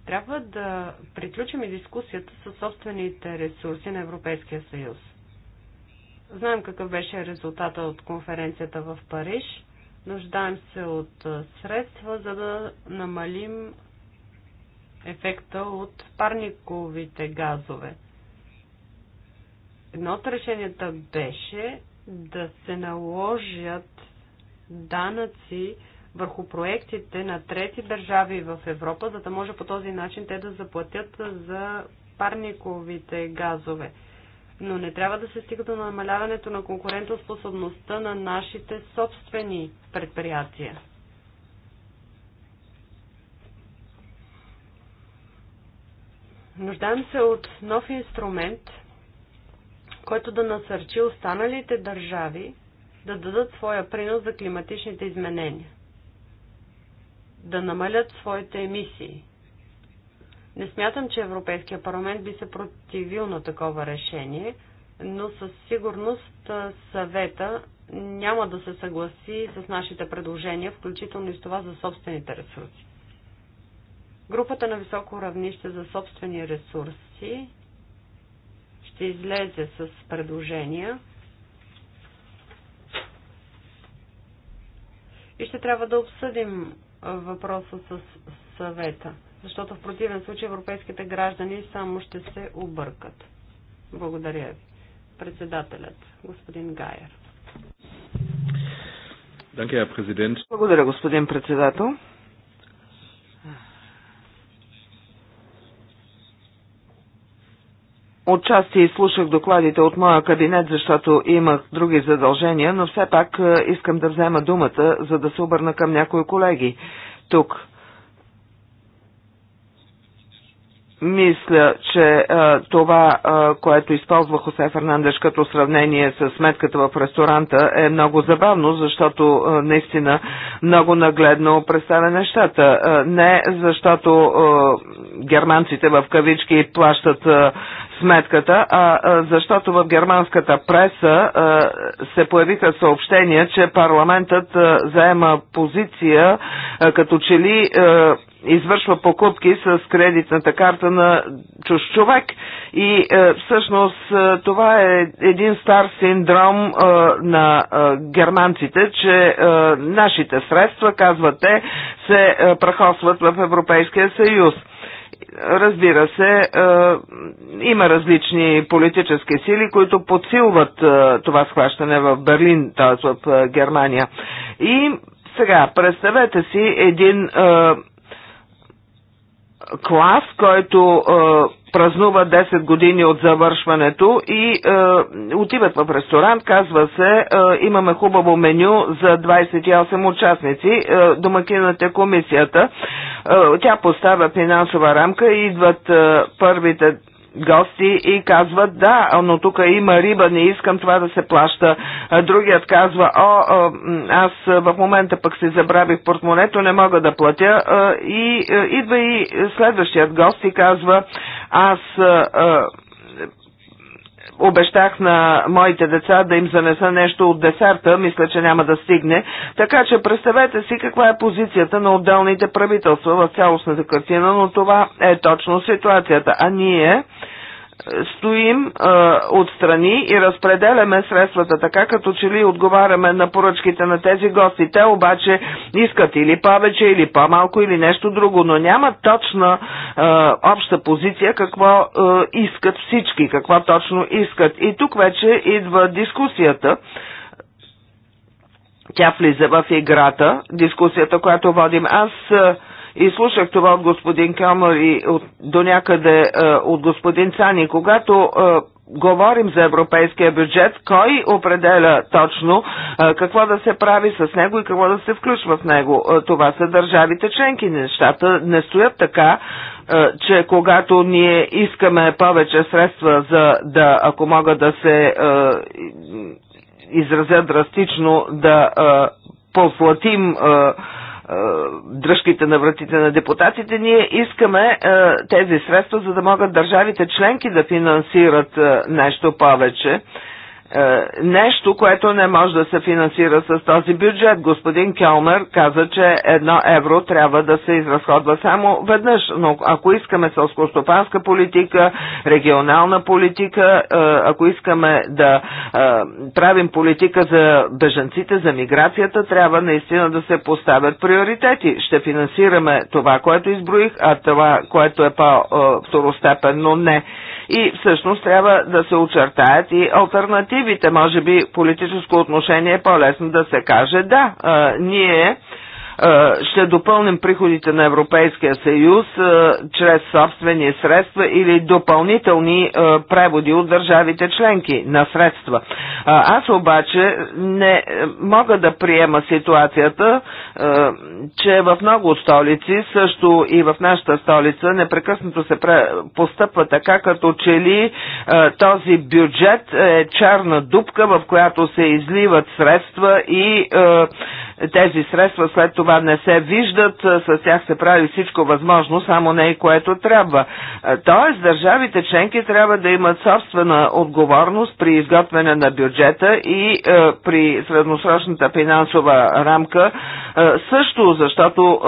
Трябва да приключим и дискусията със собствените ресурси на Европейския съюз. Знаем какъв беше резултата от конференцията в Париж. Нуждаем се от средства, за да намалим ефекта от парниковите газове. Едно от решенията беше да се наложат данъци върху проектите на трети държави в Европа, за да може по този начин те да заплатят за парниковите газове. Но не трябва да се стига до намаляването на конкурентоспособността на нашите собствени предприятия. Нуждаем се от нов инструмент – който да насърчи останалите държави да дадат своя принос за климатичните изменения, да намалят своите емисии. Не смятам, че Европейския парламент би се противил на такова решение, но със сигурност съвета няма да се съгласи с нашите предложения, включително и с това за собствените ресурси. Групата на високо равнище за собствени ресурси ще излезе с предложения и ще трябва да обсъдим въпроса с съвета, защото в противен случай европейските граждани само ще се объркат. Благодаря ви. Председателят, господин Гайер. Благодаря, господин председател. Отчасти слушах докладите от моя кабинет, защото имах други задължения, но все пак е, искам да взема думата, за да се обърна към някои колеги тук. Мисля, че а, това, а, което използва Хосе Фернандеш като сравнение с сметката в ресторанта е много забавно, защото а, наистина много нагледно представя нещата. А, не защото а, германците в кавички плащат а, сметката, а, а защото в германската преса а, се появиха съобщения, че парламентът а, заема позиция а, като че ли а, извършва покупки с кредитната карта на чуж човек. И е, всъщност е, това е един стар синдром е, на е, германците, че е, нашите средства, казват те, се е, прахосват в Европейския съюз разбира се, е, има различни политически сили, които подсилват е, това схващане в Берлин, т.е. в е, Германия. И сега, представете си един клас, който е, празнува 10 години от завършването и е, отиват в ресторант, казва се, е, имаме хубаво меню за 28 участници, е, домакинът е комисията, е, тя поставя финансова рамка и идват е, първите гости и казват да, но тук има риба, не искам това да се плаща. Другият казва, о, аз в момента пък си забравих портмонето, не мога да платя. И идва и следващият гост и казва, аз обещах на моите деца да им занеса нещо от десерта, мисля, че няма да стигне. Така че представете си каква е позицията на отделните правителства в цялостната картина, но това е точно ситуацията. А ние стоим а, отстрани и разпределяме средствата така, като че ли отговаряме на поръчките на тези гости. Те обаче искат или повече, или по-малко, или нещо друго, но няма точна а, обща позиция какво а, искат всички, какво точно искат. И тук вече идва дискусията. Тя влиза в играта, дискусията, която водим. Аз а, и слушах това от господин Камър и от, до някъде е, от господин Цани. Когато е, говорим за европейския бюджет, кой определя точно е, какво да се прави с него и какво да се включва в него. Това са държавите членки. Нещата не стоят така, че когато ние искаме повече средства за да, ако мога да се изразя драстично, да е, дръжките на вратите на депутатите, ние искаме тези средства, за да могат държавите членки да финансират нещо повече. Е, нещо, което не може да се финансира с този бюджет. Господин Келмер каза, че едно евро трябва да се изразходва само веднъж, но ако искаме сълскостопанска политика, регионална политика, е, ако искаме да е, правим политика за беженците, за миграцията, трябва наистина да се поставят приоритети. Ще финансираме това, което изброих, а това, което е по-второстепенно, не и всъщност трябва да се очертаят и альтернативите. Може би политическо отношение е по-лесно да се каже да, ние е, ще допълним приходите на Европейския съюз е, чрез собствени средства или допълнителни е, преводи от държавите членки на средства. Аз обаче не мога да приема ситуацията, че в много столици, също и в нашата столица, непрекъснато се постъпва така, като че ли този бюджет е черна дупка, в която се изливат средства и тези средства след това не се виждат, с тях се прави всичко възможно, само не и което трябва. Тоест, държавите членки трябва да имат собствена отговорност при изготвяне на бюджета и при средносрочната финансова рамка също, защото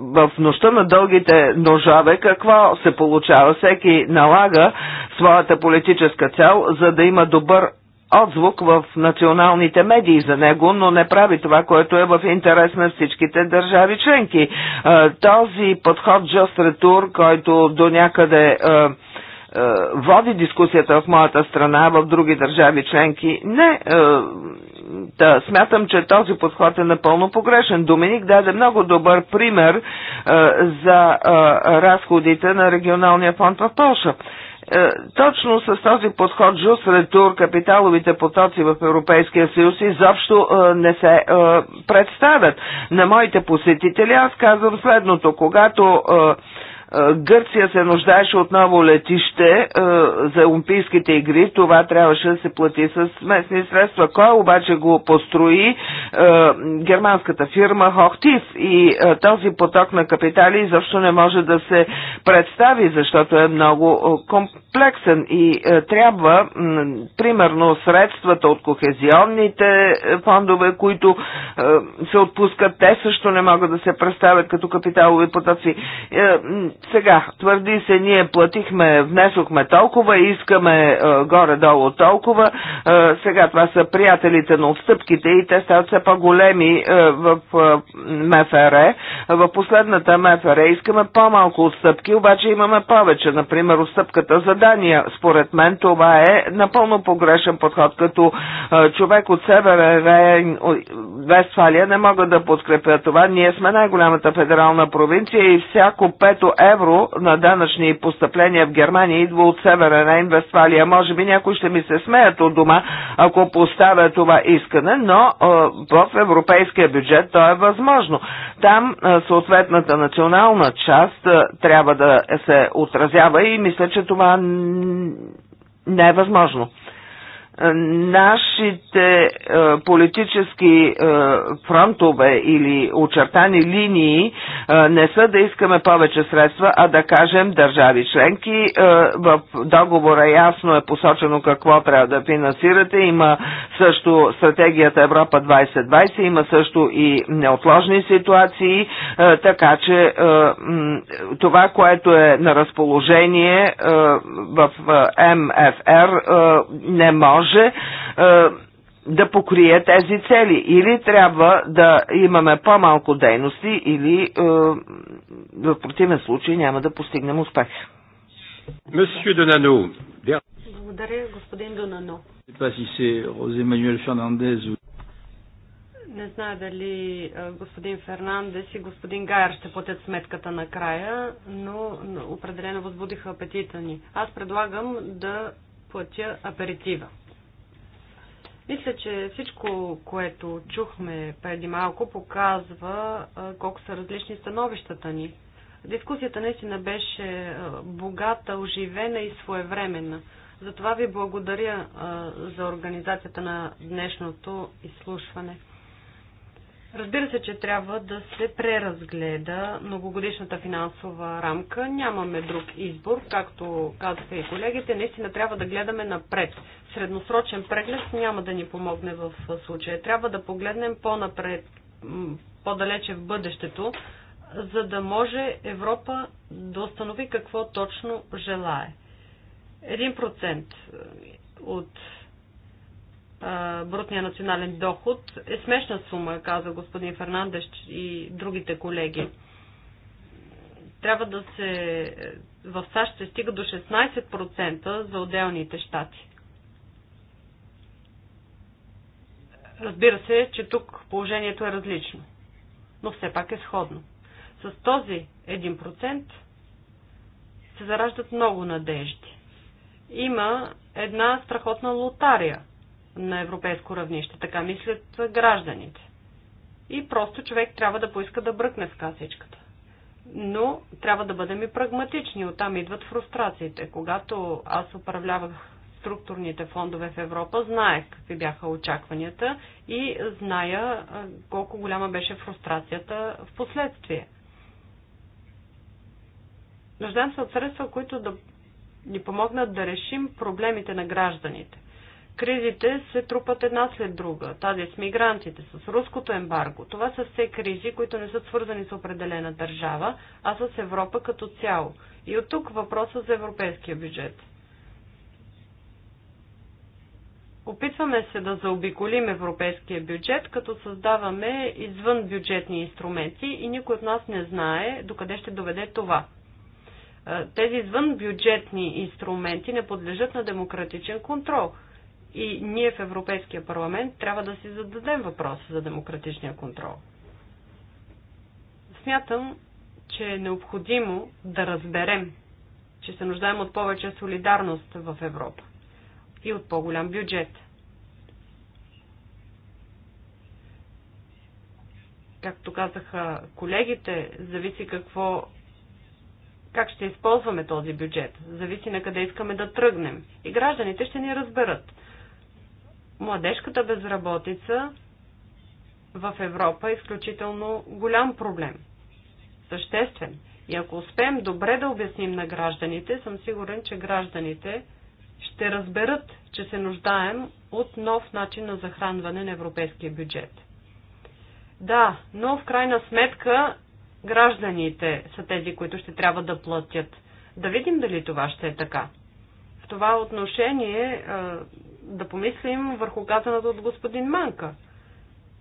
в нощта на дългите ножове какво се получава? Всеки налага своята политическа цел, за да има добър отзвук в националните медии за него, но не прави това, което е в интерес на всичките държави членки. Е, този подход Just Retour, който до някъде е, е, води дискусията в моята страна, в други държави членки. Не, да, смятам, че този подход е напълно погрешен. Доминик даде много добър пример за разходите на регионалния фонд в Польша. Е, точно с този подход Жус Ретур капиталовите потоци в Европейския съюз изобщо е, не се е, представят. На моите посетители аз казвам следното. Когато е, Гърция се нуждаеше от ново летище е, за Олимпийските игри. Това трябваше да се плати с местни средства. Кой обаче го построи? Е, германската фирма Хохтив. И този поток на капитали изобщо не може да се представи, защото е много комплексен комплексен и е, трябва, м, примерно, средствата от кохезионните е, фондове, които е, се отпускат, те също не могат да се представят като капиталови потъци. Е, сега, твърди се, ние платихме, внесохме толкова, искаме е, горе-долу толкова. Е, сега това са приятелите на отстъпките и те стават все по-големи е, в е, МФР. В последната МФР искаме по-малко отстъпки, обаче имаме повече. Например, отстъпката за страдания. Според мен това е напълно погрешен подход, като е, човек от Севера Рейн, Вестфалия не мога да подкрепя това. Ние сме най-голямата федерална провинция и всяко пето евро на данъчни постъпления в Германия идва от Северен Рейн, Вестфалия. Може би някои ще ми се смеят от дома, ако поставя това искане, но е, в европейския бюджет то е възможно. Там е, съответната национална част трябва да се отразява и мисля, че това не е възможно нашите е, политически е, фронтове или очертани линии е, не са да искаме повече средства, а да кажем държави членки. В договора ясно е посочено какво трябва да финансирате. Има също стратегията Европа 2020, има също и неотложни ситуации, така че това, което е на разположение в МФР, не може може е, да покрие тези цели. Или трябва да имаме по-малко дейности, или е, в противен случай няма да постигнем успех. Благодаря, господин Донано. Не знае дали е, господин Фернандес и господин Гайер ще платят сметката накрая, но определено възбудиха апетита ни. Аз предлагам да платя аперитива. Мисля, че всичко, което чухме преди малко, показва колко са различни становищата ни. Дискусията наистина беше богата, оживена и своевременна. Затова ви благодаря за организацията на днешното изслушване. Разбира се, че трябва да се преразгледа многогодишната финансова рамка. Нямаме друг избор, както казаха и колегите. Наистина трябва да гледаме напред средносрочен преглед няма да ни помогне в случая. Трябва да погледнем по-напред, по-далече в бъдещето, за да може Европа да установи какво точно желае. 1% е, от брутния национален доход е смешна сума, каза господин Фернандеш и другите колеги. Трябва да се... Е, в САЩ се стига до 16% за отделните щати. Разбира се, че тук положението е различно, но все пак е сходно. С този 1% се зараждат много надежди. Има една страхотна лотария на европейско равнище, така мислят гражданите. И просто човек трябва да поиска да бръкне с касичката. Но трябва да бъдем и прагматични, оттам идват фрустрациите. Когато аз управлявах структурните фондове в Европа, знае какви бяха очакванията и зная колко голяма беше фрустрацията в последствие. Нуждаем се от средства, които да ни помогнат да решим проблемите на гражданите. Кризите се трупат една след друга. Тази с мигрантите, с руското ембарго. Това са все кризи, които не са свързани с определена държава, а с Европа като цяло. И от тук въпроса за европейския бюджет – Опитваме се да заобиколим европейския бюджет, като създаваме извън бюджетни инструменти и никой от нас не знае докъде ще доведе това. Е, тези извън бюджетни инструменти не подлежат на демократичен контрол. И ние в Европейския парламент трябва да си зададем въпрос за демократичния контрол. Смятам, че е необходимо да разберем, че се нуждаем от повече солидарност в Европа и от по-голям бюджет. Както казаха колегите, зависи какво как ще използваме този бюджет. Зависи на къде искаме да тръгнем. И гражданите ще ни разберат. Младежката безработица в Европа е изключително голям проблем. Съществен. И ако успеем добре да обясним на гражданите, съм сигурен, че гражданите ще разберат, че се нуждаем от нов начин на захранване на европейския бюджет. Да, но в крайна сметка гражданите са тези, които ще трябва да платят. Да видим дали това ще е така. В това отношение е, да помислим върху казаното от господин Манка.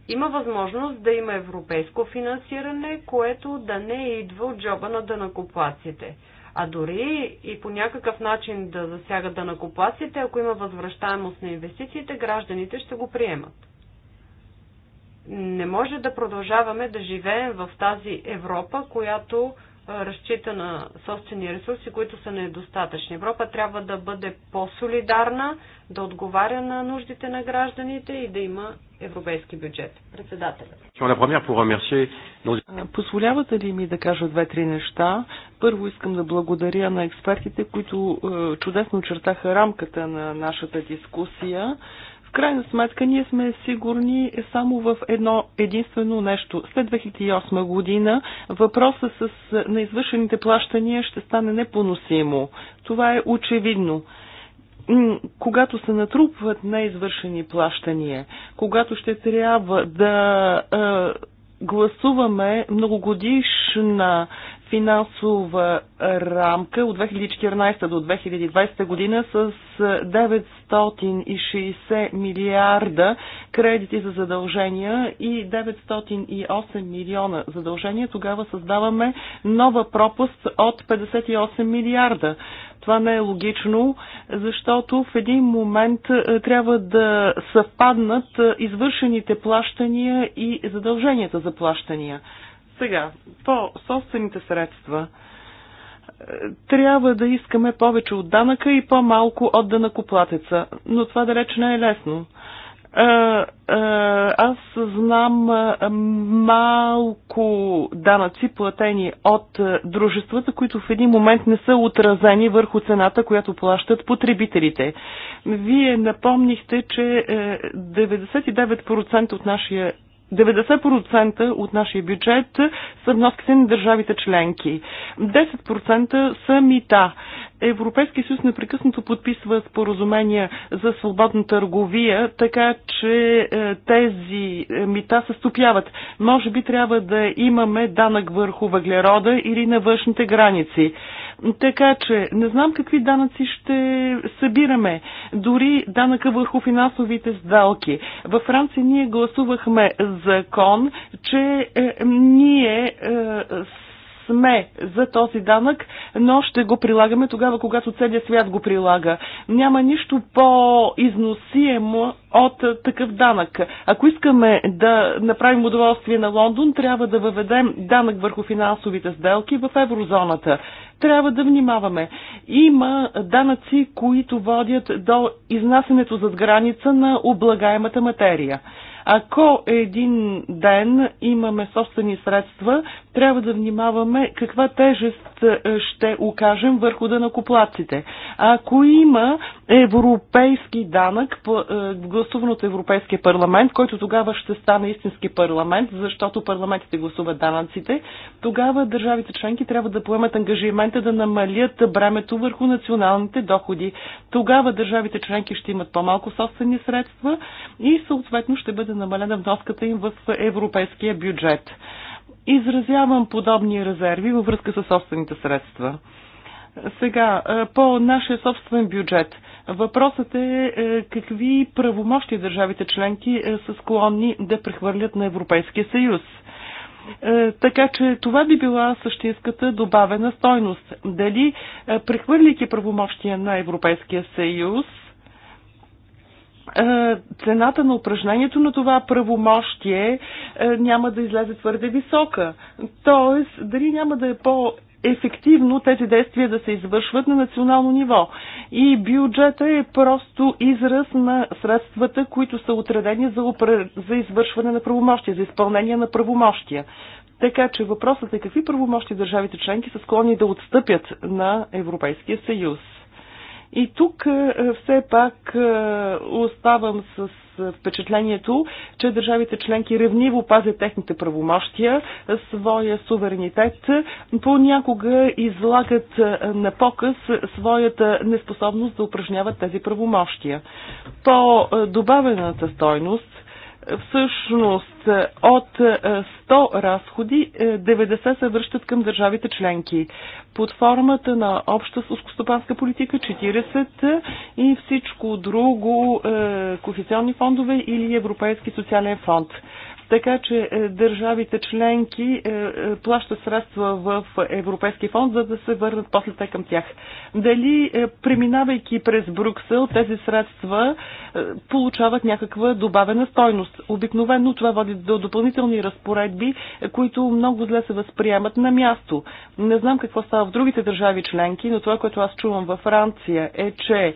Има възможност да има европейско финансиране, което да не идва от джоба на дънакоплаците. Да а дори и по някакъв начин да засягат данакоплаците, ако има възвръщаемост на инвестициите, гражданите ще го приемат. Не може да продължаваме да живеем в тази Европа, която разчита на собствени ресурси, които са недостатъчни. Европа трябва да бъде по-солидарна, да отговаря на нуждите на гражданите и да има европейски бюджет. Председателя. Позволявате ли ми да кажа две-три неща? Първо искам да благодаря на експертите, които е, чудесно очертаха рамката на нашата дискусия. В крайна сметка ние сме сигурни само в едно единствено нещо. След 2008 година въпроса с неизвършените плащания ще стане непоносимо. Това е очевидно когато се натрупват неизвършени плащания, когато ще трябва да гласуваме многогодишна финансова рамка от 2014 до 2020 година с 960 е, милиарда кредити за задължения и 908 милиона задължения, тогава създаваме нова пропуст от 58 милиарда. Това не е логично, защото в един момент е, трябва да съвпаднат е, извършените плащания и задълженията за плащания. Сега, по собствените средства. Е, трябва да искаме повече от данъка и по-малко от данъкоплатеца, но това далеч не е лесно. Е, е, аз знам малко данъци платени от дружествата, които в един момент не са отразени върху цената, която плащат потребителите. Вие напомнихте, че 99% от нашия 90% от нашия бюджет са вноските на държавите членки. 10% са мита. Европейския съюз непрекъснато подписва споразумения за свободна търговия, така че е, тези е, мита се стопяват. Може би трябва да имаме данък върху въглерода или на външните граници. Така че не знам какви данъци ще събираме. Дори данъка върху финансовите сдалки. Във Франция ние гласувахме закон, че е, ние е, сме за този данък, но ще го прилагаме тогава, когато целият свят го прилага. Няма нищо по-износиемо от такъв данък. Ако искаме да направим удоволствие на Лондон, трябва да въведем данък върху финансовите сделки в еврозоната. Трябва да внимаваме. Има данъци, които водят до изнасянето зад граница на облагаемата материя. Ако един ден имаме собствени средства, трябва да внимаваме каква тежест е, ще окажем върху данакоплаците. Ако има европейски данък, е, гласуван от Европейския парламент, който тогава ще стане истински парламент, защото парламентите гласуват данъците, тогава държавите членки трябва да поемат ангажимента да намалят бремето върху националните доходи. Тогава държавите членки ще имат по-малко собствени средства и съответно ще бъде бъде намалена вноската им в европейския бюджет. Изразявам подобни резерви във връзка с собствените средства. Сега, е, по нашия собствен бюджет. Въпросът е, е какви правомощи държавите членки е, са склонни да прехвърлят на Европейския съюз. Така че това би била същинската добавена стойност. Дали прехвърляйки правомощия на Европейския съюз, е, цената на упражнението на това правомощие е, няма да излезе твърде висока. Тоест, дали няма да е по ефективно тези действия да се извършват на национално ниво. И бюджета е просто израз на средствата, които са отредени за, упре... за извършване на правомощия, за изпълнение на правомощия. Така че въпросът е какви правомощи държавите членки са склонни да отстъпят на Европейския съюз. И тук е, е, все пак е, оставам с впечатлението, че държавите членки ревниво пазят техните правомощия, своя суверенитет, понякога излагат на показ своята неспособност да упражняват тези правомощия. По добавената стойност, всъщност е, от 100 е, разходи 90 е, се връщат към държавите членки. Под формата на обща сълскостопанска политика 40 и всичко друго кофициални фондове или Европейски социален фонд така че е, държавите членки е, е, плащат средства в Европейския фонд, за да се върнат после те към тях. Дали преминавайки през Брюксел, тези средства получават някаква добавена стойност. Обикновено това води до допълнителни разпоредби, които много зле се възприемат на място. Не знам какво става в другите държави членки, но това, което аз чувам във Франция е, че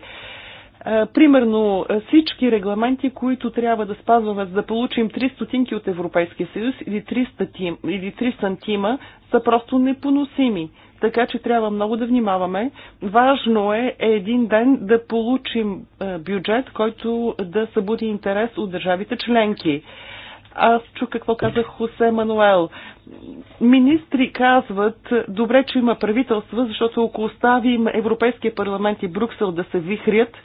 Примерно всички регламенти, които трябва да спазваме, за да получим 3 стотинки от Европейския съюз или 3, статим, или 3 сантима, са просто непоносими. Така че трябва много да внимаваме. Важно е един ден да получим бюджет, който да събуди интерес от държавите членки. Аз чух какво каза Хосе Мануел. Министри казват, добре, че има правителства, защото ако оставим Европейския парламент и Брюксел да се вихрят,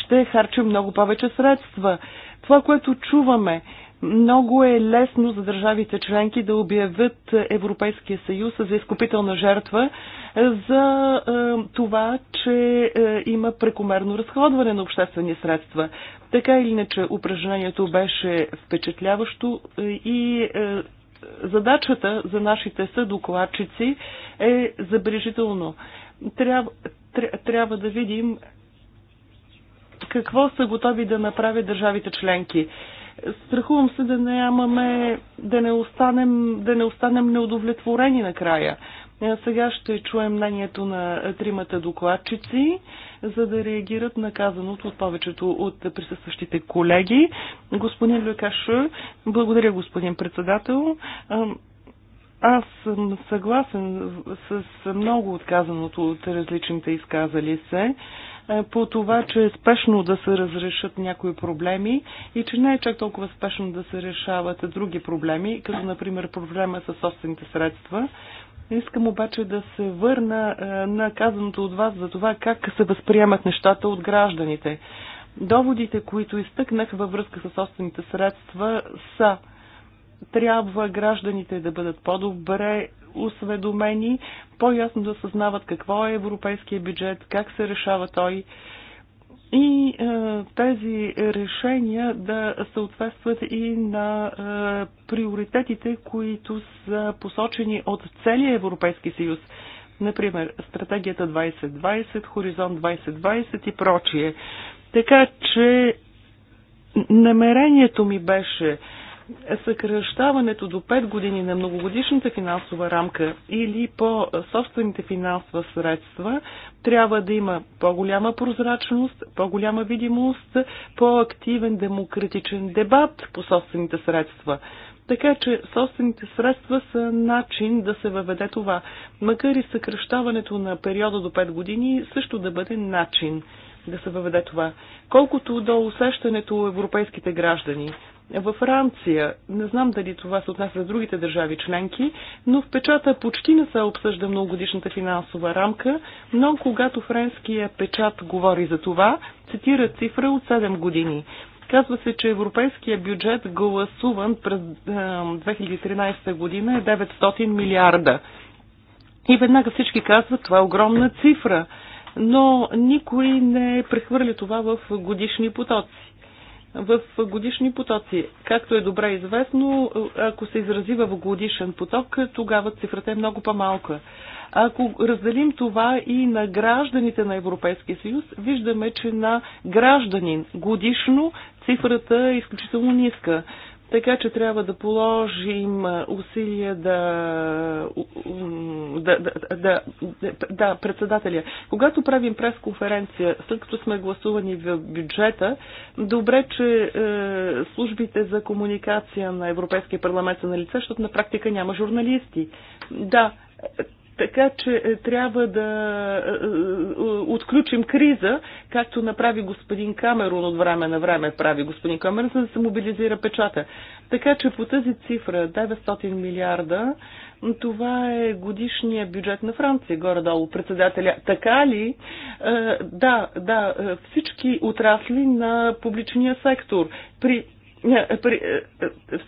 ще харчим много повече средства. Това, което чуваме, много е лесно за държавите членки да обявят Европейския съюз за изкупителна жертва за е, това, че е, има прекомерно разходване на обществени средства. Така или иначе, упражнението беше впечатляващо е, и задачата за нашите съдокладчици е забележително. Трябва, трябва да видим какво са готови да направят държавите членки. Страхувам се да нямаме, да не останем, да не останем неудовлетворени накрая. Е, сега ще чуем мнението на тримата докладчици, за да реагират на казаното от повечето от присъстващите колеги. Господин Люкаш, благодаря господин председател. Е, аз съм съгласен с много отказаното от различните изказали се. Е, по това, че е спешно да се разрешат някои проблеми и че не е чак толкова спешно да се решават други проблеми, като например проблема със собствените средства. Искам обаче да се върна е, на казаното от вас за това как се възприемат нещата от гражданите. Доводите, които изтъкнах във връзка с собствените средства са трябва гражданите да бъдат по-добре осведомени, по-ясно да съзнават какво е европейския бюджет, как се решава той и е, тези решения да съответстват и на е, приоритетите, които са посочени от целия Европейски съюз. Например, стратегията 2020, хоризонт 2020 и прочие. Така че намерението ми беше съкръщаването до 5 години на многогодишната финансова рамка или по собствените финансова средства трябва да има по-голяма прозрачност, по-голяма видимост, по-активен демократичен дебат по собствените средства. Така че собствените средства са начин да се въведе това, макар и съкръщаването на периода до 5 години също да бъде начин да се въведе това. Колкото до усещането европейските граждани – във Франция, не знам дали това се отнася за другите държави членки, но в печата почти не се обсъжда многогодишната финансова рамка, но когато френския печат говори за това, цитира цифра от 7 години. Казва се, че европейския бюджет, гласуван през 2013 година, е 900 милиарда. И веднага всички казват, това е огромна цифра, но никой не прехвърля това в годишни потоци в годишни потоци. Както е добре известно, ако се изрази в годишен поток, тогава цифрата е много по-малка. Ако разделим това и на гражданите на Европейския съюз, виждаме, че на гражданин годишно цифрата е изключително ниска. Така че трябва да положим усилия да, да, да, да, да председателя. Когато правим пресконференция, след като сме гласувани в бюджета, добре, че е, службите за комуникация на Европейския парламент са на лице, защото на практика няма журналисти. Да, така че е, трябва да е, е, отключим криза, както направи господин Камерон от време на време, прави господин Камерон, за да се мобилизира печата. Така че по тази цифра 900 милиарда, това е годишния бюджет на Франция, горе-долу председателя. Така ли? Да, да, всички отрасли на публичния сектор. При е, е, е,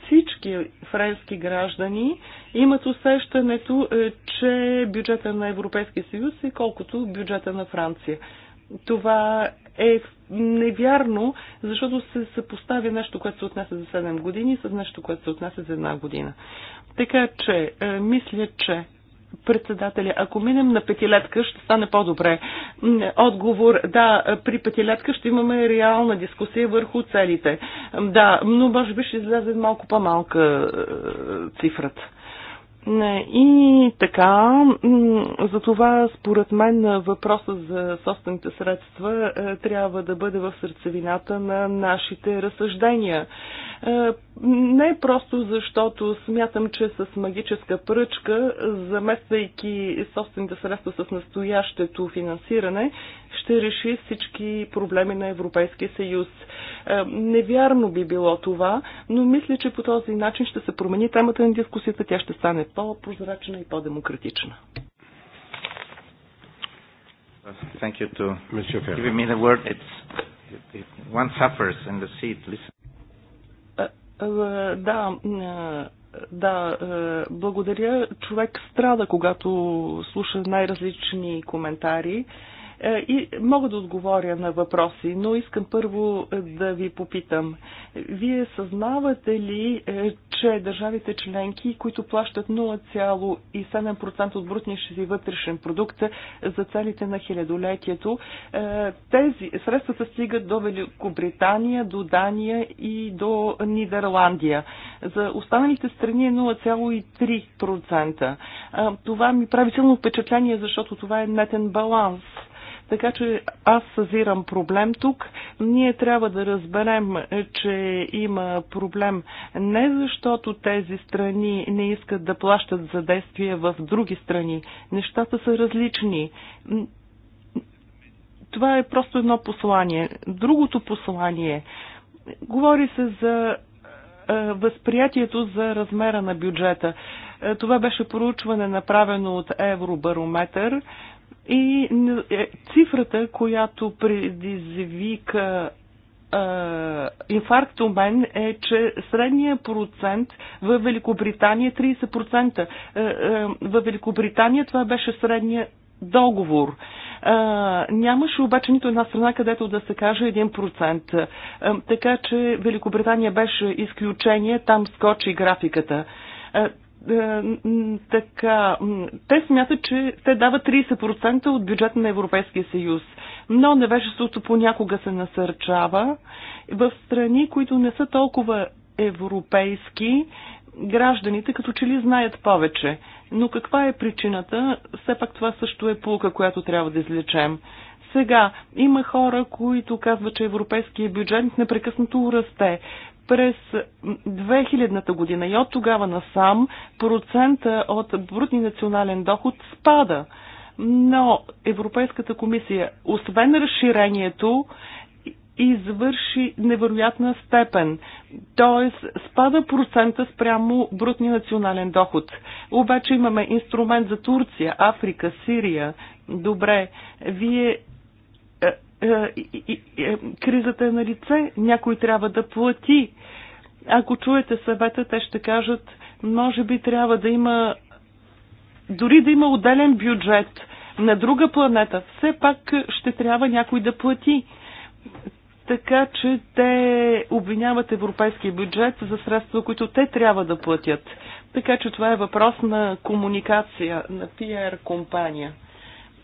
всички френски граждани имат усещането, че бюджета на Европейския съюз е колкото бюджета на Франция. Това е невярно, защото се съпоставя нещо, което се отнася за 7 години с нещо, което се отнася за една година. Така че, мисля, че председателя. Ако минем на петилетка, ще стане по-добре. Отговор, да, при петилетка ще имаме реална дискусия върху целите. Да, но може би ще излезе малко по-малка е, цифрата. И така, за това според мен въпроса за собствените средства е, трябва да бъде в сърцевината на нашите разсъждения. Е, не просто защото смятам, че с магическа пръчка, замествайки собствените средства с настоящето финансиране, ще реши всички проблеми на Европейския съюз. Е, невярно би било това, но мисля, че по този начин ще се промени темата на дискусията, тя ще стане по-прозрачна и по-демократична. Thank you to give me the word. It's, it, it, one suffers in the seat. Listen. Е, да, е, да, е, благодаря. Човек страда, когато слуша най-различни коментари. Е, и мога да отговоря на въпроси, но искам първо е, да ви попитам. Вие съзнавате ли, е, че държавите членки, които плащат 0,7% от брутния си вътрешен продукт за целите на хилядолетието, тези средствата стигат до Великобритания, до Дания и до Нидерландия. За останалите страни е 0,3%. Това ми прави силно впечатление, защото това е нетен баланс така че аз съзирам проблем тук. Ние трябва да разберем, че има проблем не защото тези страни не искат да плащат за действия в други страни. Нещата са различни. Това е просто едно послание. Другото послание. Говори се за е, възприятието за размера на бюджета. Е, това беше проучване направено от Евробарометър. И е, цифрата, която предизвика инфаркт у мен е, че средният процент в Великобритания е 30%. Е, е, в Великобритания това беше средният договор. А, нямаше обаче нито една страна, където да се каже 1%. А, така че Великобритания беше изключение, там скочи графиката. А, е, така, те смятат, че те дават 30% от бюджета на Европейския съюз. Но невежеството понякога се насърчава. В страни, които не са толкова европейски, гражданите като че ли знаят повече. Но каква е причината? Все пак това също е полука, която трябва да излечем. Сега има хора, които казват, че европейският бюджет непрекъснато расте през 2000-та година и от тогава насам процента от брутни национален доход спада. Но Европейската комисия, освен разширението, извърши невероятна степен. Т.е. спада процента спрямо брутния национален доход. Обаче имаме инструмент за Турция, Африка, Сирия. Добре, вие е, е, кризата е на лице, някой трябва да плати. Ако чуете съвета, те ще кажат, може би трябва да има, дори да има отделен бюджет на друга планета, все пак ще трябва някой да плати. Така че те обвиняват европейския бюджет за средства, които те трябва да платят. Така че това е въпрос на комуникация на PR компания.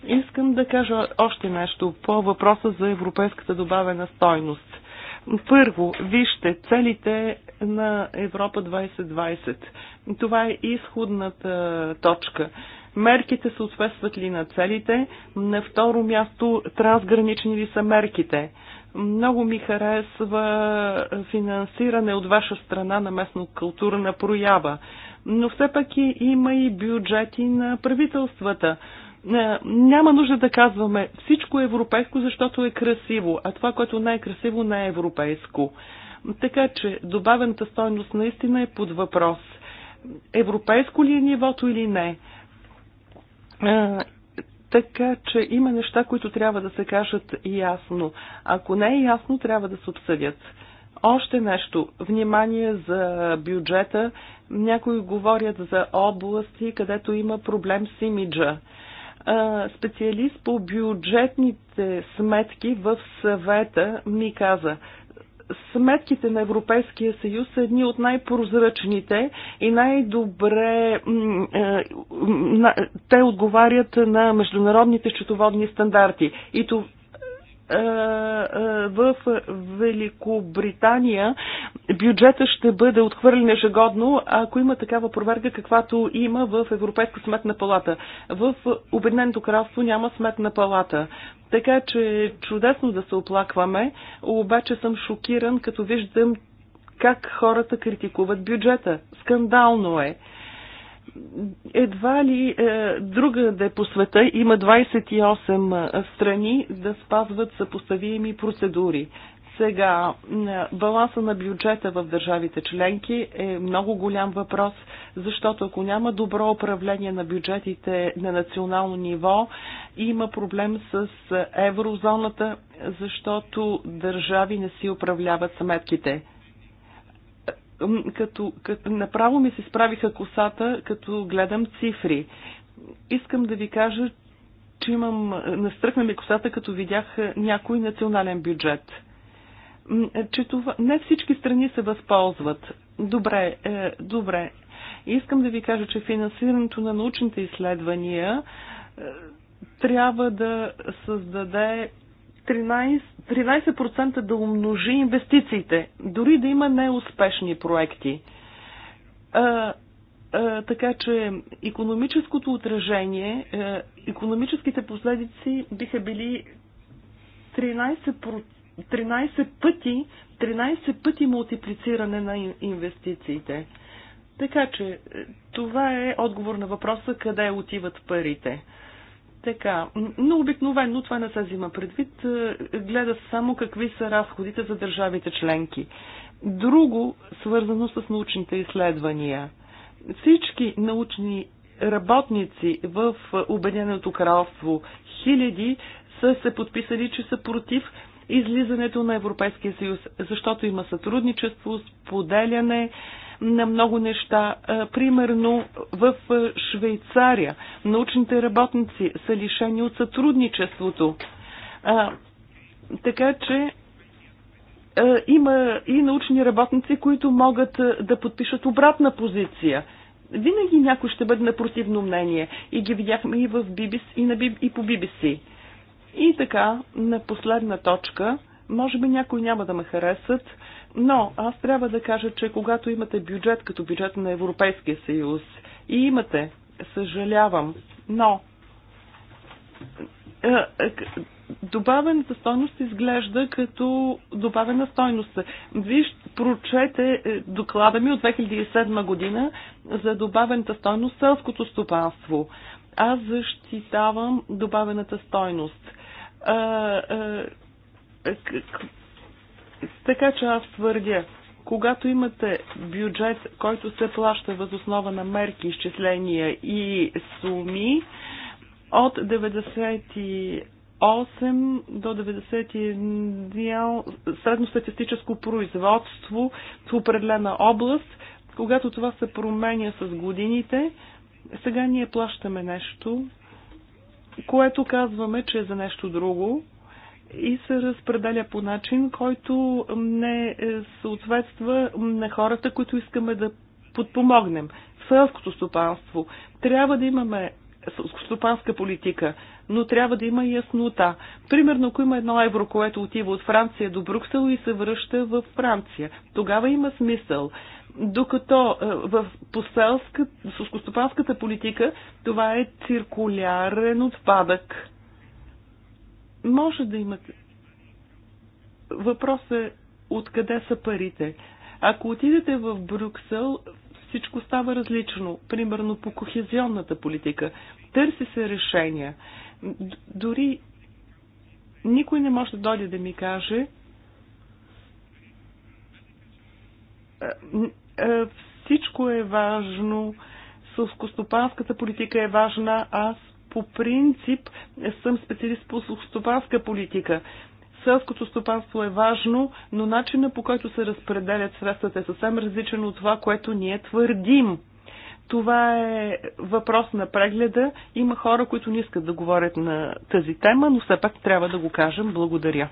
Искам да кажа още нещо по въпроса за европейската добавена стойност. Първо, вижте целите на Европа 2020. Това е изходната точка. Мерките съответстват ли на целите? На второ място, трансгранични ли са мерките? Много ми харесва финансиране от ваша страна на местно културна проява. Но все пак има и бюджети на правителствата. Е, няма нужда да казваме всичко е европейско, защото е красиво, а това, което не е красиво, не е европейско. Така че добавената стойност наистина е под въпрос. Европейско ли е нивото или не? Е, така че има неща, които трябва да се кажат ясно. Ако не е ясно, трябва да се обсъдят. Още нещо. Внимание за бюджета. Някои говорят за области, където има проблем с имиджа специалист по бюджетните сметки в съвета ми каза, сметките на Европейския съюз са едни от най-прозрачните и най-добре те отговарят на международните счетоводни стандарти. И е, е, в Великобритания бюджета ще бъде отхвърлен ежегодно, ако има такава проверка, каквато има в Европейска сметна палата. В Обединеното кралство няма сметна палата. Така че чудесно да се оплакваме, обаче съм шокиран, като виждам как хората критикуват бюджета. Скандално е едва ли е, де по света има 28 е, страни да спазват съпоставими процедури. Сега, е, баланса на бюджета в държавите членки е много голям въпрос, защото ако няма добро управление на бюджетите на национално ниво, има проблем с е, еврозоната, защото държави не си управляват сметките като, като направо ми се справиха косата, като гледам цифри. Искам да ви кажа, че имам, настръхна ми косата, като видях е, някой национален бюджет. Е, че това, не всички страни се възползват. Добре, е, добре. Искам да ви кажа, че финансирането на научните изследвания е, трябва да създаде 13%, 13 да умножи инвестициите, дори да има неуспешни проекти. А, а, така че економическото отражение, а, економическите последици биха били 13%. 13 пъти, 13 пъти мултиплициране на инвестициите. Така че е, това е отговор на въпроса къде отиват парите. Така, но обикновено това не се взима предвид. Е, гледа само какви са разходите за държавите членки. Друго, свързано с научните изследвания. Всички научни работници в Обединеното кралство, хиляди, са се подписали, че са против излизането на Европейския съюз, защото има сътрудничество, споделяне, на много неща. Примерно в Швейцария научните работници са лишени от сътрудничеството. Така че има и научни работници, които могат да подпишат обратна позиция. Винаги някой ще бъде на противно мнение. И ги видяхме и, в BBC, и, на, и по BBC. И така, на последна точка, може би някой няма да ме харесат, но аз трябва да кажа, че когато имате бюджет като бюджет на Европейския съюз и имате, съжалявам, но е, е, добавената стойност изглежда като добавена стойност. Виж, прочете е, доклада ми от 2007 година за добавената стойност селското стопанство. Аз защитавам добавената стойност така че аз твърдя, когато имате бюджет, който се плаща възоснова на мерки, изчисления и суми, от 98 до 91 средностатистическо производство в определена област, когато това се променя с годините, сега ние плащаме нещо, което казваме, че е за нещо друго, и се разпределя по начин, който не е, съответства на хората, които искаме да подпомогнем. В селското стопанство трябва да имаме селскостопанска политика, но трябва да има яснота. Примерно, ако има едно евро, което отива от Франция до Брюксел и се връща в Франция, тогава има смисъл. Докато е, в поселската, селскостопанската политика това е циркулярен отпадък. Може да имате. Въпрос е откъде са парите. Ако отидете в Брюксел, всичко става различно. Примерно по кохезионната политика. Търси се решения. Дори никой не може да дойде да ми каже всичко е важно, сълскостопанската политика е важна, аз по принцип съм специалист по стопанска политика. Селското стопанство е важно, но начина по който се разпределят средствата е съвсем различен от това, което ние твърдим. Това е въпрос на прегледа. Има хора, които не искат да говорят на тази тема, но все пак трябва да го кажем. Благодаря.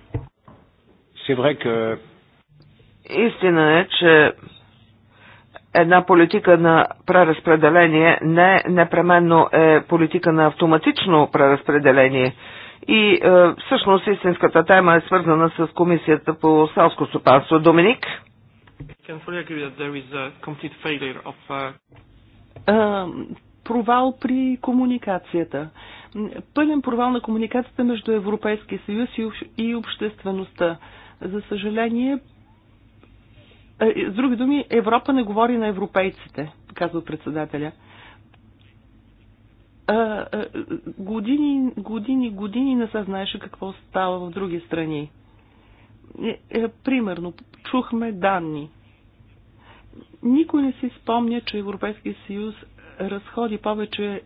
Истина е, че една политика на преразпределение не непременно е политика на автоматично преразпределение. И е, всъщност истинската тема е свързана с Комисията по селско стопанство. Доминик? Е, провал при комуникацията. Пълен провал на комуникацията между Европейския съюз и обществеността. За съжаление, е, с други думи, Европа не говори на европейците, казва председателя. Е, е, години, години, години не се знаеше какво става в други страни. Примерно, чухме данни. Никой не си спомня, че Европейския съюз разходи повече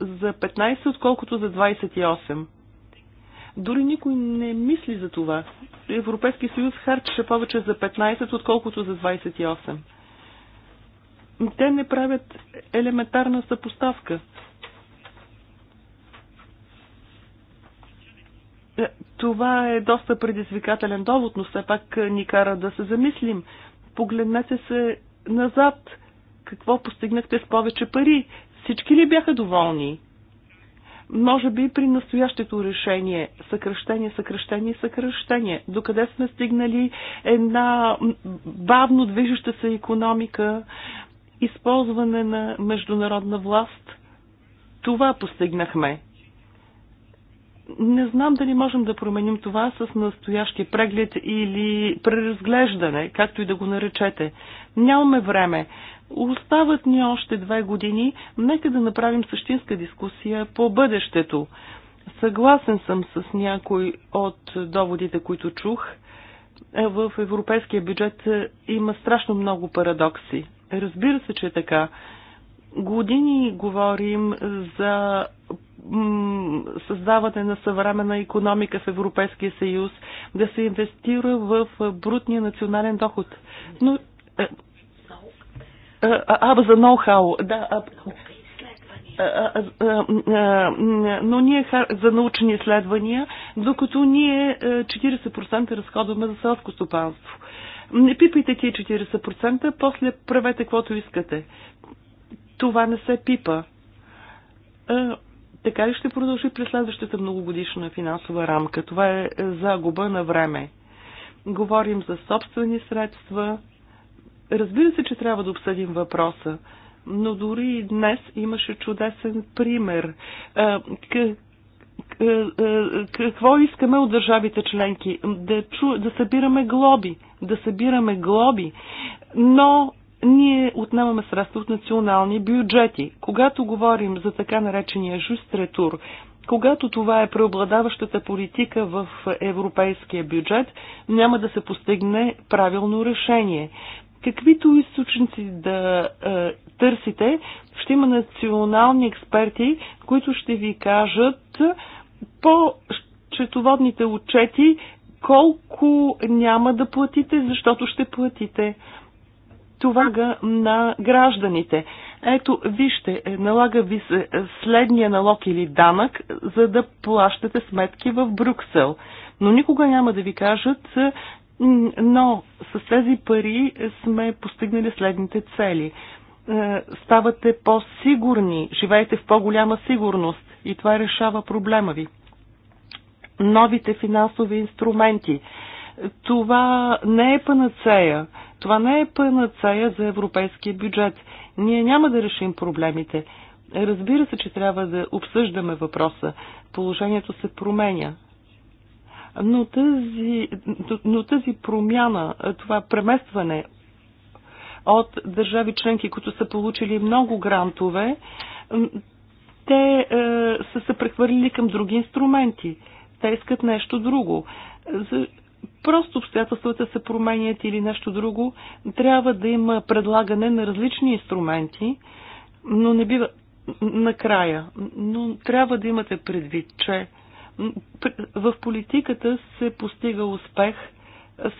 за 15, отколкото за 28. Дори никой не мисли за това. Европейски съюз харчеше повече за 15, отколкото за 28. Те не правят елементарна съпоставка. Е, това е доста предизвикателен довод, но все пак е, ни кара да се замислим. Погледнете се назад. Какво постигнахте с повече пари? Всички ли бяха доволни? Може би при настоящето решение съкръщение, съкръщение, съкръщение. Докъде сме стигнали една бавно движеща се економика, използване на международна власт. Това постигнахме. Не знам дали можем да променим това с настоящия преглед или преразглеждане, както и да го наречете. Нямаме време. Остават ни още две години. Нека да направим същинска дискусия по бъдещето. Съгласен съм с някой от доводите, които чух. В европейския бюджет има страшно много парадокси. Разбира се, че е така. Години говорим за създаване на съвременна економика в Европейския съюз, да се инвестира в брутния национален доход. Но, а, е, е, а, а за ноу-хау, да, а, но ние за научни изследвания, докато ние 40% е, разходваме за селско стопанство. Не пипайте тия 40%, после правете каквото искате. Това не се пипа така и ще продължи през следващата многогодишна финансова рамка. Това е загуба на време. Говорим за собствени средства. Разбира се, че трябва да обсъдим въпроса, но дори и днес имаше чудесен пример. Какво искаме от държавите членки? Да, чу, да събираме глоби. Да събираме глоби. Но ние отнемаме средства от национални бюджети. Когато говорим за така наречения жустретур, когато това е преобладаващата политика в европейския бюджет, няма да се постигне правилно решение. Каквито източници да е, търсите, ще има национални експерти, които ще ви кажат по счетоводните отчети колко няма да платите, защото ще платите това на гражданите. Ето, вижте, е, налага ви се е, следния налог или данък, за да плащате сметки в Брюксел. Но никога няма да ви кажат, е, но с тези пари сме постигнали следните цели. Ставате по-сигурни, живеете в по-голяма сигурност и това решава проблема ви. Новите финансови инструменти. Това не е панацея. Това не е панацея за европейския бюджет. Ние няма да решим проблемите. Разбира се, че трябва да обсъждаме въпроса. Положението се променя. Но тази, но тази промяна, това преместване от държави членки, които са получили много грантове, те е, са се прехвърлили към други инструменти. Те искат нещо друго. За, просто обстоятелствата се променят или нещо друго, трябва да има предлагане на различни инструменти, но не бива накрая. Но трябва да имате предвид, че в политиката се постига успех –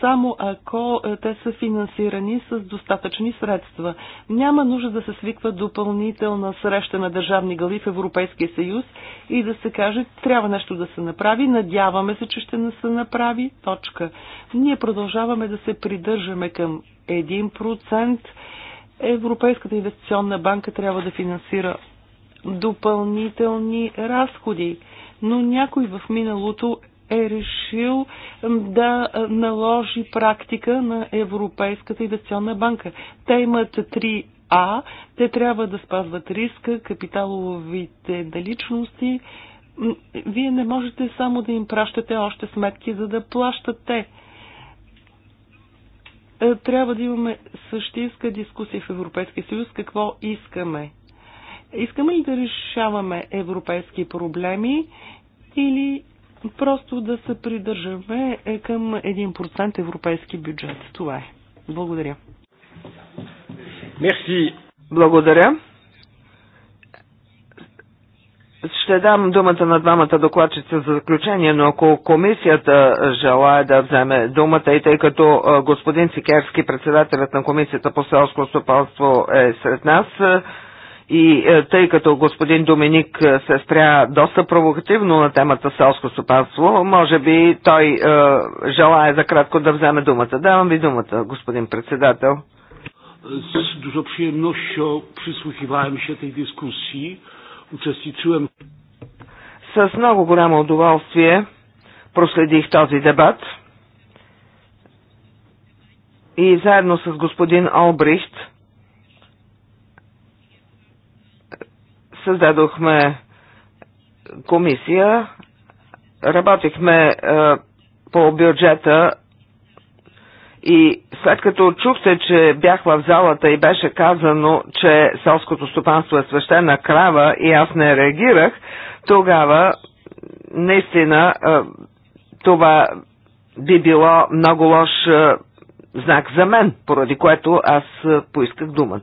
само ако е, те са финансирани с достатъчни средства. Няма нужда да се свиква допълнителна среща на държавни гали в Европейския съюз и да се каже, трябва нещо да се направи, надяваме се, че ще не се направи, точка. Ние продължаваме да се придържаме към 1%. Европейската инвестиционна банка трябва да финансира допълнителни разходи но някой в миналото е решил да наложи практика на Европейската инвестиционна банка. Те имат 3 А. Те трябва да спазват риска, капиталовите наличности. Вие не можете само да им пращате още сметки, за да плащат те е, трябва да имаме същинска дискусия в Европейския съюз, какво искаме. Искаме ли да решаваме европейски проблеми или Просто да се придържаме е, към 1% европейски бюджет. Това е. Благодаря. Мерси. Благодаря. Ще дам думата на двамата докладчица за заключение, но ако комисията желая да вземе думата и тъй като господин Сикерски, председателят на комисията по селско стопалство, е сред нас, и е, тъй като господин Доминик е, се спря доста провокативно на темата селско стопанство, може би той е, желая за кратко да вземе думата. Давам ви думата, господин председател. С дуже przyjemnością przysłuchiwałem się tej дискусии, uczestniczyłem. С много голямо удоволствие проследих този дебат и заедно с господин Олбрихт създадохме комисия, работихме е, по бюджета и след като чухте, че бях в залата и беше казано, че селското стопанство е свещена крава и аз не реагирах, тогава наистина е, това би било много лош е, знак за мен, поради което аз поисках думата.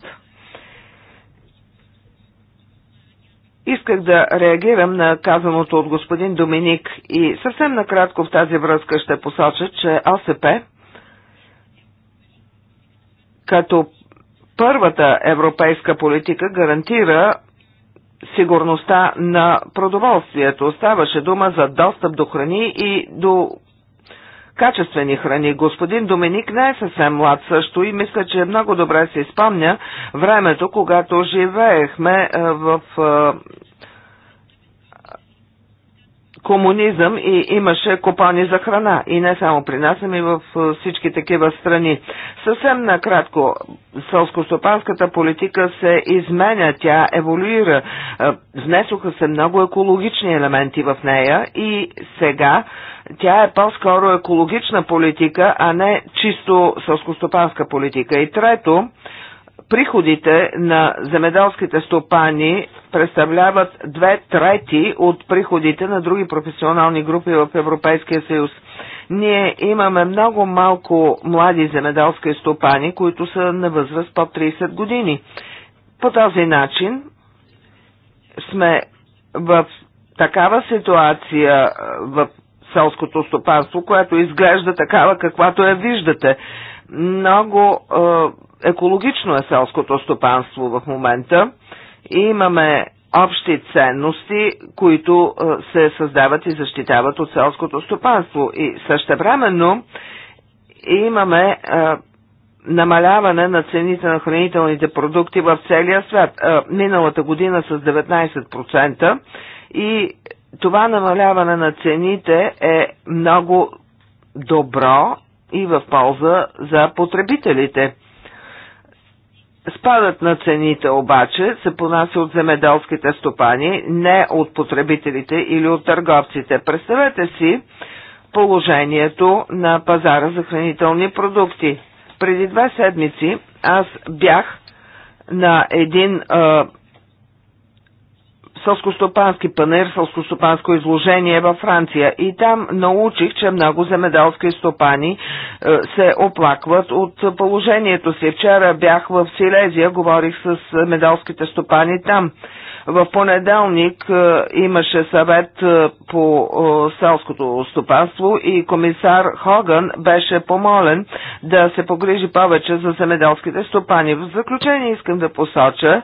Исках да реагирам на казаното от господин Доминик и съвсем накратко в тази връзка ще посоча, че ОСП като първата европейска политика гарантира сигурността на продоволствието. Ставаше дума за достъп до храни и до качествени храни. Господин Доминик не е съвсем млад също и мисля, че много добре се изпомня времето, когато живеехме е, в е, комунизъм и имаше копани за храна. И не само при нас, ами в е, всички такива страни. Съвсем накратко, Сълскостопанската политика се изменя, тя еволюира. Внесоха се много екологични елементи в нея и сега тя е по-скоро екологична политика, а не чисто сълскостопанска политика. И трето, приходите на земеделските стопани представляват две трети от приходите на други професионални групи в Европейския съюз. Ние имаме много малко млади земеделски стопани, които са на възраст под 30 години. По този начин сме в такава ситуация, в селското стопанство, което изглежда такава, каквато я виждате. Много е, екологично е селското стопанство в момента. И имаме общи ценности, които е, се създават и защитават от селското стопанство. И същевременно имаме е, намаляване на цените на хранителните продукти в целия свят. Е, миналата година с 19% и това намаляване на цените е много добро и в полза за потребителите. Спадът на цените обаче се понася от земеделските стопани, не от потребителите или от търговците. Представете си положението на пазара за хранителни продукти. Преди две седмици аз бях на един а, сълскостопански панер, сълско-стопанско изложение във Франция и там научих, че много земеделски стопани е, се оплакват от положението си. Вчера бях в Силезия, говорих с земеделските стопани там. В понеделник е, имаше съвет е, по е, селското стопанство и комисар Хоган беше помолен да се погрижи повече за земеделските стопани. В заключение искам да посоча,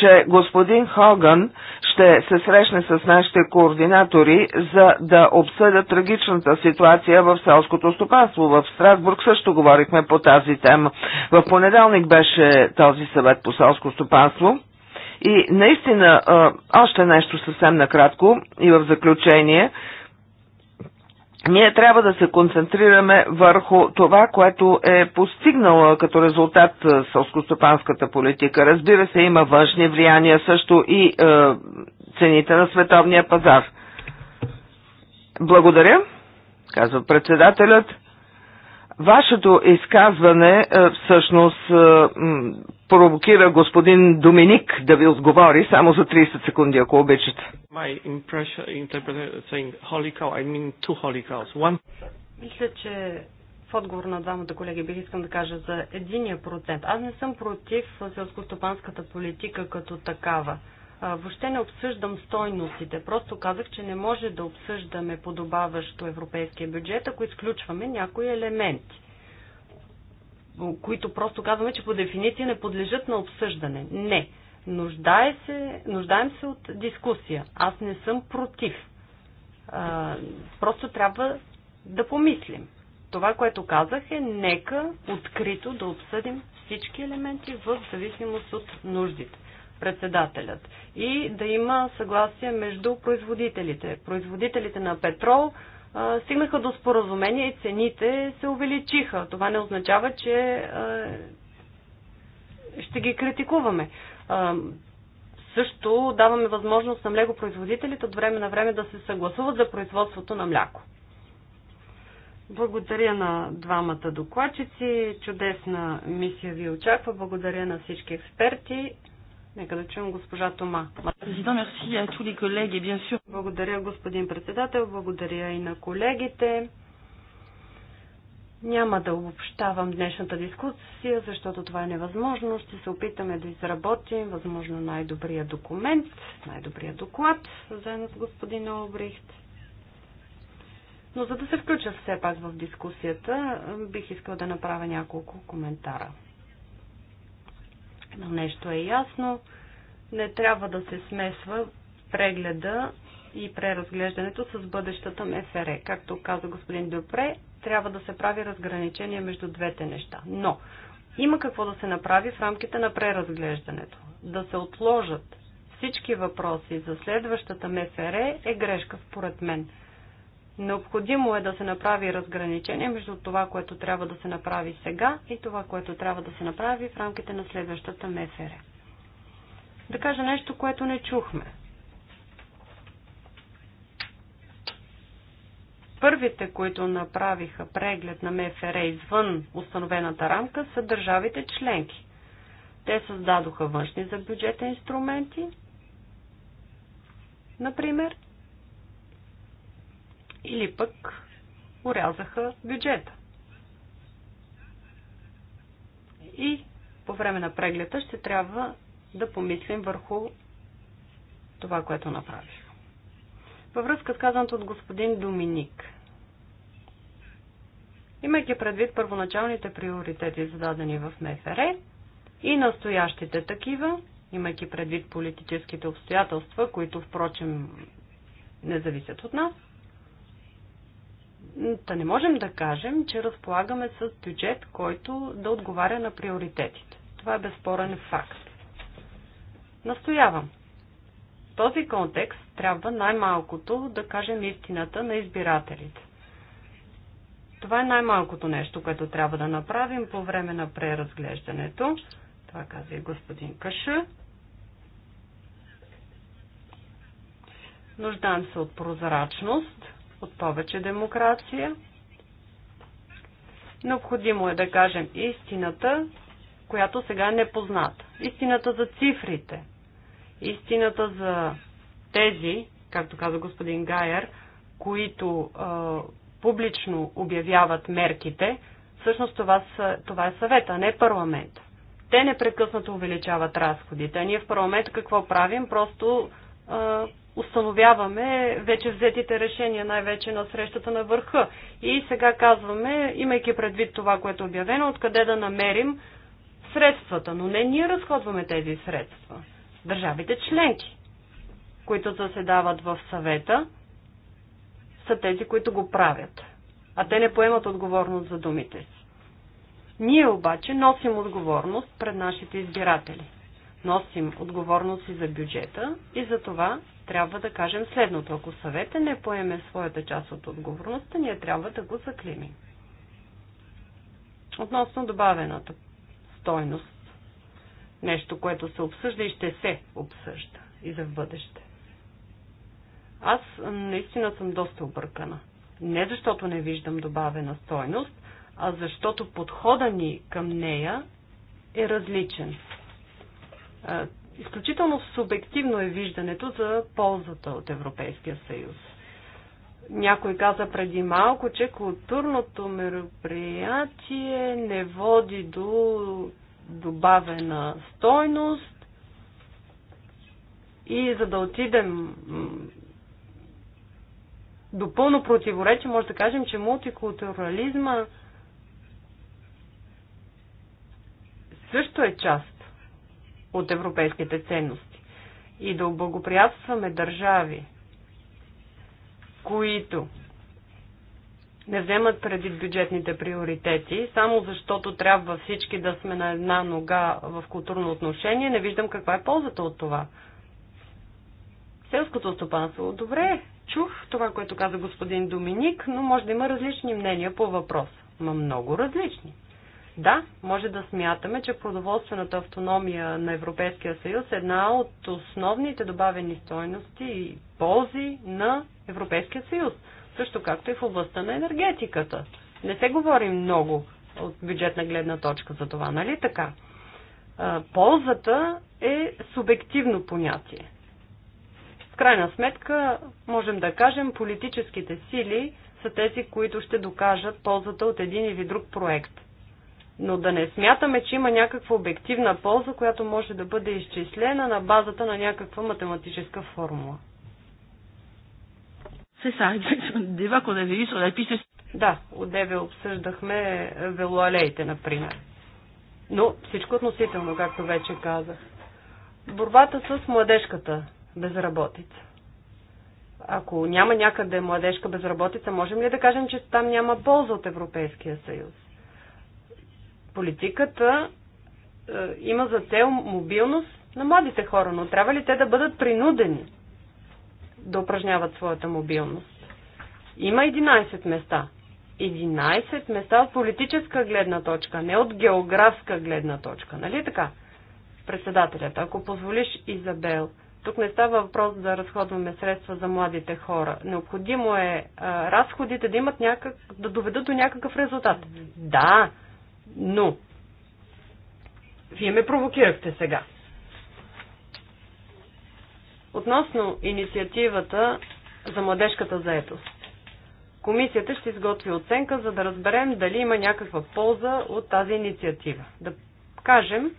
че господин Хоган ще се срещне с нашите координатори, за да обсъдят трагичната ситуация в селското стопанство. В Страсбург също говорихме по тази тема. В понеделник беше този съвет по селско стопанство. И наистина, още нещо съвсем накратко и в заключение. Ние трябва да се концентрираме върху това, което е постигнала като резултат сълскостопанската политика. Разбира се, има външни влияния също и е, цените на световния пазар. Благодаря, казва председателят. Вашето изказване всъщност провокира господин Доминик да ви отговори само за 30 секунди, ако обичате. Мисля, че в отговор на двамата колеги бих искам да кажа за единия процент. Аз не съм против селскостопанската политика като такава. Въобще не обсъждам стойностите. Просто казах, че не може да обсъждаме подобаващо европейския бюджет, ако изключваме някои елементи които просто казваме, че по дефиниция не подлежат на обсъждане. Не. Нуждае се, нуждаем се от дискусия. Аз не съм против. А, просто трябва да помислим. Това, което казах е, нека открито да обсъдим всички елементи в зависимост от нуждите председателят. И да има съгласие между производителите. Производителите на петрол стигнаха до споразумение и цените се увеличиха. Това не означава, че ще ги критикуваме. Също даваме възможност на млекопроизводителите от време на време да се съгласуват за производството на мляко. Благодаря на двамата докладчици. Чудесна мисия ви очаква. Благодаря на всички експерти. Нека да чуем госпожа Тома. Благодаря, господин председател. Благодаря и на колегите. Няма да обобщавам днешната дискусия, защото това е невъзможно. Ще се опитаме да изработим възможно най-добрия документ, най-добрия доклад, заедно с господин Обрихт. Но за да се включа все пак в дискусията, бих искал да направя няколко коментара. Нещо е ясно. Не трябва да се смесва прегледа и преразглеждането с бъдещата МФР. Както каза господин Дюпре, трябва да се прави разграничение между двете неща. Но има какво да се направи в рамките на преразглеждането. Да се отложат всички въпроси за следващата МФР е грешка според мен – Необходимо е да се направи разграничение между това, което трябва да се направи сега и това, което трябва да се направи в рамките на следващата МФР. Да кажа нещо, което не чухме. Първите, които направиха преглед на МФР извън установената рамка, са държавите членки. Те създадоха външни за бюджета инструменти, например, или пък урязаха бюджета. И по време на прегледа ще трябва да помислим върху това, което направих. Във връзка с казаното от господин Доминик. Имайки предвид първоначалните приоритети, зададени в МФР и настоящите такива, имайки предвид политическите обстоятелства, които, впрочем, не зависят от нас, Та не можем да кажем, че разполагаме с бюджет, който да отговаря на приоритетите. Това е безспорен факт. Настоявам. В този контекст трябва най-малкото да кажем истината на избирателите. Това е най-малкото нещо, което трябва да направим по време на преразглеждането. Това каза и господин Каша. Нуждаем се от прозрачност, от повече демокрация. Необходимо е да кажем истината, която сега е непозната. Истината за цифрите. Истината за тези, както каза господин Гайер, които е, публично обявяват мерките, всъщност това, са, това е съвет, а не парламент. Те непрекъснато увеличават разходите, а ние в парламент какво правим? Просто установяваме вече взетите решения, най-вече на срещата на върха. И сега казваме, имайки предвид това, което е обявено, откъде да намерим средствата. Но не ние разходваме тези средства. Държавите членки, които заседават в съвета, са тези, които го правят. А те не поемат отговорност за думите си. Ние обаче носим отговорност пред нашите избиратели. Носим отговорност и за бюджета и за това, трябва да кажем следното. Ако съвета не поеме своята част от отговорността, ние трябва да го заклимим. Относно добавената стойност, нещо, което се обсъжда и ще се обсъжда и за в бъдеще. Аз наистина съм доста объркана. Не защото не виждам добавена стойност, а защото подхода ни към нея е различен е, Изключително субективно е виждането за ползата от Европейския съюз. Някой каза преди малко, че културното мероприятие не води до добавена стойност и за да отидем до пълно противоречие, може да кажем, че мултикултурализма също е част от европейските ценности и да облагоприятстваме държави, които не вземат преди бюджетните приоритети, само защото трябва всички да сме на една нога в културно отношение, не виждам каква е ползата от това. Селското стопанство. Добре, чух това, което каза господин Доминик, но може да има различни мнения по въпроса. Ма много различни. Да, може да смятаме, че продоволствената автономия на Европейския съюз е една от основните добавени стойности и ползи на Европейския съюз, също както и в областта на енергетиката. Не се говори много от бюджетна гледна точка за това, нали така? Ползата е субективно понятие. В крайна сметка, можем да кажем, политическите сили са тези, които ще докажат ползата от един или друг проект – но да не смятаме, че има някаква обективна полза, която може да бъде изчислена на базата на някаква математическа формула. Да, отдеве обсъждахме велоалеите, например. Но всичко е относително, както вече казах. Борбата с младежката безработица. Ако няма някъде младежка безработица, можем ли да кажем, че там няма полза от Европейския съюз? Политиката е, има за цел мобилност на младите хора, но трябва ли те да бъдат принудени да упражняват своята мобилност? Има 11 места. 11 места от политическа гледна точка, не от географска гледна точка. Нали е така? Председателят, ако позволиш, Изабел, тук не става въпрос да разходваме средства за младите хора. Необходимо е а, разходите да имат някак, да доведат до някакъв резултат. Да, но, вие ме провокирахте сега. Относно инициативата за младежката заетост. Комисията ще изготви оценка, за да разберем дали има някаква полза от тази инициатива. Да кажем,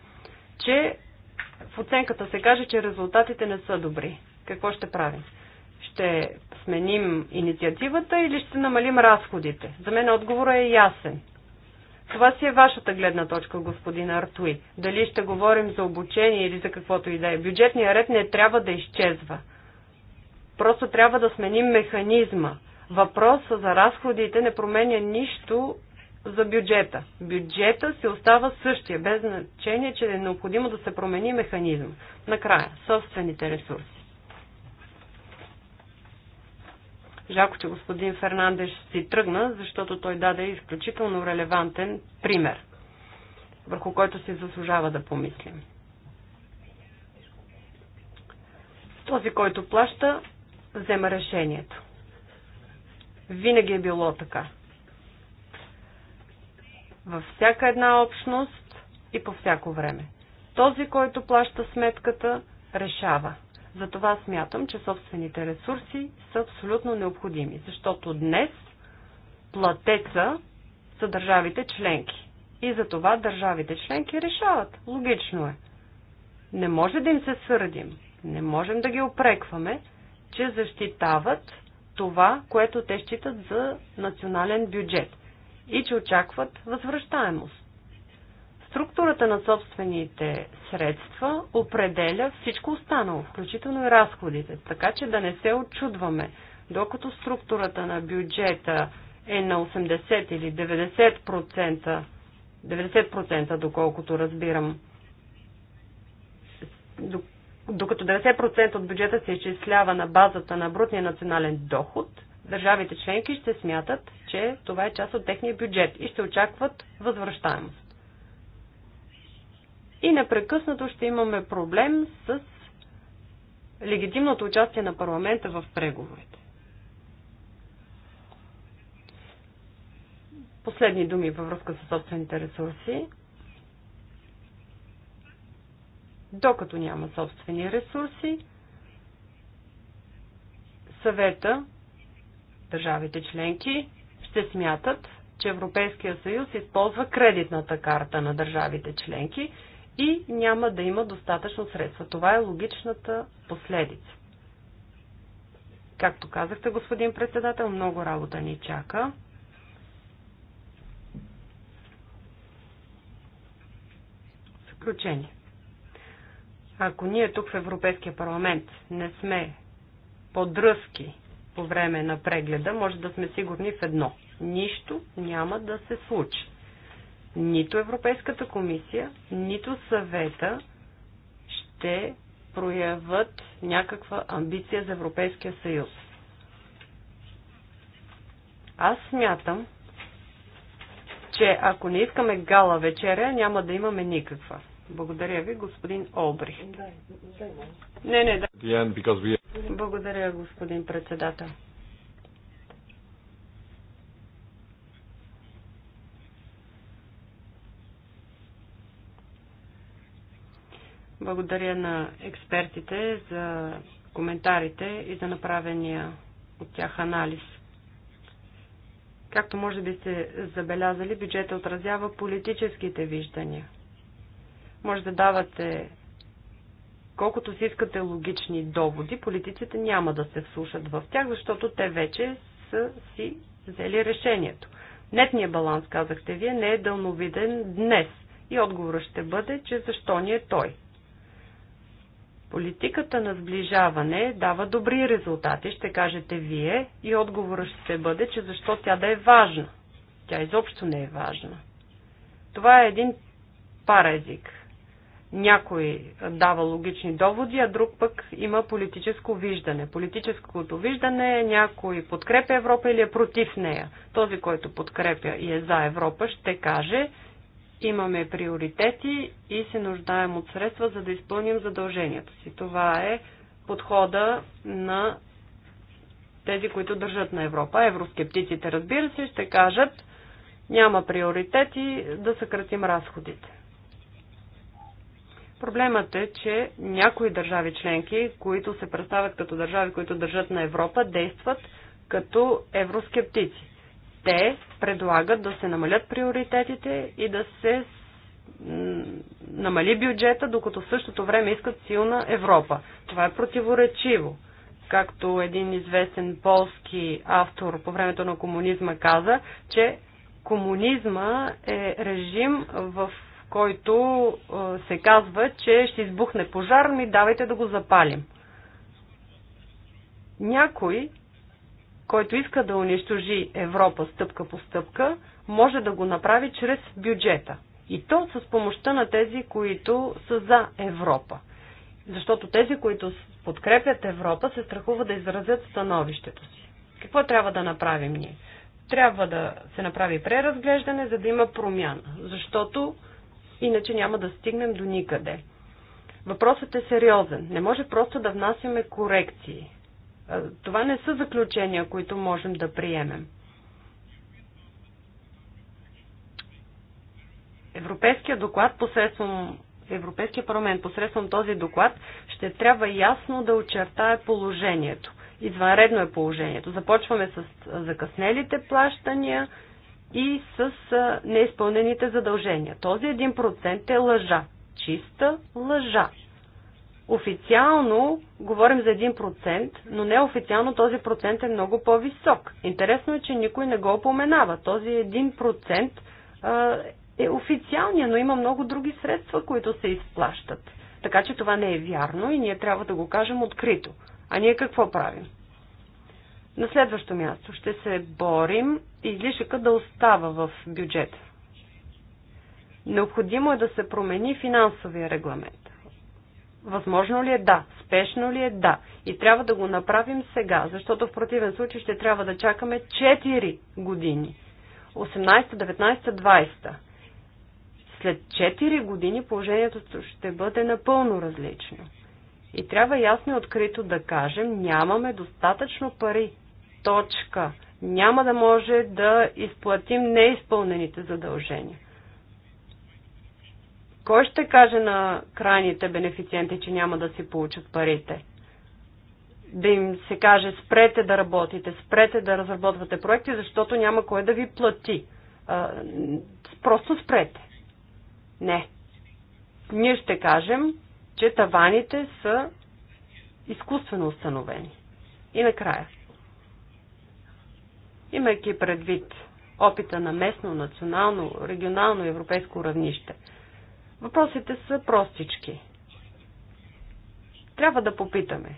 че в оценката се каже, че резултатите не са добри. Какво ще правим? Ще сменим инициативата или ще намалим разходите? За мен отговорът е ясен. Това си е вашата гледна точка, господин Артуи? Дали ще говорим за обучение или за каквото и да е? Бюджетният ред не трябва да изчезва. Просто трябва да сменим механизма. Въпросът за разходите не променя нищо за бюджета. Бюджета си остава същия, без значение, че е необходимо да се промени механизъм. Накрая, собствените ресурси. Жалко, че господин Фернандеш си тръгна, защото той даде изключително релевантен пример, върху който си заслужава да помислим. Този, който плаща, взема решението. Винаги е било така. Във всяка една общност и по всяко време. Този, който плаща сметката, решава. Затова смятам, че собствените ресурси са абсолютно необходими, защото днес платеца са държавите членки. И за това държавите членки решават. Логично е. Не може да им се сърдим. Не можем да ги опрекваме, че защитават това, което те считат за национален бюджет и че очакват възвръщаемост. Структурата на собствените средства определя всичко останало, включително и разходите, така че да не се очудваме. Докато структурата на бюджета е на 80 или 90%, 90% доколкото разбирам, докато 90% от бюджета се изчислява на базата на брутния национален доход, държавите членки ще смятат, че това е част от техния бюджет и ще очакват възвръщаемост и непрекъснато ще имаме проблем с легитимното участие на парламента в преговорите. Последни думи във връзка с собствените ресурси. Докато няма собствени ресурси, съвета, държавите членки ще смятат, че Европейския съюз използва кредитната карта на държавите членки – и няма да има достатъчно средства. Това е логичната последица. Както казахте, господин председател, много работа ни чака. Заключение. Ако ние тук в Европейския парламент не сме подръзки по време на прегледа, може да сме сигурни в едно. Нищо няма да се случи нито Европейската комисия, нито съвета ще проявят някаква амбиция за Европейския съюз. Аз смятам, че ако не искаме гала вечеря, няма да имаме никаква. Благодаря ви, господин Обри. Не, не, да. Благодаря, господин председател. Благодаря на експертите за коментарите и за направения от тях анализ. Както може би сте забелязали, бюджета отразява политическите виждания. Може да давате колкото си искате логични доводи, политиците няма да се вслушат в тях, защото те вече са си взели решението. Нетният баланс, казахте вие, не е дълновиден днес. И отговорът ще бъде, че защо ни е той. Политиката на сближаване дава добри резултати, ще кажете вие, и отговорът ще бъде, че защо тя да е важна. Тя изобщо не е важна. Това е един паразик. Някой дава логични доводи, а друг пък има политическо виждане. Политическото виждане е някой подкрепя Европа или е против нея. Този, който подкрепя и е за Европа, ще каже, Имаме приоритети и се нуждаем от средства, за да изпълним задълженията си. Това е подхода на тези, които държат на Европа. Евроскептиците, разбира се, ще кажат, няма приоритети да съкратим разходите. Проблемът е, че някои държави членки, които се представят като държави, които държат на Европа, действат като евроскептици те предлагат да се намалят приоритетите и да се намали бюджета, докато в същото време искат силна Европа. Това е противоречиво. Както един известен полски автор по времето на комунизма каза, че комунизма е режим, в който е, се казва, че ще избухне пожар, ми давайте да го запалим. Някой който иска да унищожи Европа стъпка по стъпка, може да го направи чрез бюджета. И то с помощта на тези, които са за Европа. Защото тези, които подкрепят Европа, се страхуват да изразят становището си. Какво трябва да направим ние? Трябва да се направи преразглеждане, за да има промяна. Защото иначе няма да стигнем до никъде. Въпросът е сериозен. Не може просто да внасяме корекции. Е, това не са заключения, които можем да приемем. Европейския доклад посредством Европейския парламент посредством този доклад ще трябва ясно да очертае положението. Извънредно е положението. Започваме с закъснелите плащания и с неизпълнените задължения. Този 1% е лъжа. Чиста лъжа. Официално говорим за 1%, но неофициално този процент е много по-висок. Интересно е, че никой не го опоменава. Този 1% е официалния, но има много други средства, които се изплащат. Така че това не е вярно и ние трябва да го кажем открито. А ние какво правим? На следващо място ще се борим излишъка да остава в бюджета. Необходимо е да се промени финансовия регламент. Възможно ли е? Да. Спешно ли е? Да. И трябва да го направим сега, защото в противен случай ще трябва да чакаме 4 години. 18, 19, 20. След 4 години положението ще бъде напълно различно. И трябва ясно и открито да кажем, нямаме достатъчно пари. Точка. Няма да може да изплатим неизпълнените задължения. Кой ще каже на крайните бенефициенти, че няма да си получат парите? Да им се каже, спрете да работите, спрете да разработвате проекти, защото няма кой да ви плати. просто спрете. Не. Ние ще кажем, че таваните са изкуствено установени. И накрая. Имайки предвид опита на местно, национално, регионално и европейско равнище – Въпросите са простички. Трябва да попитаме.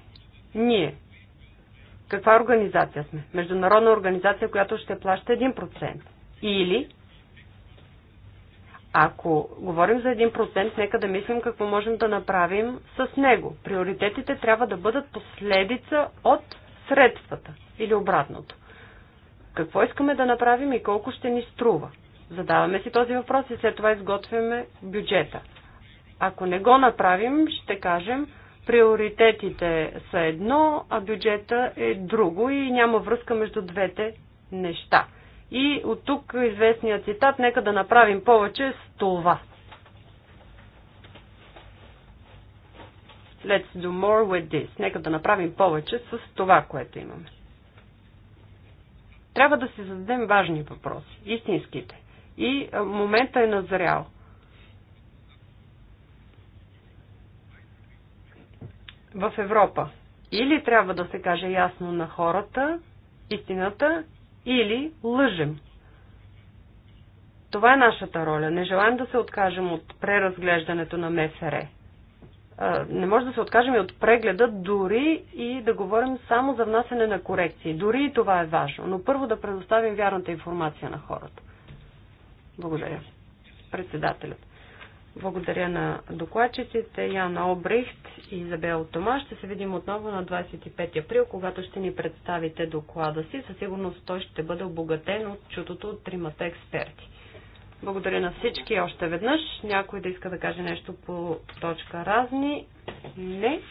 Ние. Каква организация сме? Международна организация, която ще плаща 1%. Или ако говорим за 1%, нека да мислим какво можем да направим с него. Приоритетите трябва да бъдат последица от средствата или обратното. Какво искаме да направим и колко ще ни струва? Задаваме си този въпрос и след това изготвяме бюджета. Ако не го направим, ще кажем, приоритетите са едно, а бюджета е друго и няма връзка между двете неща. И от тук известният цитат, нека да направим повече с това. Let's do more with this. Нека да направим повече с това, което имаме. Трябва да си зададем важни въпроси, истинските и момента е назрял. В Европа. Или трябва да се каже ясно на хората истината, или лъжем. Това е нашата роля. Не желаем да се откажем от преразглеждането на МСР. Не може да се откажем и от прегледа, дори и да говорим само за внасене на корекции. Дори и това е важно. Но първо да предоставим вярната информация на хората. Благодаря. Председателят. Благодаря на докладчиците Яна Обрихт и Изабел Тома. Ще се видим отново на 25 април, когато ще ни представите доклада си. Със сигурност той ще бъде обогатен от чутото от тримата експерти. Благодаря на всички още веднъж. Някой да иска да каже нещо по точка разни? Не.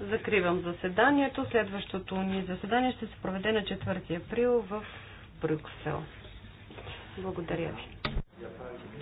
Закривам заседанието. Следващото ни заседание ще се проведе на 4 април в Брюксел. Благодаря ви.